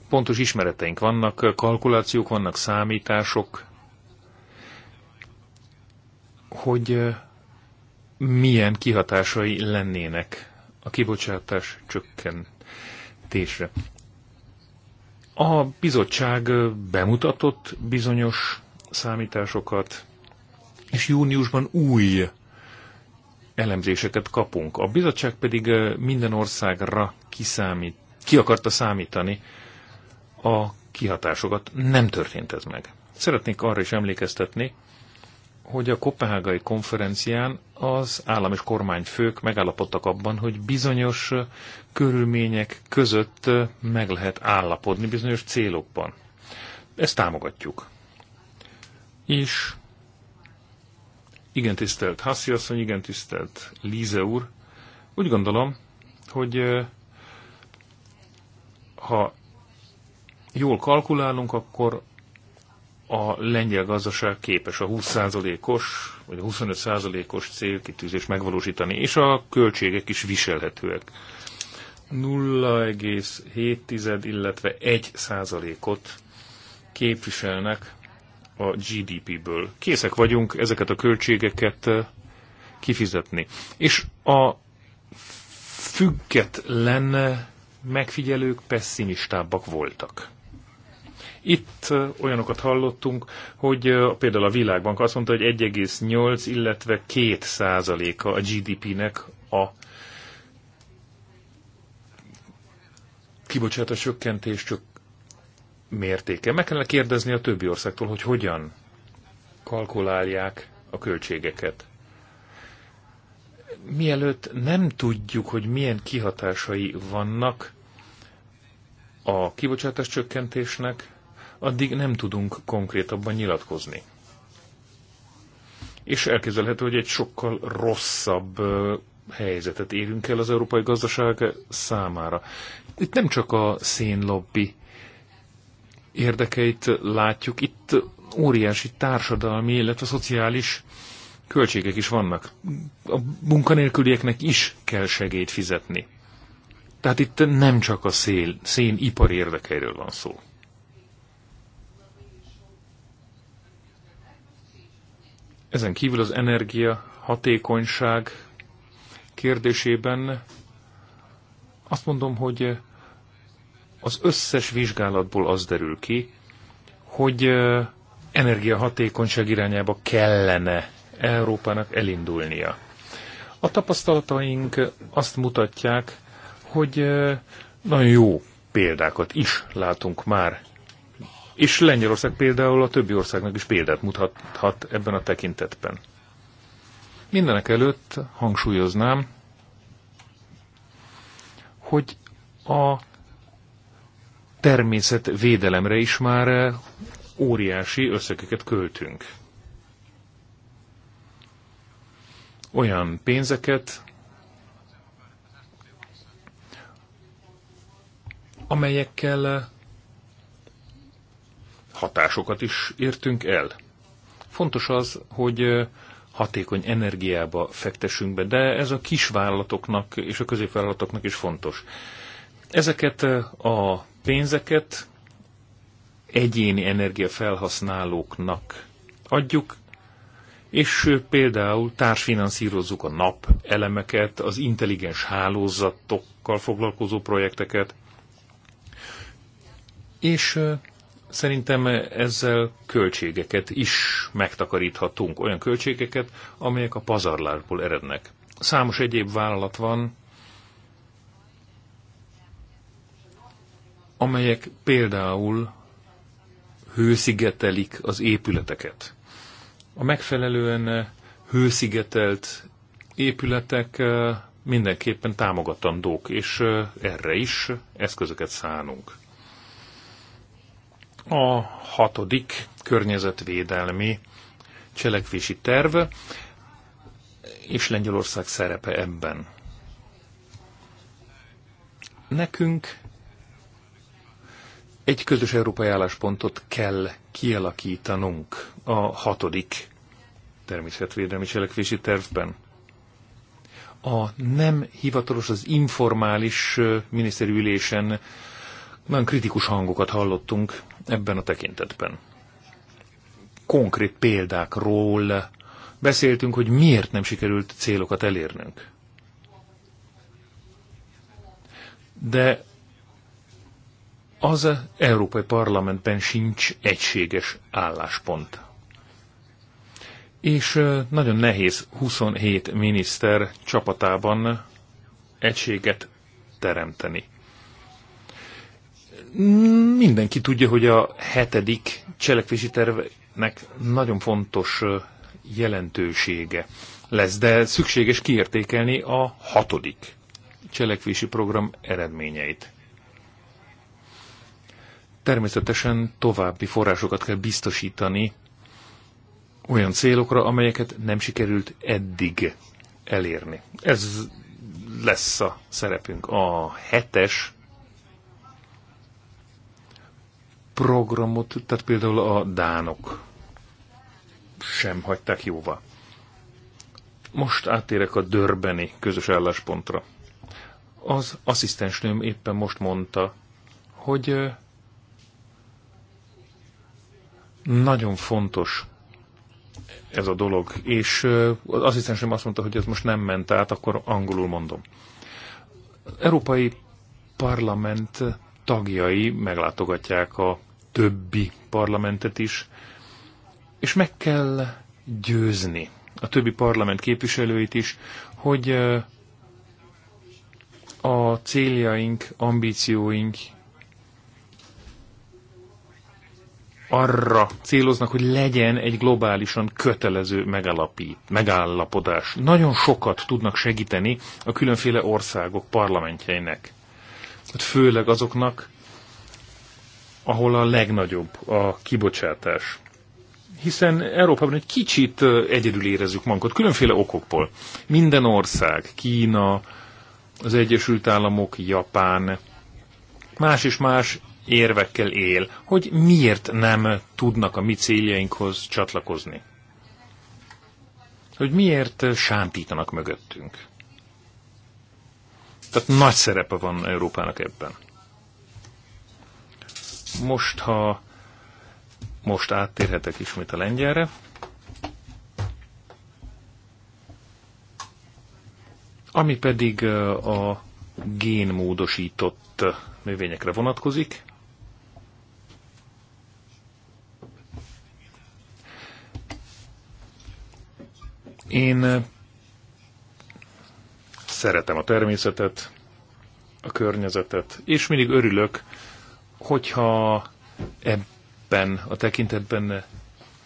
pontos ismereteink, vannak kalkulációk, vannak számítások, hogy milyen kihatásai lennének a kibocsátás csökkentésre. A bizottság bemutatott bizonyos számításokat, és júniusban új elemzéseket kapunk. A bizottság pedig minden országra kiszámít, ki akarta számítani a kihatásokat. Nem történt ez meg. Szeretnék arra is emlékeztetni, hogy a Kopenhágai konferencián az állam és kormányfők megállapodtak abban, hogy bizonyos körülmények között meg lehet állapodni bizonyos célokban. Ezt támogatjuk. És igen tisztelt Hassi asszony, igen tisztelt Líze úr, úgy gondolom, hogy ha jól kalkulálunk, akkor a lengyel gazdaság képes a 20%-os vagy a 25%-os célkitűzés megvalósítani, és a költségek is viselhetőek. 0,7, illetve 1 ot képviselnek a GDP-ből. Készek vagyunk ezeket a költségeket eh, kifizetni. És a független eh, megfigyelők pessimistábbak voltak. Itt olyanokat hallottunk, hogy például a Világbank azt mondta, hogy 1,8, illetve 2 százaléka a GDP-nek a kibocsátás csökkentés csak mértéke. Meg kellene kérdezni a többi országtól, hogy hogyan kalkulálják a költségeket. Mielőtt nem tudjuk, hogy milyen kihatásai vannak a kibocsátás csökkentésnek, addig nem tudunk konkrétabban nyilatkozni. És elképzelhető, hogy egy sokkal rosszabb helyzetet érünk el az európai gazdaság számára. Itt nem csak a szénlobbi érdekeit látjuk, itt óriási társadalmi, illetve szociális költségek is vannak. A munkanélkülieknek is kell segélyt fizetni. Tehát itt nem csak a szél, szénipar érdekeiről van szó. Ezen kívül az energia hatékonyság kérdésében azt mondom, hogy az összes vizsgálatból az derül ki, hogy energiahatékonyság irányába kellene Európának elindulnia. A tapasztalataink azt mutatják, hogy nagyon jó példákat is látunk már és Lengyelország például a többi országnak is példát mutathat ebben a tekintetben. Mindenek előtt hangsúlyoznám, hogy a természet védelemre is már óriási összegeket költünk. Olyan pénzeket, amelyekkel hatásokat is értünk el. Fontos az, hogy hatékony energiába fektessünk be, de ez a kisvállalatoknak és a középvállalatoknak is fontos. Ezeket a pénzeket egyéni energiafelhasználóknak adjuk, és például társfinanszírozzuk a nap elemeket, az intelligens hálózatokkal foglalkozó projekteket, és Szerintem ezzel költségeket is megtakaríthatunk, olyan költségeket, amelyek a pazarlásból erednek. Számos egyéb vállalat van, amelyek például hőszigetelik az épületeket. A megfelelően hőszigetelt épületek eh, mindenképpen támogatandók, és eh, erre is eszközöket szánunk a hatodik környezetvédelmi cselekvési terv, és Lengyelország szerepe ebben. Nekünk egy közös európai álláspontot kell kialakítanunk a hatodik természetvédelmi cselekvési tervben. A nem hivatalos, az informális miniszterülésen nagyon kritikus hangokat hallottunk ebben a tekintetben. Konkrét példákról beszéltünk, hogy miért nem sikerült célokat elérnünk. De az Európai Parlamentben sincs egységes álláspont. És nagyon nehéz 27 miniszter csapatában egységet teremteni. Mindenki tudja, hogy a hetedik cselekvési tervnek nagyon fontos jelentősége lesz, de szükséges kiértékelni a hatodik cselekvési program eredményeit. Természetesen további forrásokat kell biztosítani olyan célokra, amelyeket nem sikerült eddig elérni. Ez lesz a szerepünk. A hetes programot, tehát például a dánok sem hagyták jóva. Most átérek a dörbeni közös álláspontra. Az asszisztensnőm éppen most mondta, hogy nagyon fontos ez a dolog, és az asszisztensnőm azt mondta, hogy ez most nem ment át, akkor angolul mondom. Európai Parlament tagjai meglátogatják a többi parlamentet is, és meg kell győzni a többi parlament képviselőit is, hogy a céljaink, ambícióink arra céloznak, hogy legyen egy globálisan kötelező megalapít, megállapodás. Nagyon sokat tudnak segíteni a különféle országok parlamentjeinek. Hát főleg azoknak, ahol a legnagyobb a kibocsátás. Hiszen Európában egy kicsit egyedül érezzük magunkat, különféle okokból. Minden ország, Kína, az Egyesült Államok, Japán, más és más érvekkel él, hogy miért nem tudnak a mi céljainkhoz csatlakozni. Hogy miért sántítanak mögöttünk. Tehát nagy szerepe van Európának ebben. Most, ha most áttérhetek ismét a lengyelre. Ami pedig a génmódosított növényekre vonatkozik. Én szeretem a természetet, a környezetet, és mindig örülök, hogyha ebben a tekintetben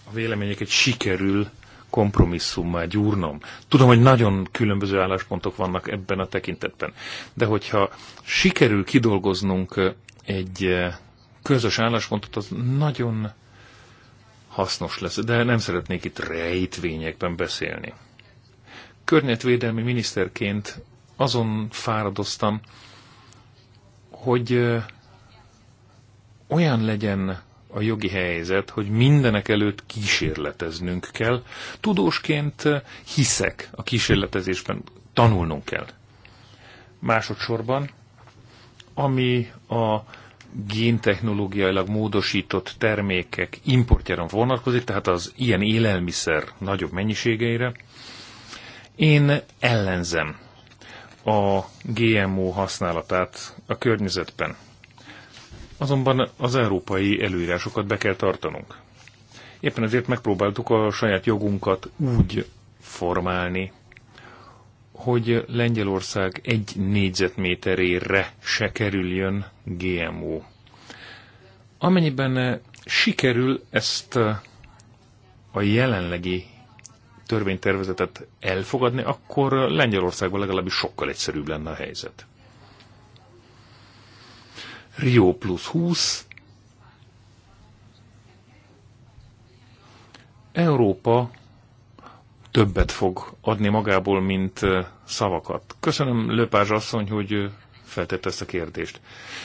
a véleményeket sikerül kompromisszummá gyúrnom. Tudom, hogy nagyon különböző álláspontok vannak ebben a tekintetben, de hogyha sikerül kidolgoznunk egy közös álláspontot, az nagyon hasznos lesz, de nem szeretnék itt rejtvényekben beszélni. Környezetvédelmi miniszterként azon fáradoztam, hogy olyan legyen a jogi helyzet, hogy mindenek előtt kísérleteznünk kell. Tudósként eh, hiszek a kísérletezésben, tanulnunk kell. Másodszorban, ami a géntechnológiailag módosított termékek importjára vonatkozik, tehát az ilyen élelmiszer nagyobb mennyiségeire, én ellenzem a GMO használatát a környezetben. Azonban az európai előírásokat be kell tartanunk. Éppen ezért megpróbáltuk a saját jogunkat úgy formálni, hogy Lengyelország egy négyzetméterére se kerüljön GMO. Amennyiben sikerül ezt a jelenlegi törvénytervezetet elfogadni, akkor Lengyelországban legalábbis sokkal egyszerűbb lenne a helyzet. Rio plusz 20, Európa többet fog adni magából, mint szavakat. Köszönöm Löpázs asszony, hogy feltette ezt a kérdést.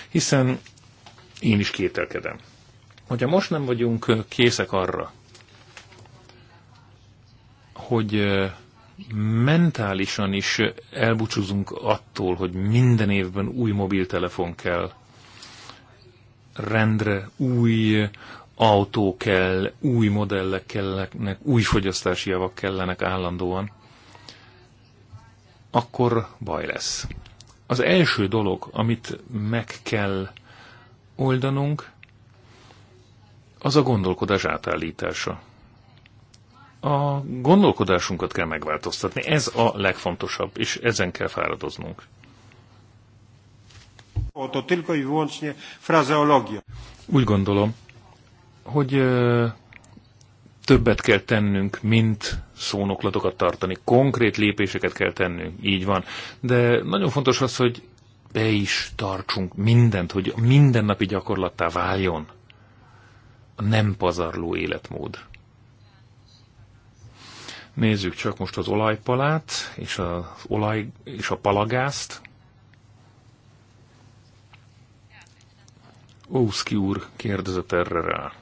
Hiszen én is kételkedem. Hogyha most nem vagyunk készek arra, hogy mentálisan is elbúcsúzunk attól, hogy minden évben új mobiltelefon kell rendre új autó kell, új modellek kellenek, új fogyasztási javak kellenek állandóan, akkor baj lesz. Az első dolog, amit meg kell oldanunk, az a gondolkodás átállítása. A gondolkodásunkat kell megváltoztatni, ez a legfontosabb, és ezen kell fáradoznunk. To tylko i wyłącznie frazeologia. Úgy gondolom, hogy többet kell tennünk, mint szónoklatokat tartani. Konkrét lépéseket kell tennünk, így van. De nagyon fontos az, hogy be is tartsunk mindent, hogy mindennapi gyakorlattá váljon a nem pazarló életmód. Nézzük csak most az olajpalát és az olaj és a palagázt. Ószki úr kérdezett erre rá.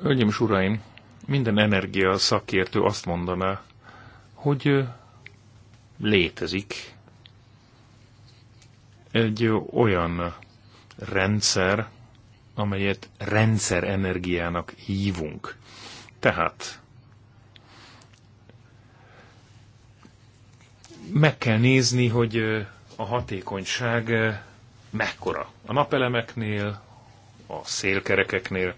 Hölgyeim és uraim, minden energia szakértő azt mondaná, hogy létezik egy olyan rendszer, amelyet rendszerenergiának hívunk. Tehát meg kell nézni, hogy a hatékonyság mekkora. A napelemeknél, a szélkerekeknél,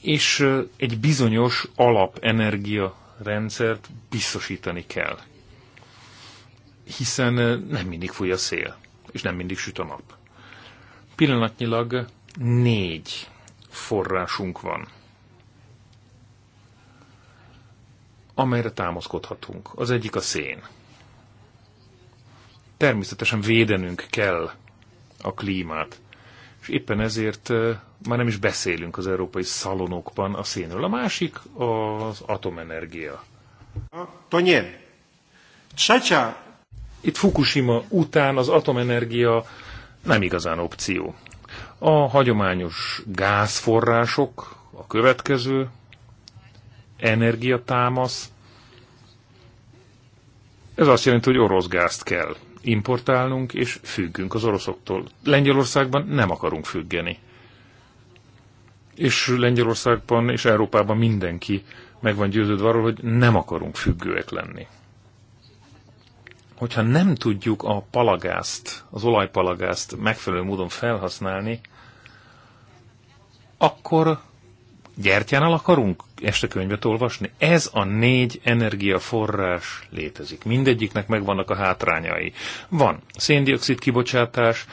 és egy bizonyos alapenergia rendszert biztosítani kell. Hiszen nem mindig fúj a szél, és nem mindig süt a nap. Pillanatnyilag négy forrásunk van, amelyre támaszkodhatunk. Az egyik a szén. Természetesen védenünk kell a klímát. És éppen ezért már nem is beszélünk az európai szalonokban a szénről. A másik az atomenergia. Itt Fukushima után az atomenergia nem igazán opció. A hagyományos gázforrások, a következő, energiatámasz, ez azt jelenti, hogy orosz gázt kell importálunk, és függünk az oroszoktól. Lengyelországban nem akarunk függeni. És Lengyelországban és Európában mindenki meg van győződve arról, hogy nem akarunk függőek lenni. Hogyha nem tudjuk a palagázt, az olajpalagázt megfelelő módon felhasználni, akkor gyertyánál akarunk este könyvet olvasni? Ez a négy energiaforrás létezik. Mindegyiknek megvannak a hátrányai. Van széndiokszid kibocsátás,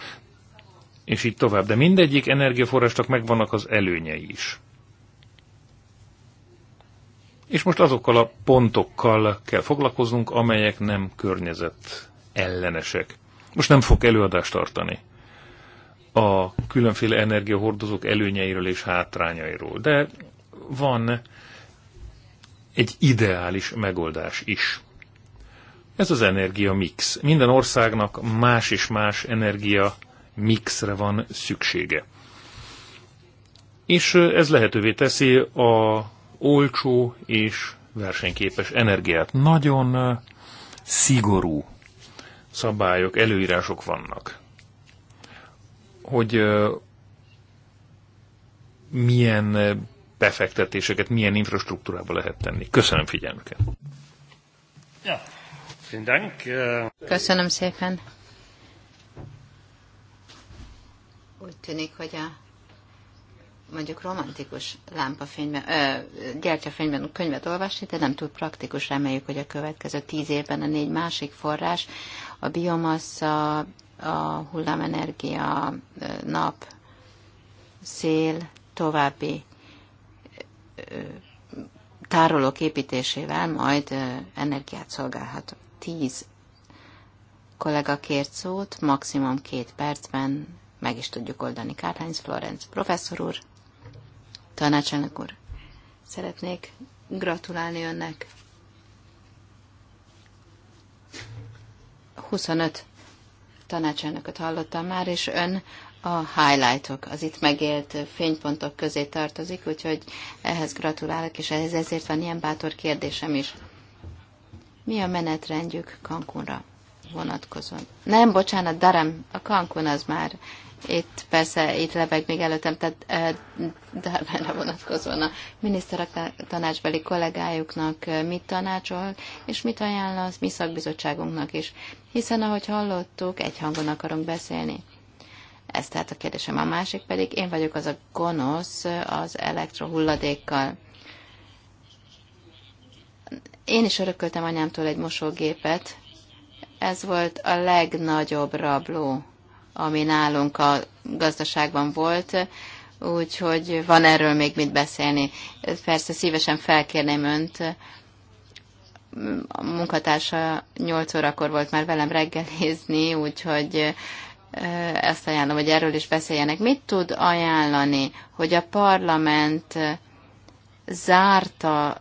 és így tovább. De mindegyik energiaforrásnak megvannak az előnyei is. És most azokkal a pontokkal kell foglalkoznunk, amelyek nem környezet ellenesek. Most nem fog előadást tartani a különféle energiahordozók előnyeiről és hátrányairól. De van egy ideális megoldás is. Ez az energia mix. Minden országnak más és más energia mixre van szüksége. És ez lehetővé teszi a olcsó és versenyképes energiát. Nagyon szigorú szabályok, előírások vannak hogy milyen befektetéseket, milyen infrastruktúrába lehet tenni. Köszönöm figyelmüket. Ja. Köszönöm szépen. Úgy tűnik, hogy a mondjuk romantikus lámpafényben, ö, gyertyafényben könyvet olvasni, de nem túl praktikus. Reméljük, hogy a következő tíz évben a négy másik forrás, a biomassa, a hullámenergia, nap, szél, további tárolók építésével majd energiát szolgálhat. Tíz kollega kért szót, maximum két percben meg is tudjuk oldani. Kárhányz Florenc professzor úr, tanácselnök úr, szeretnék gratulálni önnek. 25 tanácselnököt hallottam már, és ön a highlightok, az itt megélt fénypontok közé tartozik, úgyhogy ehhez gratulálok, és ehhez ezért van ilyen bátor kérdésem is. Mi a menetrendjük Cancunra vonatkozóan? Nem, bocsánat, Darem, a Cancun az már itt persze, itt lebeg még előttem, tehát eh, Darbára vonatkozóan a miniszterek tanácsbeli kollégájuknak eh, mit tanácsol, és mit ajánl az mi szakbizottságunknak is. Hiszen, ahogy hallottuk, egy hangon akarunk beszélni. Ez tehát a kérdésem. A másik pedig, én vagyok az a gonosz eh, az elektrohulladékkal. Én is örököltem anyámtól egy mosógépet. Ez volt a legnagyobb rabló ami nálunk a gazdaságban volt, úgyhogy van erről még mit beszélni. Persze szívesen felkérném önt, a munkatársa 8 órakor volt már velem reggelizni, úgyhogy ezt ajánlom, hogy erről is beszéljenek. Mit tud ajánlani, hogy a parlament zártan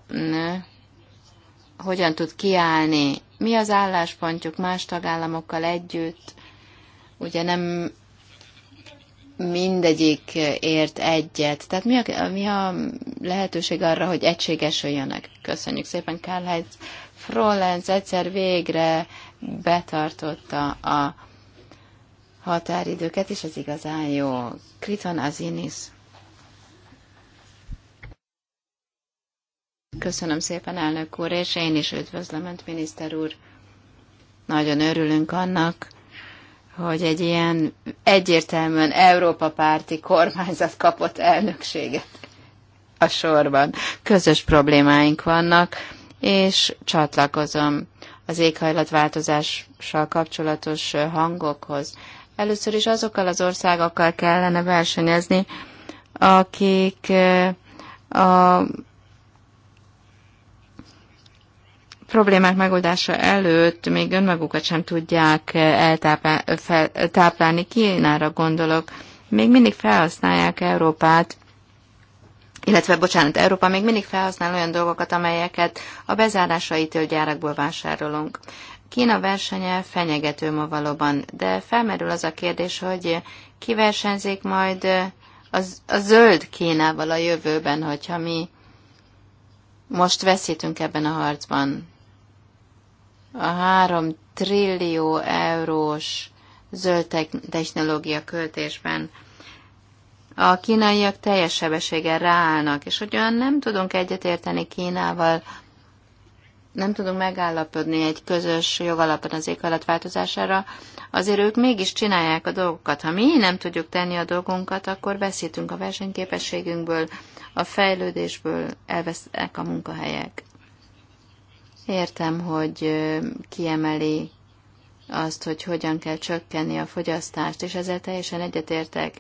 hogyan tud kiállni? Mi az álláspontjuk más tagállamokkal együtt? ugye nem mindegyik ért egyet. Tehát mi a, mi a lehetőség arra, hogy egységesüljenek? Köszönjük szépen, Karl-Heinz Frollens egyszer végre betartotta a határidőket, és ez igazán jó. Kriton Azinis. Köszönöm szépen, elnök úr, és én is üdvözlöm, miniszter úr. Nagyon örülünk annak, hogy egy ilyen egyértelműen Európa párti kormányzat kapott elnökséget a sorban. Közös problémáink vannak, és csatlakozom az éghajlatváltozással kapcsolatos hangokhoz. Először is azokkal az országokkal kellene versenyezni, akik eh, a problémák megoldása előtt még önmagukat sem tudják eh, eltáplálni. Kínára gondolok. Még mindig felhasználják Európát, illetve, bocsánat, Európa még mindig felhasznál olyan dolgokat, amelyeket a bezárásaitől gyárakból vásárolunk. Kína versenye fenyegető ma valóban, de felmerül az a kérdés, hogy ki versenzik majd eh, a zöld Kínával a jövőben, hogyha mi most veszítünk ebben a harcban a három trillió eurós zöld technológia költésben a kínaiak teljes sebességgel ráállnak, és olyan nem tudunk egyetérteni Kínával, nem tudunk megállapodni egy közös jogalapon az változására azért ők mégis csinálják a dolgokat. Ha mi nem tudjuk tenni a dolgunkat, akkor veszítünk a versenyképességünkből, a fejlődésből elvesznek a munkahelyek. Értem, hogy kiemeli azt, hogy hogyan kell csökkenni a fogyasztást, és ezzel teljesen egyetértek.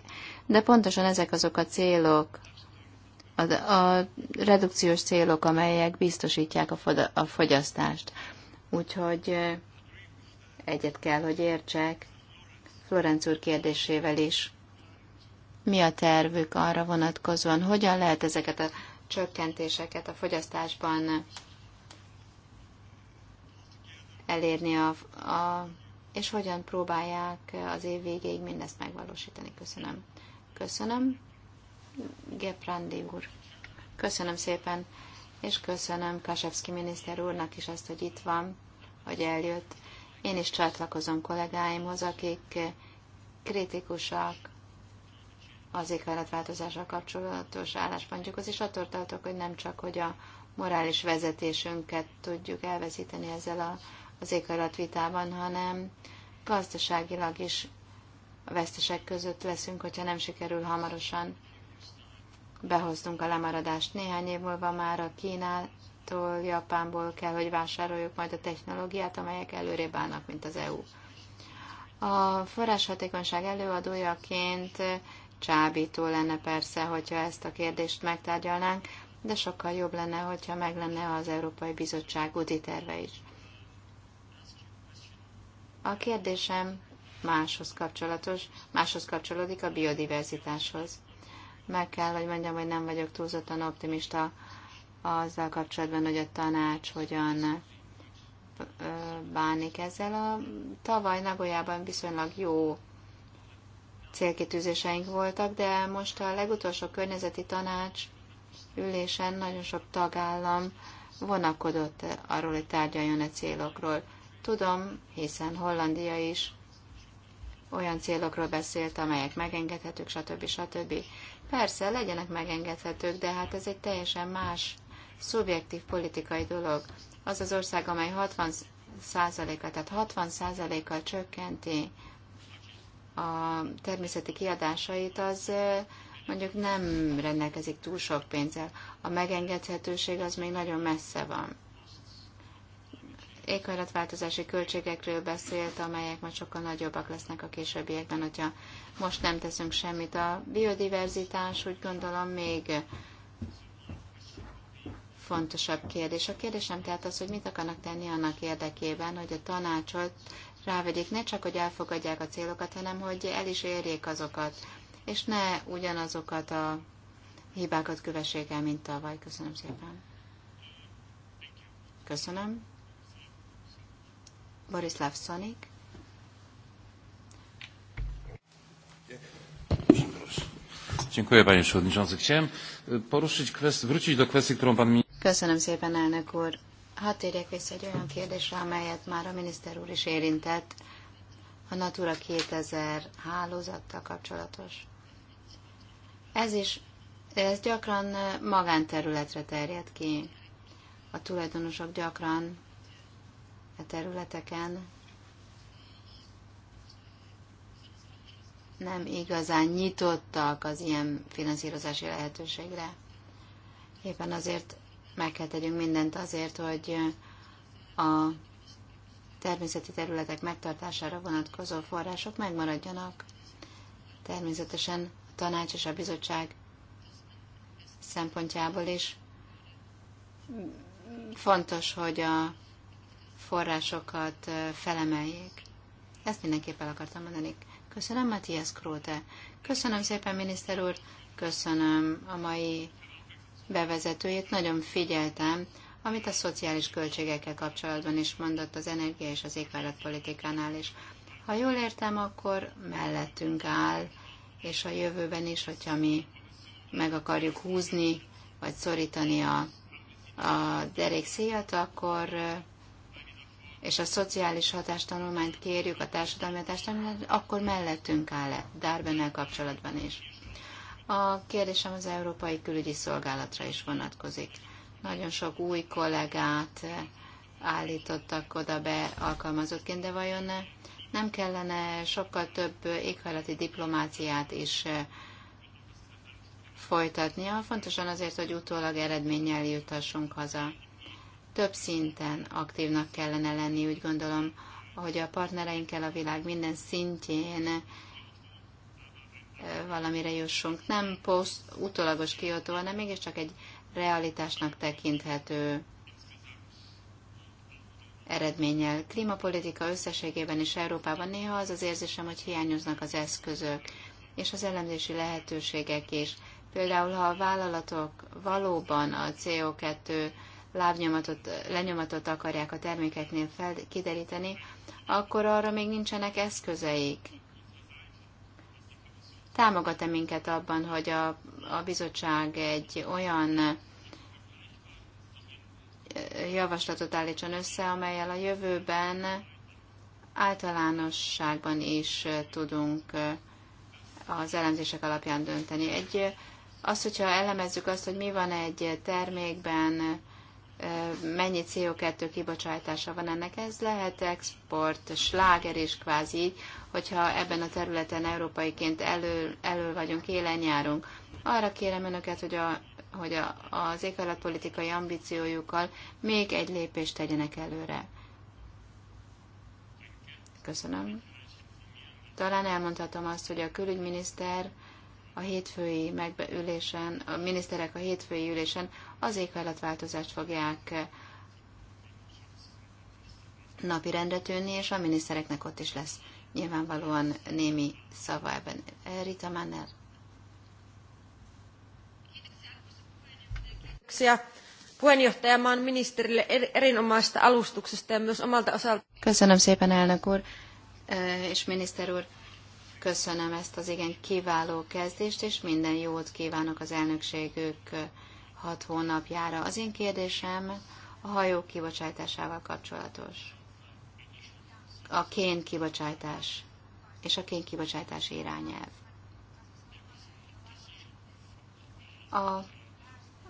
De pontosan ezek azok a célok, a, a redukciós célok, amelyek biztosítják a, a fogyasztást. Úgyhogy egyet kell, hogy értsek Florenc úr kérdésével is. Mi a tervük arra vonatkozóan, hogyan lehet ezeket a csökkentéseket a fogyasztásban elérni, a, a, és hogyan próbálják az év végéig mindezt megvalósítani. Köszönöm. Köszönöm, Geprandi úr. Köszönöm szépen, és köszönöm Kasevski miniszter úrnak is azt, hogy itt van, hogy eljött. Én is csatlakozom kollégáimhoz, akik kritikusak az éghajlatváltozással kapcsolatos álláspontjukhoz, és attól tartok, hogy nem csak, hogy a morális vezetésünket tudjuk elveszíteni ezzel a, az vitában, hanem gazdaságilag is a vesztesek között leszünk, hogyha nem sikerül hamarosan behoznunk a lemaradást. Néhány év múlva már a Kínától, Japánból kell, hogy vásároljuk majd a technológiát, amelyek előrébb állnak, mint az EU. A forráshatékonyság előadójaként csábító lenne persze, hogyha ezt a kérdést megtárgyalnánk, de sokkal jobb lenne, hogyha meg lenne az Európai Bizottság úti terve is. A kérdésem máshoz kapcsolatos, máshoz kapcsolódik a biodiverzitáshoz. Meg kell, hogy mondjam, hogy nem vagyok túlzottan optimista azzal kapcsolatban, hogy a tanács hogyan bánik ezzel. A tavaly Nagoyában viszonylag jó célkitűzéseink voltak, de most a legutolsó környezeti tanács ülésen nagyon sok tagállam vonakodott arról, hogy tárgyaljon a célokról. Tudom, hiszen Hollandia is olyan célokról beszélt, amelyek megengedhetők, stb. stb. Persze, legyenek megengedhetők, de hát ez egy teljesen más szubjektív politikai dolog. Az az ország, amely 60 százaléka, tehát 60 százalékkal csökkenti a természeti kiadásait, az mondjuk nem rendelkezik túl sok pénzzel, a megengedhetőség az még nagyon messze van. Éghajlatváltozási költségekről beszélt, amelyek majd sokkal nagyobbak lesznek a későbbiekben, hogyha most nem teszünk semmit. A biodiverzitás úgy gondolom még fontosabb kérdés. A kérdésem tehát az, hogy mit akarnak tenni annak érdekében, hogy a tanácsot rávegyék ne csak, hogy elfogadják a célokat, hanem hogy el is érjék azokat és ne ugyanazokat a hibákat kövessék el, mint tavaly. Köszönöm szépen. Köszönöm. Borislav Szanik. Dziękuję panie przewodniczący. Chciałem e, poruszyć wrócić do kwestii, którą pan mi... Köszönöm szépen, elnök úr. Hadd térjek vissza egy olyan kérdésre, amelyet már a miniszter úr is érintett, a Natura 2000 hálózattal kapcsolatos. Ez is, ez gyakran magánterületre terjed ki. A tulajdonosok gyakran a területeken nem igazán nyitottak az ilyen finanszírozási lehetőségre. Éppen azért meg kell tegyünk mindent azért, hogy a természeti területek megtartására vonatkozó források megmaradjanak. Természetesen tanács és a bizottság szempontjából is fontos, hogy a forrásokat felemeljék. Ezt mindenképp el akartam mondani. Köszönöm, Matthias Króte. Köszönöm szépen, miniszter úr. Köszönöm a mai bevezetőjét. Nagyon figyeltem, amit a szociális költségekkel kapcsolatban is mondott az energia és az éghajlatpolitikánál is. Ha jól értem, akkor mellettünk áll és a jövőben is, hogyha mi meg akarjuk húzni, vagy szorítani a, a derék akkor és a szociális hatástanulmányt kérjük, a társadalmi hatástanulmányt, akkor mellettünk áll -e, Darbennel kapcsolatban is. A kérdésem az Európai Külügyi Szolgálatra is vonatkozik. Nagyon sok új kollégát eh, állítottak oda be alkalmazottként, de vajon eh, nem kellene sokkal több éghajlati diplomáciát is eh, folytatnia, fontosan azért, hogy utólag eredménnyel juthassunk haza. Több szinten aktívnak kellene lenni, úgy gondolom, hogy a partnereinkkel a világ minden szintjén eh, valamire jussunk. Nem poszt, utólagos kiotó, hanem mégiscsak egy realitásnak tekinthető eredménnyel. Klímapolitika összességében is Európában néha az az érzésem, hogy hiányoznak az eszközök és az elemzési lehetőségek is. Például, ha a vállalatok valóban a CO2 lábnyomatot, lenyomatot akarják a termékeknél fel, kideríteni, akkor arra még nincsenek eszközeik. Támogat-e minket abban, hogy a, a bizottság egy olyan javaslatot állítson össze, amelyel a jövőben általánosságban is tudunk az elemzések alapján dönteni. Egy, az, hogyha elemezzük azt, hogy mi van egy termékben, mennyi CO2 kibocsátása van ennek, ez lehet export, sláger is kvázi, hogyha ebben a területen európaiként elő, elő vagyunk, élen járunk. Arra kérem önöket, hogy a hogy a, az éghajlatpolitikai ambíciójukkal még egy lépést tegyenek előre. Köszönöm. Talán elmondhatom azt, hogy a külügyminiszter a hétfői megbeülésen, a miniszterek a hétfői ülésen az éghajlatváltozást fogják eh, napi rendre tűnni, és a minisztereknek ott is lesz nyilvánvalóan némi szava ebben. Eh, Rita Manner. Kiitoksia puheenjohtajamaan ministerille er-, erinomaisesta alustuksesta ja myös omalta osalta. Köszönöm szépen, elnök úr eh, és miniszter úr. Köszönöm ezt az igen kiváló kezdést, és minden jót kívánok az elnökségük eh, hat hónapjára. Az én kérdésem a hajók kibocsátásával kapcsolatos. A kén kibocsátás és a kén kibocsátás irányelv. A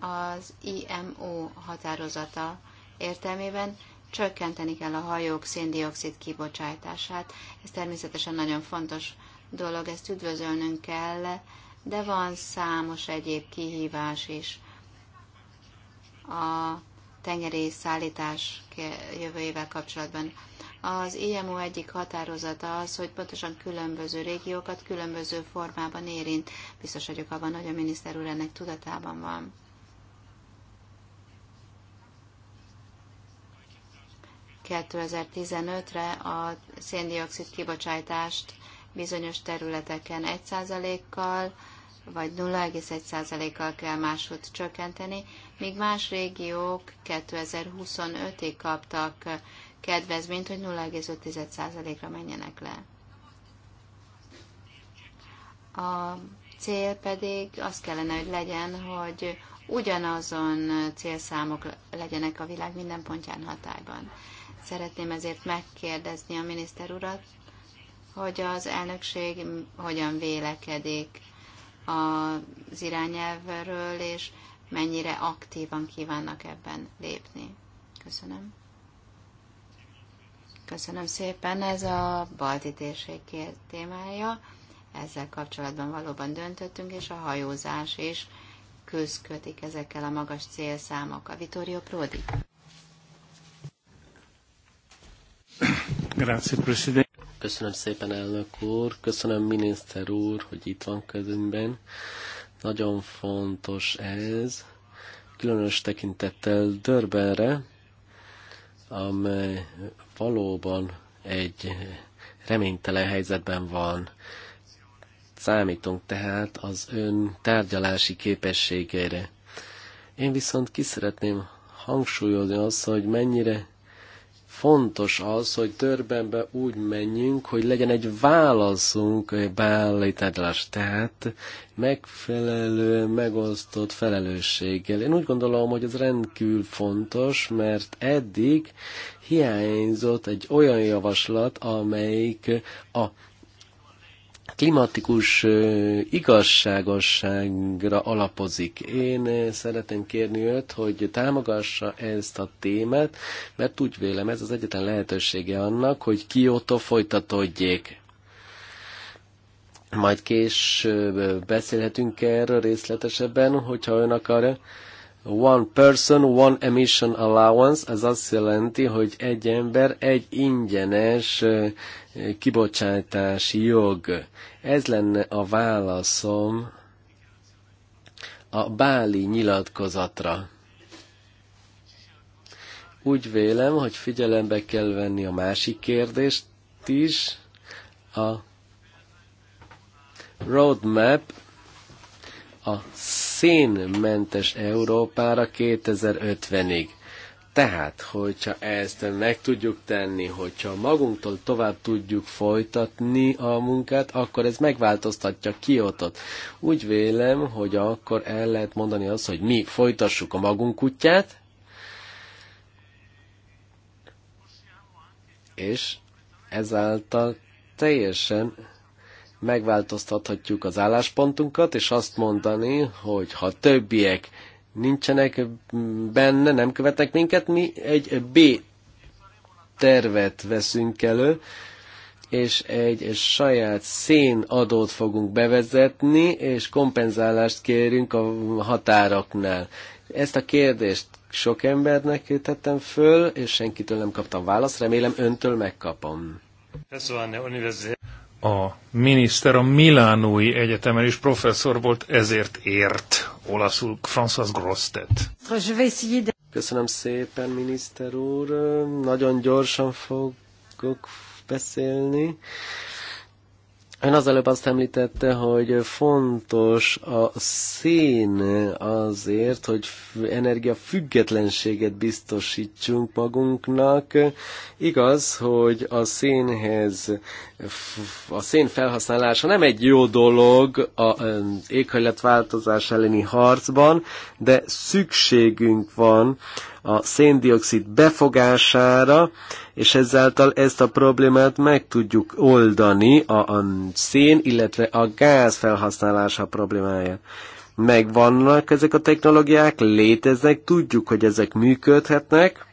az IMO határozata értelmében csökkenteni kell a hajók széndiokszid kibocsátását. Ez természetesen nagyon fontos dolog, ezt üdvözölnünk kell, de van számos egyéb kihívás is. A tengeri szállítás jövőjével kapcsolatban. Az IMO egyik határozata az, hogy pontosan különböző régiókat különböző formában érint. Biztos vagyok abban, hogy a miniszter úr ennek tudatában van. 2015-re a széndiokszid kibocsátást bizonyos területeken 1%-kal, vagy 0,1%-kal kell máshogy csökkenteni, míg más régiók 2025-ig kaptak kedvezményt, hogy 0,5%-ra menjenek le. A cél pedig az kellene, hogy legyen, hogy ugyanazon célszámok legyenek a világ minden pontján hatályban. Szeretném ezért megkérdezni a miniszter urat, hogy az elnökség hogyan vélekedik az irányelvről, és mennyire aktívan kívánnak ebben lépni. Köszönöm. Köszönöm szépen. Ez a balti térség témája. Ezzel kapcsolatban valóban döntöttünk, és a hajózás is közkötik ezekkel a magas célszámokkal. Vittorio Prodi. Köszönöm szépen, elnök úr, köszönöm miniszter úr, hogy itt van közünkben. Nagyon fontos ez, különös tekintettel Dörbenre, amely valóban egy reménytelen helyzetben van. Számítunk tehát az ön tárgyalási képességeire. Én viszont ki szeretném hangsúlyozni azt, hogy mennyire fontos az, hogy törbenbe úgy menjünk, hogy legyen egy válaszunk beállítás, tehát megfelelő, megosztott felelősséggel. Én úgy gondolom, hogy ez rendkívül fontos, mert eddig hiányzott egy olyan javaslat, amelyik a klimatikus igazságosságra alapozik. Én szeretném kérni őt, hogy támogassa ezt a témát, mert úgy vélem ez az egyetlen lehetősége annak, hogy Kyoto folytatódjék. Majd később beszélhetünk erről részletesebben, hogyha ön akar. One person, one emission allowance, ez azt jelenti, hogy egy ember egy ingyenes kibocsátási jog. Ez lenne a válaszom a Báli nyilatkozatra. Úgy vélem, hogy figyelembe kell venni a másik kérdést is, a roadmap, a szénmentes Európára 2050-ig. Tehát, hogyha ezt meg tudjuk tenni, hogyha magunktól tovább tudjuk folytatni a munkát, akkor ez megváltoztatja Kiotot. Úgy vélem, hogy akkor el lehet mondani azt, hogy mi folytassuk a magunk útját, és ezáltal teljesen megváltoztathatjuk az álláspontunkat, és azt mondani, hogy ha többiek nincsenek benne, nem követnek minket, mi egy B tervet veszünk elő, és egy saját szén adót fogunk bevezetni, és kompenzálást kérünk a határoknál. Ezt a kérdést sok embernek tettem föl, és senkitől nem kaptam választ, remélem öntől megkapom a miniszter a Milánói Egyetemen is professzor volt, ezért ért olaszul François Grostet. Köszönöm szépen, miniszter úr. Nagyon gyorsan fogok beszélni. Ön az előbb azt említette, hogy fontos a szén azért, hogy energiafüggetlenséget biztosítsunk magunknak. Igaz, hogy a szénhez, a szén felhasználása nem egy jó dolog az éghajlatváltozás elleni harcban, de szükségünk van a széndiokszid befogására, és ezáltal ezt a problémát meg tudjuk oldani a, a szén, illetve a gáz felhasználása problémája. Megvannak ezek a technológiák, léteznek, tudjuk, hogy ezek működhetnek,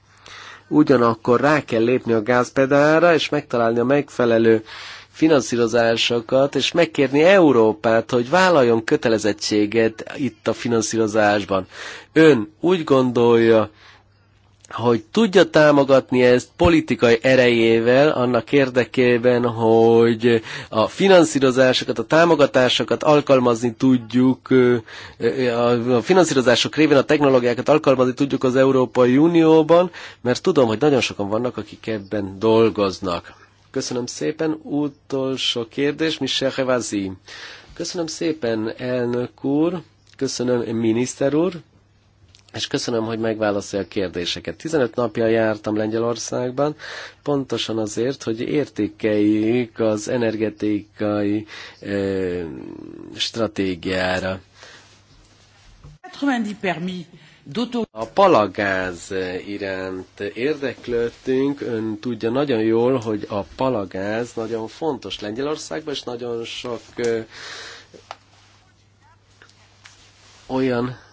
ugyanakkor rá kell lépni a gázpedára, és megtalálni a megfelelő finanszírozásokat, és megkérni Európát, hogy vállaljon kötelezettséget itt a finanszírozásban. Ön úgy gondolja, hogy tudja támogatni ezt politikai erejével annak érdekében, hogy a finanszírozásokat, a támogatásokat alkalmazni tudjuk, a finanszírozások révén a technológiákat alkalmazni tudjuk az Európai Unióban, mert tudom, hogy nagyon sokan vannak, akik ebben dolgoznak. Köszönöm szépen. Utolsó kérdés, Michel Hevazi. Köszönöm szépen, elnök úr. Köszönöm, miniszter úr és köszönöm, hogy megválaszolja a kérdéseket. 15 napja jártam Lengyelországban, pontosan azért, hogy értékeljük az energetikai ö, stratégiára. A palagáz iránt érdeklődtünk, ön tudja nagyon jól, hogy a palagáz nagyon fontos Lengyelországban, és nagyon sok ö, olyan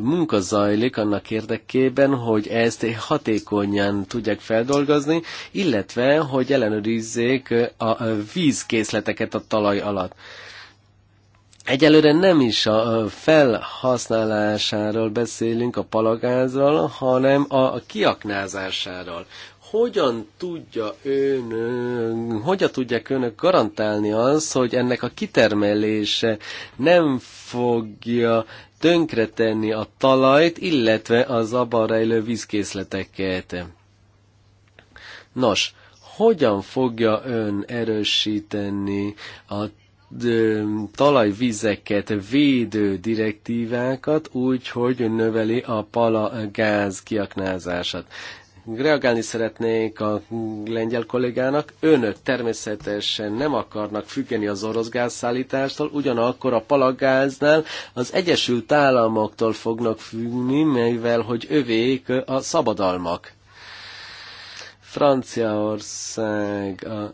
munka zajlik annak érdekében, hogy ezt hatékonyan tudják feldolgozni, illetve, hogy ellenőrizzék a vízkészleteket a talaj alatt. Egyelőre nem is a felhasználásáról beszélünk a palagázról, hanem a kiaknázásáról. Hogyan tudja ön, hogyan tudják önök garantálni azt, hogy ennek a kitermelése nem fogja tönkretenni a talajt, illetve az abban rejlő vízkészleteket? Nos, hogyan fogja ön erősíteni a talajvizeket védő direktívákat úgy, hogy növeli a palagáz kiaknázását. Reagálni szeretnék a lengyel kollégának. Önök természetesen nem akarnak függeni az orosz gázszállítástól, ugyanakkor a palagáznál az Egyesült Államoktól fognak függni, mivel hogy övék a szabadalmak. Franciaország a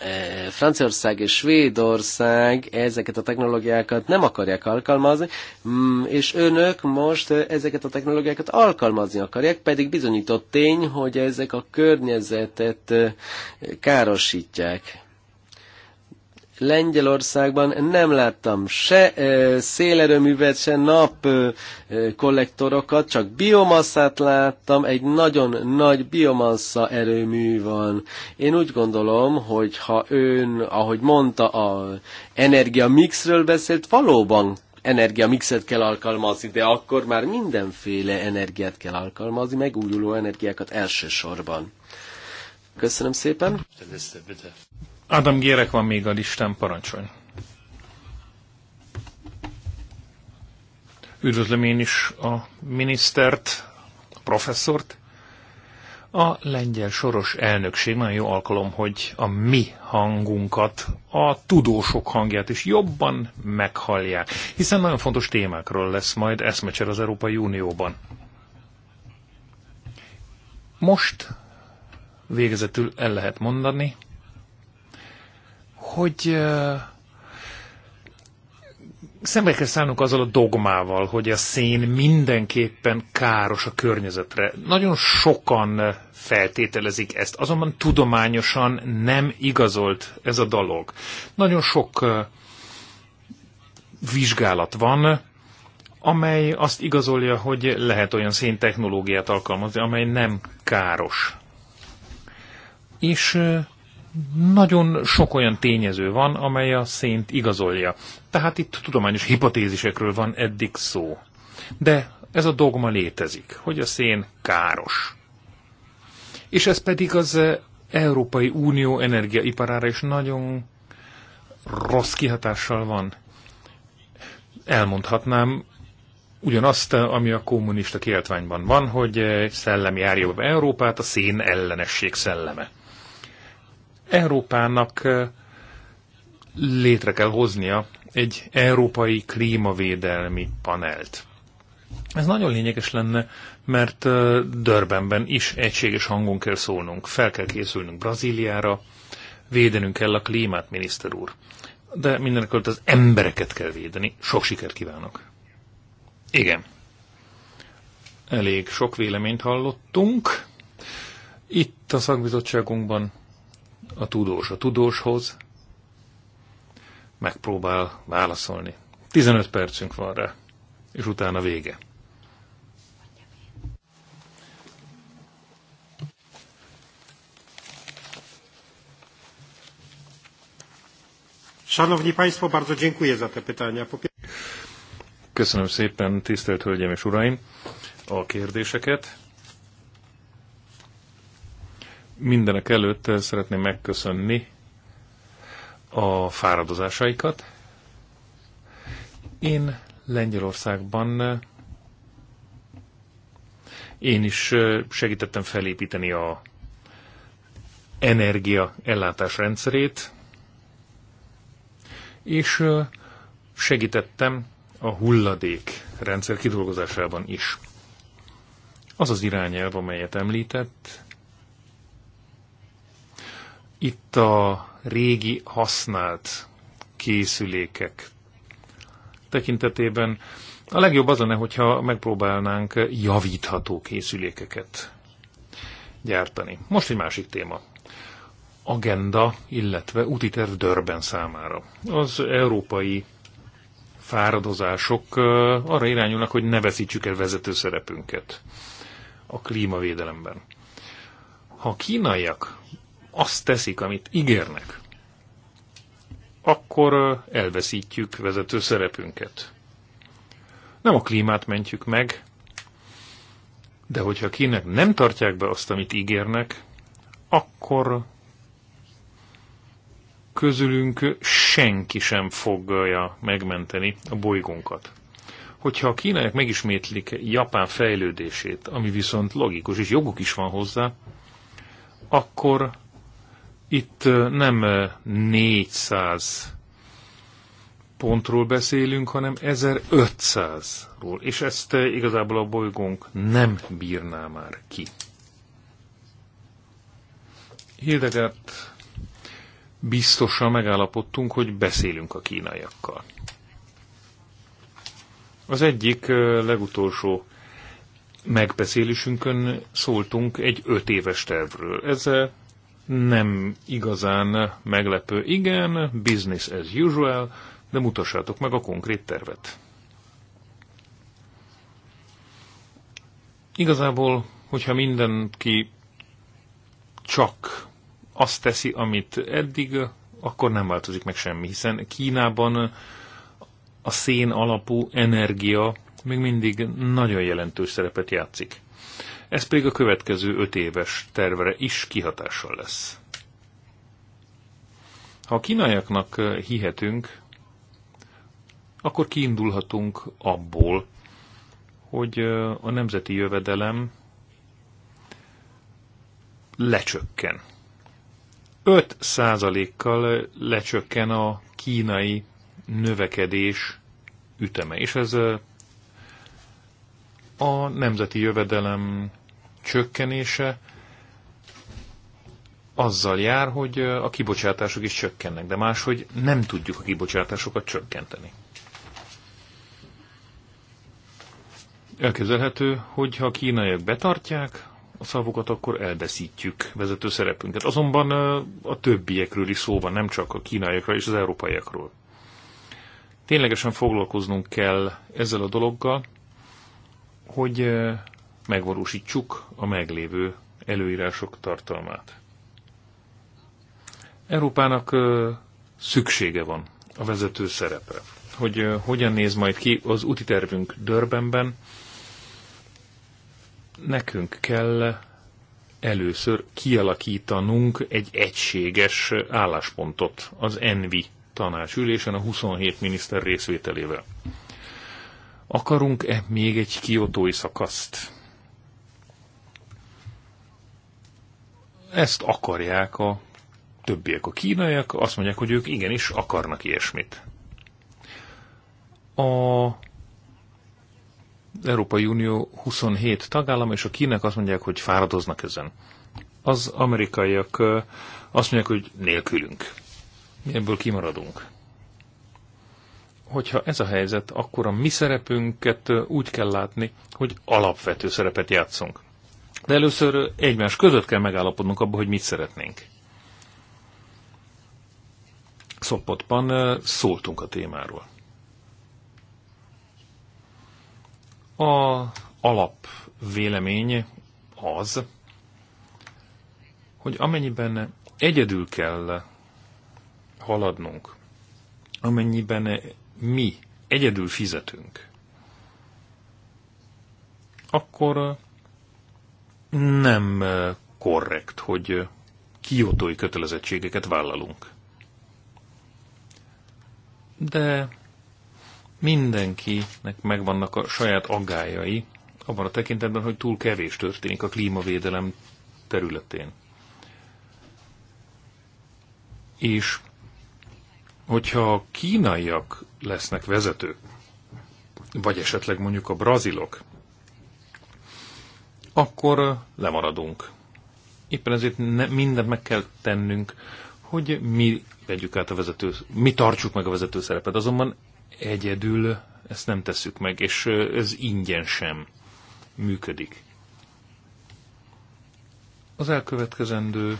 E, Franciaország és Svédország ezeket a technológiákat nem akarják alkalmazni, mm, és önök most ezeket a technológiákat alkalmazni akarják, pedig bizonyított tény, hogy ezek a környezetet e, károsítják. Lengyelországban nem láttam se ö, szélerőművet, se nap kollektorokat, csak biomasszát láttam, egy nagyon nagy biomassa erőmű van. Én úgy gondolom, hogy ha ön, ahogy mondta, a mixről beszélt, valóban energiamixet kell alkalmazni, de akkor már mindenféle energiát kell alkalmazni, megújuló energiákat elsősorban. Köszönöm szépen. Adam Gérek van még a listán, parancsolj. Üdvözlöm én is a minisztert, a professzort. A lengyel soros elnökség nagyon jó alkalom, hogy a mi hangunkat, a tudósok hangját is jobban meghallják, hiszen nagyon fontos témákról lesz majd eszmecser az Európai Unióban. Most végezetül el lehet mondani, hogy szembe kell szállnunk azzal a dogmával, hogy a szén mindenképpen káros a környezetre. Nagyon sokan feltételezik ezt, azonban tudományosan nem igazolt ez a dolog. Nagyon sok vizsgálat van, amely azt igazolja, hogy lehet olyan széntechnológiát alkalmazni, amely nem káros. És nagyon sok olyan tényező van, amely a szént igazolja. Tehát itt tudományos hipotézisekről van eddig szó. De ez a dogma létezik, hogy a szén káros. És ez pedig az eh, Európai Unió energiaiparára is nagyon rossz kihatással van. Elmondhatnám ugyanazt, eh, ami a kommunista kiáltványban van, hogy eh, szellemi járja Európát, a szén ellenesség szelleme. Európának létre kell hoznia egy európai klímavédelmi panelt. Ez nagyon lényeges lenne, mert Dörbenben is egységes hangon kell szólnunk, fel kell készülnünk Brazíliára, védenünk kell a klímát, miniszter úr. De mindenekelőtt az embereket kell védeni. Sok sikert kívánok! Igen. Elég sok véleményt hallottunk. Itt a szakbizottságunkban a tudós a tudóshoz, megpróbál válaszolni. 15 percünk van rá, és utána vége. Szanowni Państwo, bardzo dziękuję za te pytania. Köszönöm szépen, tisztelt Hölgyeim és Uraim, a kérdéseket. Mindenek előtt eh, szeretném megköszönni a fáradozásaikat. Én Lengyelországban eh, én is eh, segítettem felépíteni a energia ellátás rendszerét, és segítettem a hulladék rendszer kidolgozásában is. Az az irányelv, amelyet említett, itt a régi használt készülékek tekintetében a legjobb az lenne, hogyha megpróbálnánk javítható készülékeket gyártani. Most egy másik téma. Agenda, illetve útiterv Dörben számára. Az európai fáradozások arra irányulnak, hogy ne veszítsük el vezető szerepünket a klímavédelemben. Ha a kínaiak azt teszik, amit ígérnek, akkor elveszítjük vezető szerepünket. Nem a klímát mentjük meg, de hogyha kinek nem tartják be azt, amit ígérnek, akkor közülünk senki sem fogja megmenteni a bolygónkat. Hogyha a kínaiak megismétlik Japán fejlődését, ami viszont logikus, és joguk is van hozzá, akkor itt nem 400 pontról beszélünk, hanem 1500-ról, és ezt igazából a bolygónk nem bírná már ki. Hildegard biztosan megállapodtunk, hogy beszélünk a kínaiakkal. Az egyik legutolsó megbeszélésünkön szóltunk egy öt éves tervről. Ez nem igazán meglepő. Igen, business as usual, de mutassátok meg a konkrét tervet. Igazából, hogyha mindenki csak azt teszi, amit eddig, akkor nem változik meg semmi, hiszen Kínában a szén alapú energia még mindig nagyon jelentős szerepet játszik. Ez pedig a következő öt éves tervre is kihatással lesz. Ha a kínaiaknak eh, hihetünk, akkor kiindulhatunk abból, hogy eh, a nemzeti jövedelem lecsökken. 5%-kal lecsökken a kínai növekedés üteme, és ez eh, a nemzeti jövedelem csökkenése azzal jár, hogy a kibocsátások is csökkennek, de máshogy nem tudjuk a kibocsátásokat csökkenteni. Elképzelhető, hogy ha a kínaiak betartják a szavukat, akkor elveszítjük vezető szerepünket. Azonban a többiekről is szó van, nem csak a kínaiakról és az európaiakról. Ténylegesen foglalkoznunk kell ezzel a dologgal, hogy megvalósítsuk a meglévő előírások tartalmát. Európának szüksége van a vezető szerepre. Hogy hogyan néz majd ki az úti tervünk Dörbenben, nekünk kell először kialakítanunk egy egységes álláspontot az ENVI tanácsülésen a 27 miniszter részvételével. Akarunk-e még egy kiotói szakaszt? Ezt akarják a többiek, a kínaiak, azt mondják, hogy ők igenis akarnak ilyesmit. A Európai Unió 27 tagállam, és a kínek azt mondják, hogy fáradoznak ezen. Az amerikaiak azt mondják, hogy nélkülünk. Mi ebből kimaradunk hogyha ez a helyzet, akkor a mi szerepünket úgy kell látni, hogy alapvető szerepet játszunk. De először egymás között kell megállapodnunk abban, hogy mit szeretnénk. Szopotban szóltunk a témáról. A alap vélemény az, hogy amennyiben egyedül kell haladnunk, amennyiben mi egyedül fizetünk, akkor nem korrekt, hogy kiotói kötelezettségeket vállalunk. De mindenkinek megvannak a saját aggájai, abban a tekintetben, hogy túl kevés történik a klímavédelem területén. És hogyha a kínaiak lesznek vezetők, vagy esetleg mondjuk a brazilok, akkor lemaradunk. Éppen ezért ne, mindent meg kell tennünk, hogy mi vegyük át a vezető, mi tartsuk meg a vezető szerepet. Azonban egyedül ezt nem tesszük meg, és ez ingyen sem működik. Az elkövetkezendő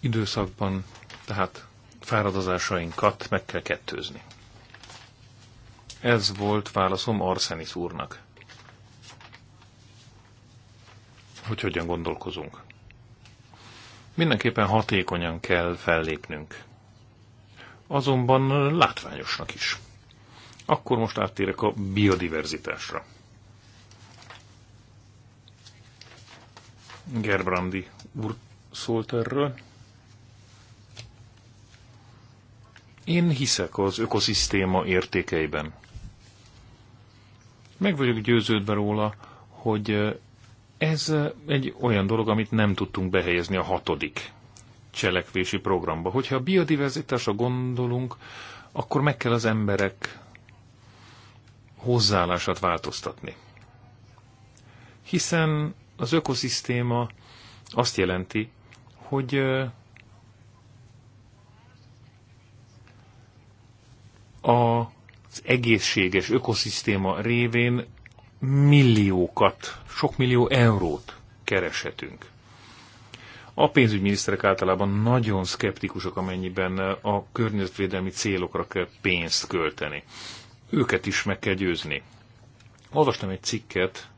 időszakban tehát fáradozásainkat meg kell kettőzni. Ez volt válaszom Arsenis úrnak. Hogy hogyan gondolkozunk. Mindenképpen hatékonyan kell fellépnünk. Azonban látványosnak is. Akkor most áttérek a biodiverzitásra. Gerbrandi úr szólt erről. Én hiszek az ökoszisztéma értékeiben. Meg vagyok győződve róla, hogy ez egy olyan dolog, amit nem tudtunk behelyezni a hatodik cselekvési programba. Hogyha a biodiverzitásra gondolunk, akkor meg kell az emberek hozzáállását változtatni. Hiszen az ökoszisztéma azt jelenti, hogy az egészséges ökoszisztéma révén milliókat, sok millió eurót kereshetünk. A pénzügyminiszterek általában nagyon szkeptikusak, amennyiben a környezetvédelmi célokra kell pénzt költeni. Őket is meg kell győzni. Olvastam egy cikket,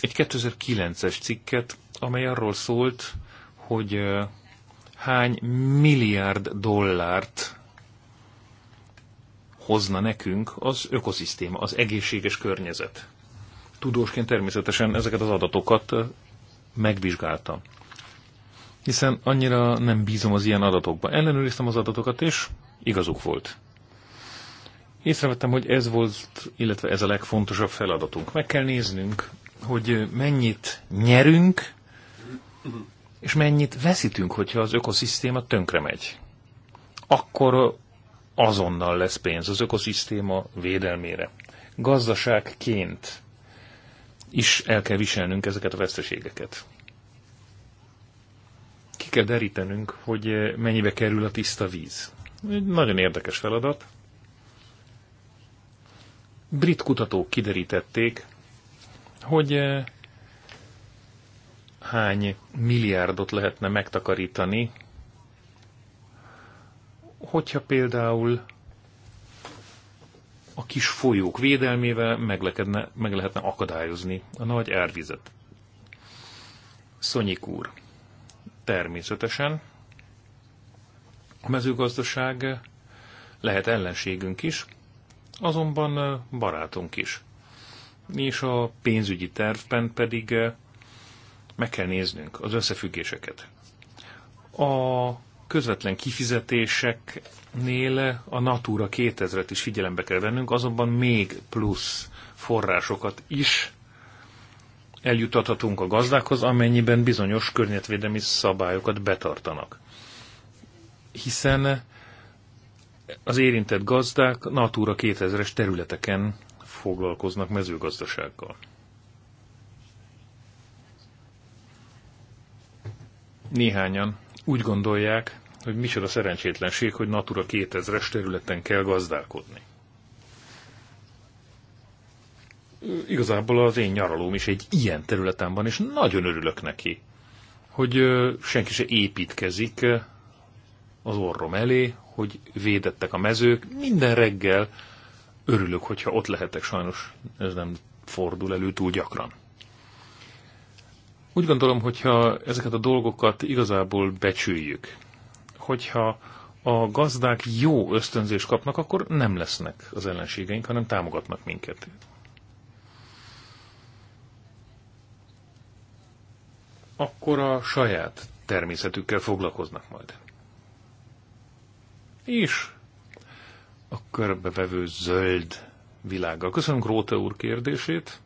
egy 2009-es cikket, amely arról szólt, hogy eh, hány milliárd dollárt hozna nekünk az ökoszisztéma, az egészséges környezet. Tudósként természetesen ezeket az adatokat megvizsgáltam. Hiszen annyira nem bízom az ilyen adatokba. Ellenőriztem az adatokat, és igazuk volt. Észrevettem, hogy ez volt, illetve ez a legfontosabb feladatunk. Meg kell néznünk, hogy mennyit nyerünk, és mennyit veszítünk, hogyha az ökoszisztéma tönkre megy. Akkor azonnal lesz pénz az ökoszisztéma védelmére. Gazdaságként is el kell viselnünk ezeket a veszteségeket. Ki kell derítenünk, hogy mennyibe kerül a tiszta víz. Egy nagyon érdekes feladat. Brit kutatók kiderítették, hogy eh, hány milliárdot lehetne megtakarítani Hogyha például a kis folyók védelmével lekedne, meg lehetne akadályozni a nagy árvizet. Szonyik úr, természetesen a mezőgazdaság lehet ellenségünk is, azonban barátunk is. És a pénzügyi tervben pedig meg kell néznünk az összefüggéseket. A közvetlen kifizetéseknél a Natura 2000-et is figyelembe kell vennünk, azonban még plusz forrásokat is eljutathatunk a gazdákhoz, amennyiben bizonyos környezetvédelmi szabályokat betartanak. Hiszen az érintett gazdák Natura 2000-es területeken foglalkoznak mezőgazdasággal. Néhányan úgy gondolják, hogy micsoda szerencsétlenség, hogy Natura 2000-es területen kell gazdálkodni. Igazából az én nyaralóm is egy ilyen területen van, és nagyon örülök neki, hogy senki se építkezik az orrom elé, hogy védettek a mezők. Minden reggel örülök, hogyha ott lehetek, sajnos ez nem fordul elő túl gyakran. Úgy gondolom, hogyha ezeket a dolgokat igazából becsüljük, hogyha a gazdák jó ösztönzést kapnak, akkor nem lesznek az ellenségeink, hanem támogatnak minket. Akkor a saját természetükkel foglalkoznak majd. És a körbevevő zöld világgal. Köszönöm Róta úr kérdését.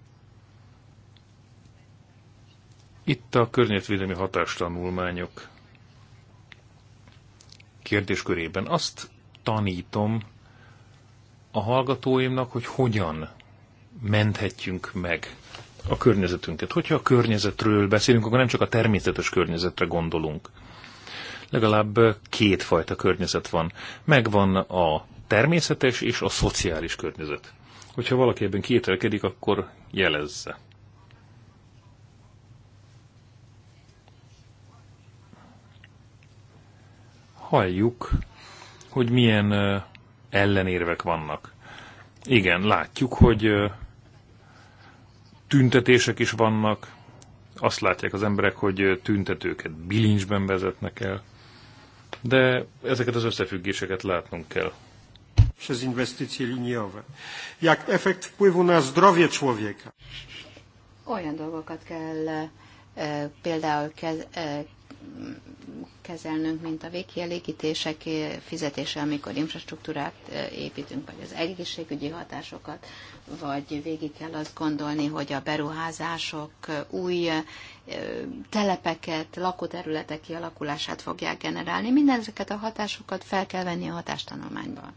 Itt a környezetvédelmi hatástanulmányok kérdéskörében. Azt tanítom a hallgatóimnak, hogy hogyan menthetjünk meg a környezetünket. Hogyha a környezetről beszélünk, akkor nem csak a természetes környezetre gondolunk. Legalább kétfajta környezet van. Megvan a természetes és a szociális környezet. Hogyha valaki ebben kételkedik, akkor jelezze. halljuk, hogy milyen ellenérvek vannak. Igen, látjuk, hogy tüntetések is vannak, azt látják az emberek, hogy tüntetőket bilincsben vezetnek el, de ezeket az összefüggéseket látnunk kell. Przez inwestycje liniowe. Jak efekt wpływu na zdrowie człowieka? Olyan dolgokat kell e, például kez, e, kezelnünk, mint a végkielégítések fizetése, amikor infrastruktúrát eh, építünk, vagy az egészségügyi hatásokat, vagy végig kell azt gondolni, hogy a beruházások eh, új eh, telepeket, lakóterületek kialakulását fogják generálni. Mindezeket a hatásokat fel kell venni a hatástanulmányba.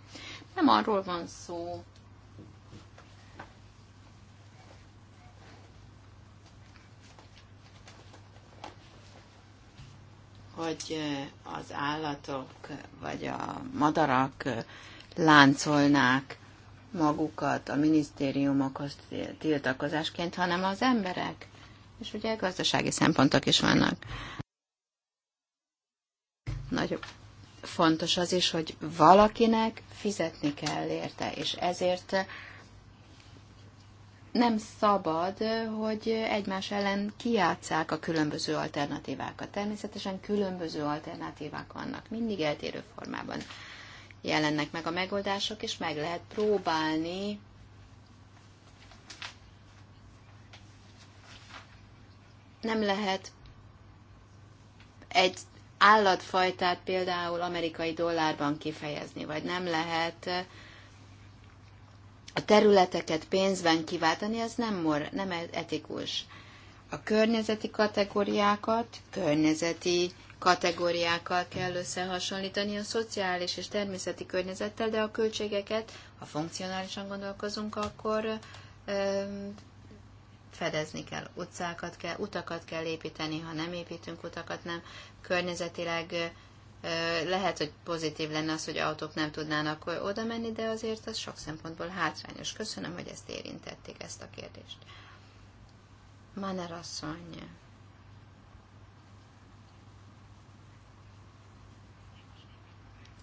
Nem arról van szó, hogy az állatok vagy a madarak láncolnák magukat a minisztériumokhoz tiltakozásként, hanem az emberek. És ugye gazdasági szempontok is vannak. Nagyon fontos az is, hogy valakinek fizetni kell érte, és ezért nem szabad, hogy egymás ellen kiátszák a különböző alternatívákat. Természetesen különböző alternatívák vannak, mindig eltérő formában jelennek meg a megoldások, és meg lehet próbálni nem lehet egy állatfajtát például amerikai dollárban kifejezni, vagy nem lehet uh, a területeket pénzben kiváltani, ez nem, mor, nem etikus. A környezeti kategóriákat, környezeti kategóriákkal kell összehasonlítani a szociális és természeti környezettel, de a költségeket, ha funkcionálisan gondolkozunk, akkor ö, fedezni kell, utcákat kell, utakat kell építeni, ha nem építünk utakat, nem környezetileg lehet, hogy pozitív lenne az, hogy autók nem tudnának oda menni, de azért az sok szempontból hátrányos. Köszönöm, hogy ezt érintették, ezt a kérdést. Maner asszony.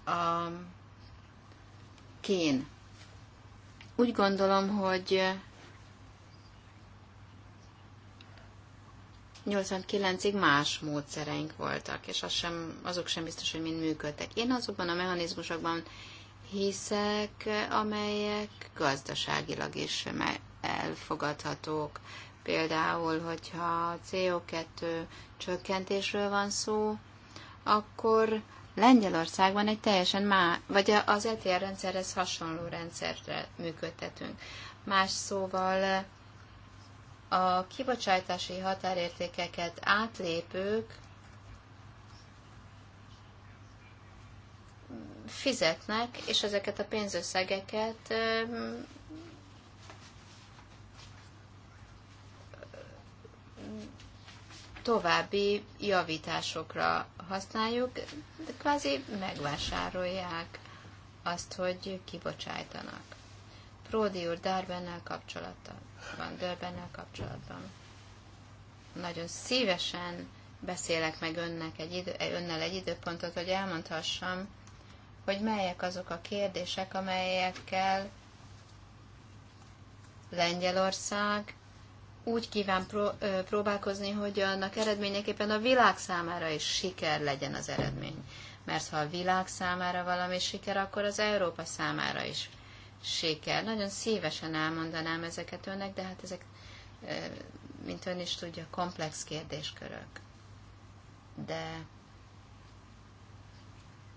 A kén. Úgy gondolom, hogy 89-ig más módszereink voltak, és az sem, azok sem biztos, hogy mind működtek. Én azokban a mechanizmusokban hiszek, amelyek gazdaságilag is elfogadhatók. Például, hogyha CO2 csökkentésről van szó, akkor Lengyelországban egy teljesen má, vagy az ETR rendszerhez hasonló rendszerre működtetünk. Más szóval a kibocsátási határértékeket átlépők fizetnek, és ezeket a pénzösszegeket további javításokra használjuk, de kvázi megvásárolják azt, hogy kibocsájtanak. Pródi úr Dárbennel kapcsolatban van Dörbennel kapcsolatban. Nagyon szívesen beszélek meg önnek egy idő, önnel egy időpontot, hogy elmondhassam, hogy melyek azok a kérdések, amelyekkel Lengyelország úgy kíván pró- próbálkozni, hogy annak eredményeképpen a világ számára is siker legyen az eredmény. Mert ha a világ számára valami siker, akkor az Európa számára is siker. Nagyon szívesen elmondanám ezeket önnek, de hát ezek, mint ön is tudja, komplex kérdéskörök. De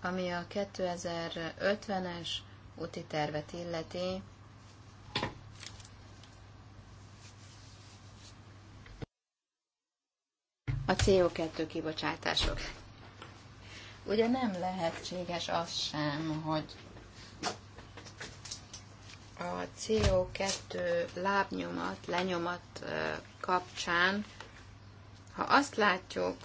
ami a 2050-es úti tervet illeti, a CO2 kibocsátások. Ugye nem lehetséges az sem, hogy a CO2 lábnyomat, lenyomat kapcsán, ha azt látjuk,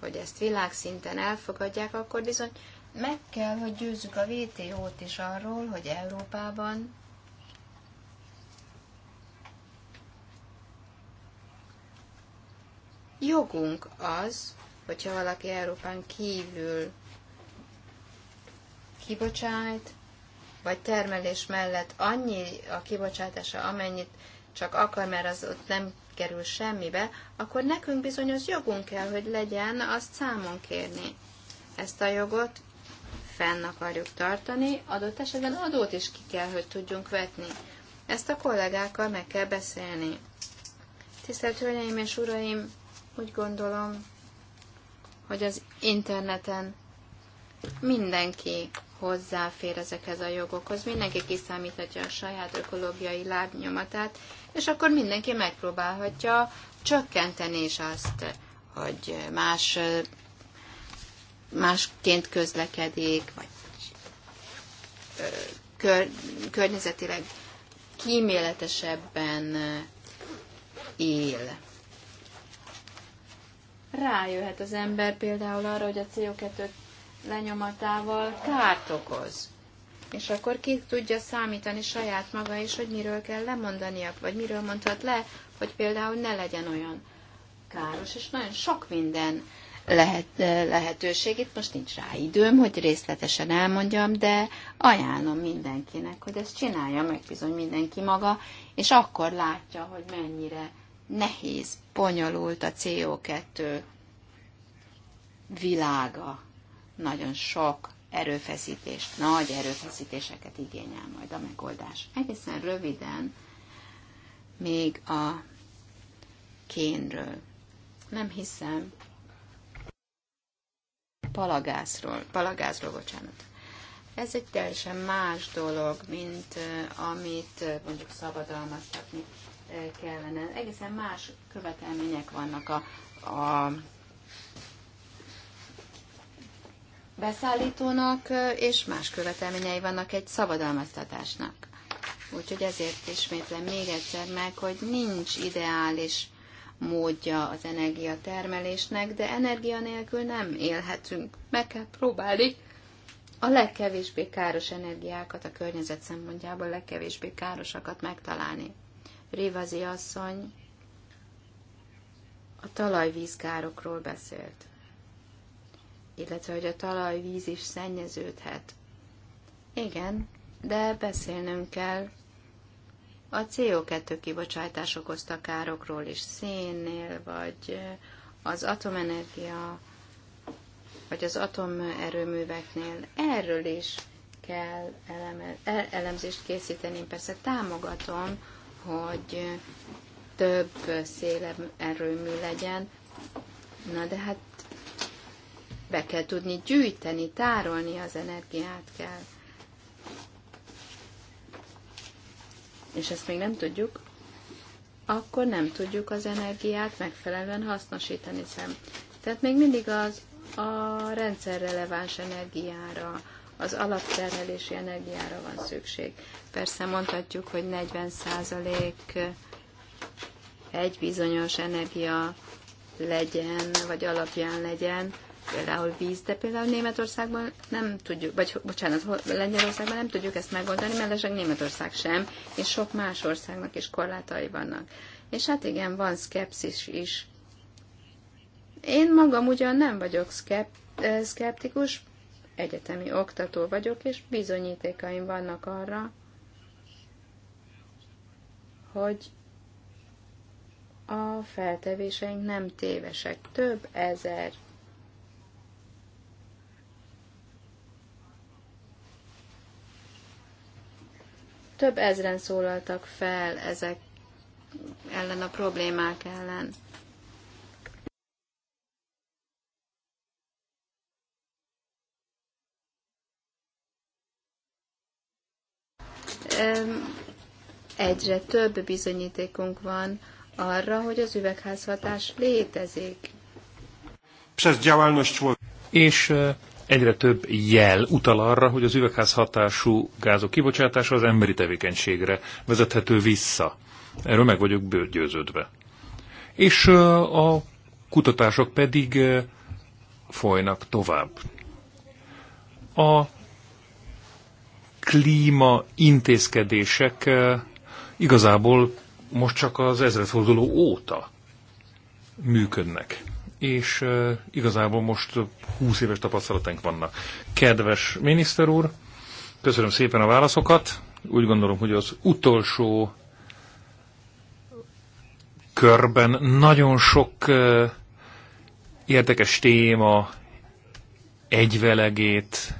hogy ezt világszinten elfogadják, akkor bizony meg kell, hogy győzzük a WTO-t is arról, hogy Európában jogunk az, hogyha valaki Európán kívül kibocsájt, vagy termelés mellett annyi a kibocsátása, amennyit csak akar, mert az ott nem kerül semmibe, akkor nekünk bizony az jogunk kell, hogy legyen azt számon kérni. Ezt a jogot fenn akarjuk tartani, adott esetben adót is ki kell, hogy tudjunk vetni. Ezt a kollégákkal meg kell beszélni. Tisztelt Hölgyeim és Uraim, úgy gondolom, hogy az interneten mindenki hozzáfér ezekhez a jogokhoz. Mindenki kiszámíthatja a saját ökológiai lábnyomatát, és akkor mindenki megpróbálhatja csökkenteni is azt, hogy más, másként közlekedik, vagy kör, környezetileg kíméletesebben él. Rájöhet az ember például arra, hogy a CO2 lenyomatával kárt okoz. És akkor ki tudja számítani saját maga is, hogy miről kell lemondania, vagy miről mondhat le, hogy például ne legyen olyan káros, és nagyon sok minden lehet, lehetőség. Itt most nincs rá időm, hogy részletesen elmondjam, de ajánlom mindenkinek, hogy ezt csinálja meg bizony mindenki maga, és akkor látja, hogy mennyire nehéz, bonyolult a CO2 világa nagyon sok erőfeszítést, nagy erőfeszítéseket igényel majd a megoldás. Egészen röviden még a kénről. Nem hiszem, palagászról, palagászról, bocsánat. Ez egy teljesen más dolog, mint amit mondjuk szabadalmaztatni kellene. Egészen más követelmények vannak a, a beszállítónak, és más követelményei vannak egy szabadalmaztatásnak. Úgyhogy ezért ismétlem még egyszer meg, hogy nincs ideális módja az energiatermelésnek, de energia nélkül nem élhetünk. Meg kell próbálni a legkevésbé káros energiákat, a környezet szempontjából legkevésbé károsakat megtalálni. Rivazi asszony a talajvízkárokról beszélt illetve hogy a talajvíz is szennyeződhet. Igen, de beszélnünk kell a CO2 kibocsátás okozta károkról is, szénnél, vagy az atomenergia, vagy az atomerőműveknél. Erről is kell eleme, elemzést készíteni. persze támogatom, hogy több szélerőmű legyen, na de hát be kell tudni gyűjteni, tárolni az energiát kell. És ezt még nem tudjuk, akkor nem tudjuk az energiát megfelelően hasznosítani szem. Tehát még mindig az a rendszerreleváns energiára, az alapterhelési energiára van szükség. Persze mondhatjuk, hogy 40% egy bizonyos energia legyen, vagy alapján legyen, például víz, de például Németországban nem tudjuk, vagy bocsánat, Lengyelországban nem tudjuk ezt megoldani, mert mellesleg Németország sem, és sok más országnak is korlátai vannak. És hát igen, van szkepszis is. Én magam ugyan nem vagyok szkep, szkeptikus, egyetemi oktató vagyok, és bizonyítékaim vannak arra, hogy a feltevéseink nem tévesek. Több ezer Több ezren szólaltak fel ezek ellen a problémák ellen. Egyre több bizonyítékunk van arra, hogy az üvegházhatás létezik. Przez działalność człowieka. És egyre több jel utal arra, hogy az üvegházhatású gázok kibocsátása az emberi tevékenységre vezethető vissza. Erről meg vagyok győződve. És a kutatások pedig folynak tovább. A klíma intézkedések igazából most csak az ezredforduló óta működnek és igazából most 20 éves tapasztalatunk vannak. Kedves miniszter úr, köszönöm szépen a válaszokat. Úgy gondolom, hogy az utolsó körben nagyon sok érdekes téma egyvelegét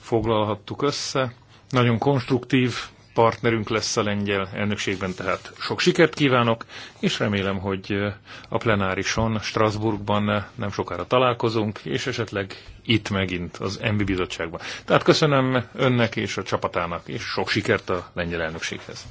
foglalhattuk össze. Nagyon konstruktív partnerünk lesz a lengyel elnökségben, tehát sok sikert kívánok, és remélem, hogy a plenárison Strasbourgban nem sokára találkozunk, és esetleg itt megint az MB bizottságban. Tehát köszönöm önnek és a csapatának, és sok sikert a lengyel elnökséghez.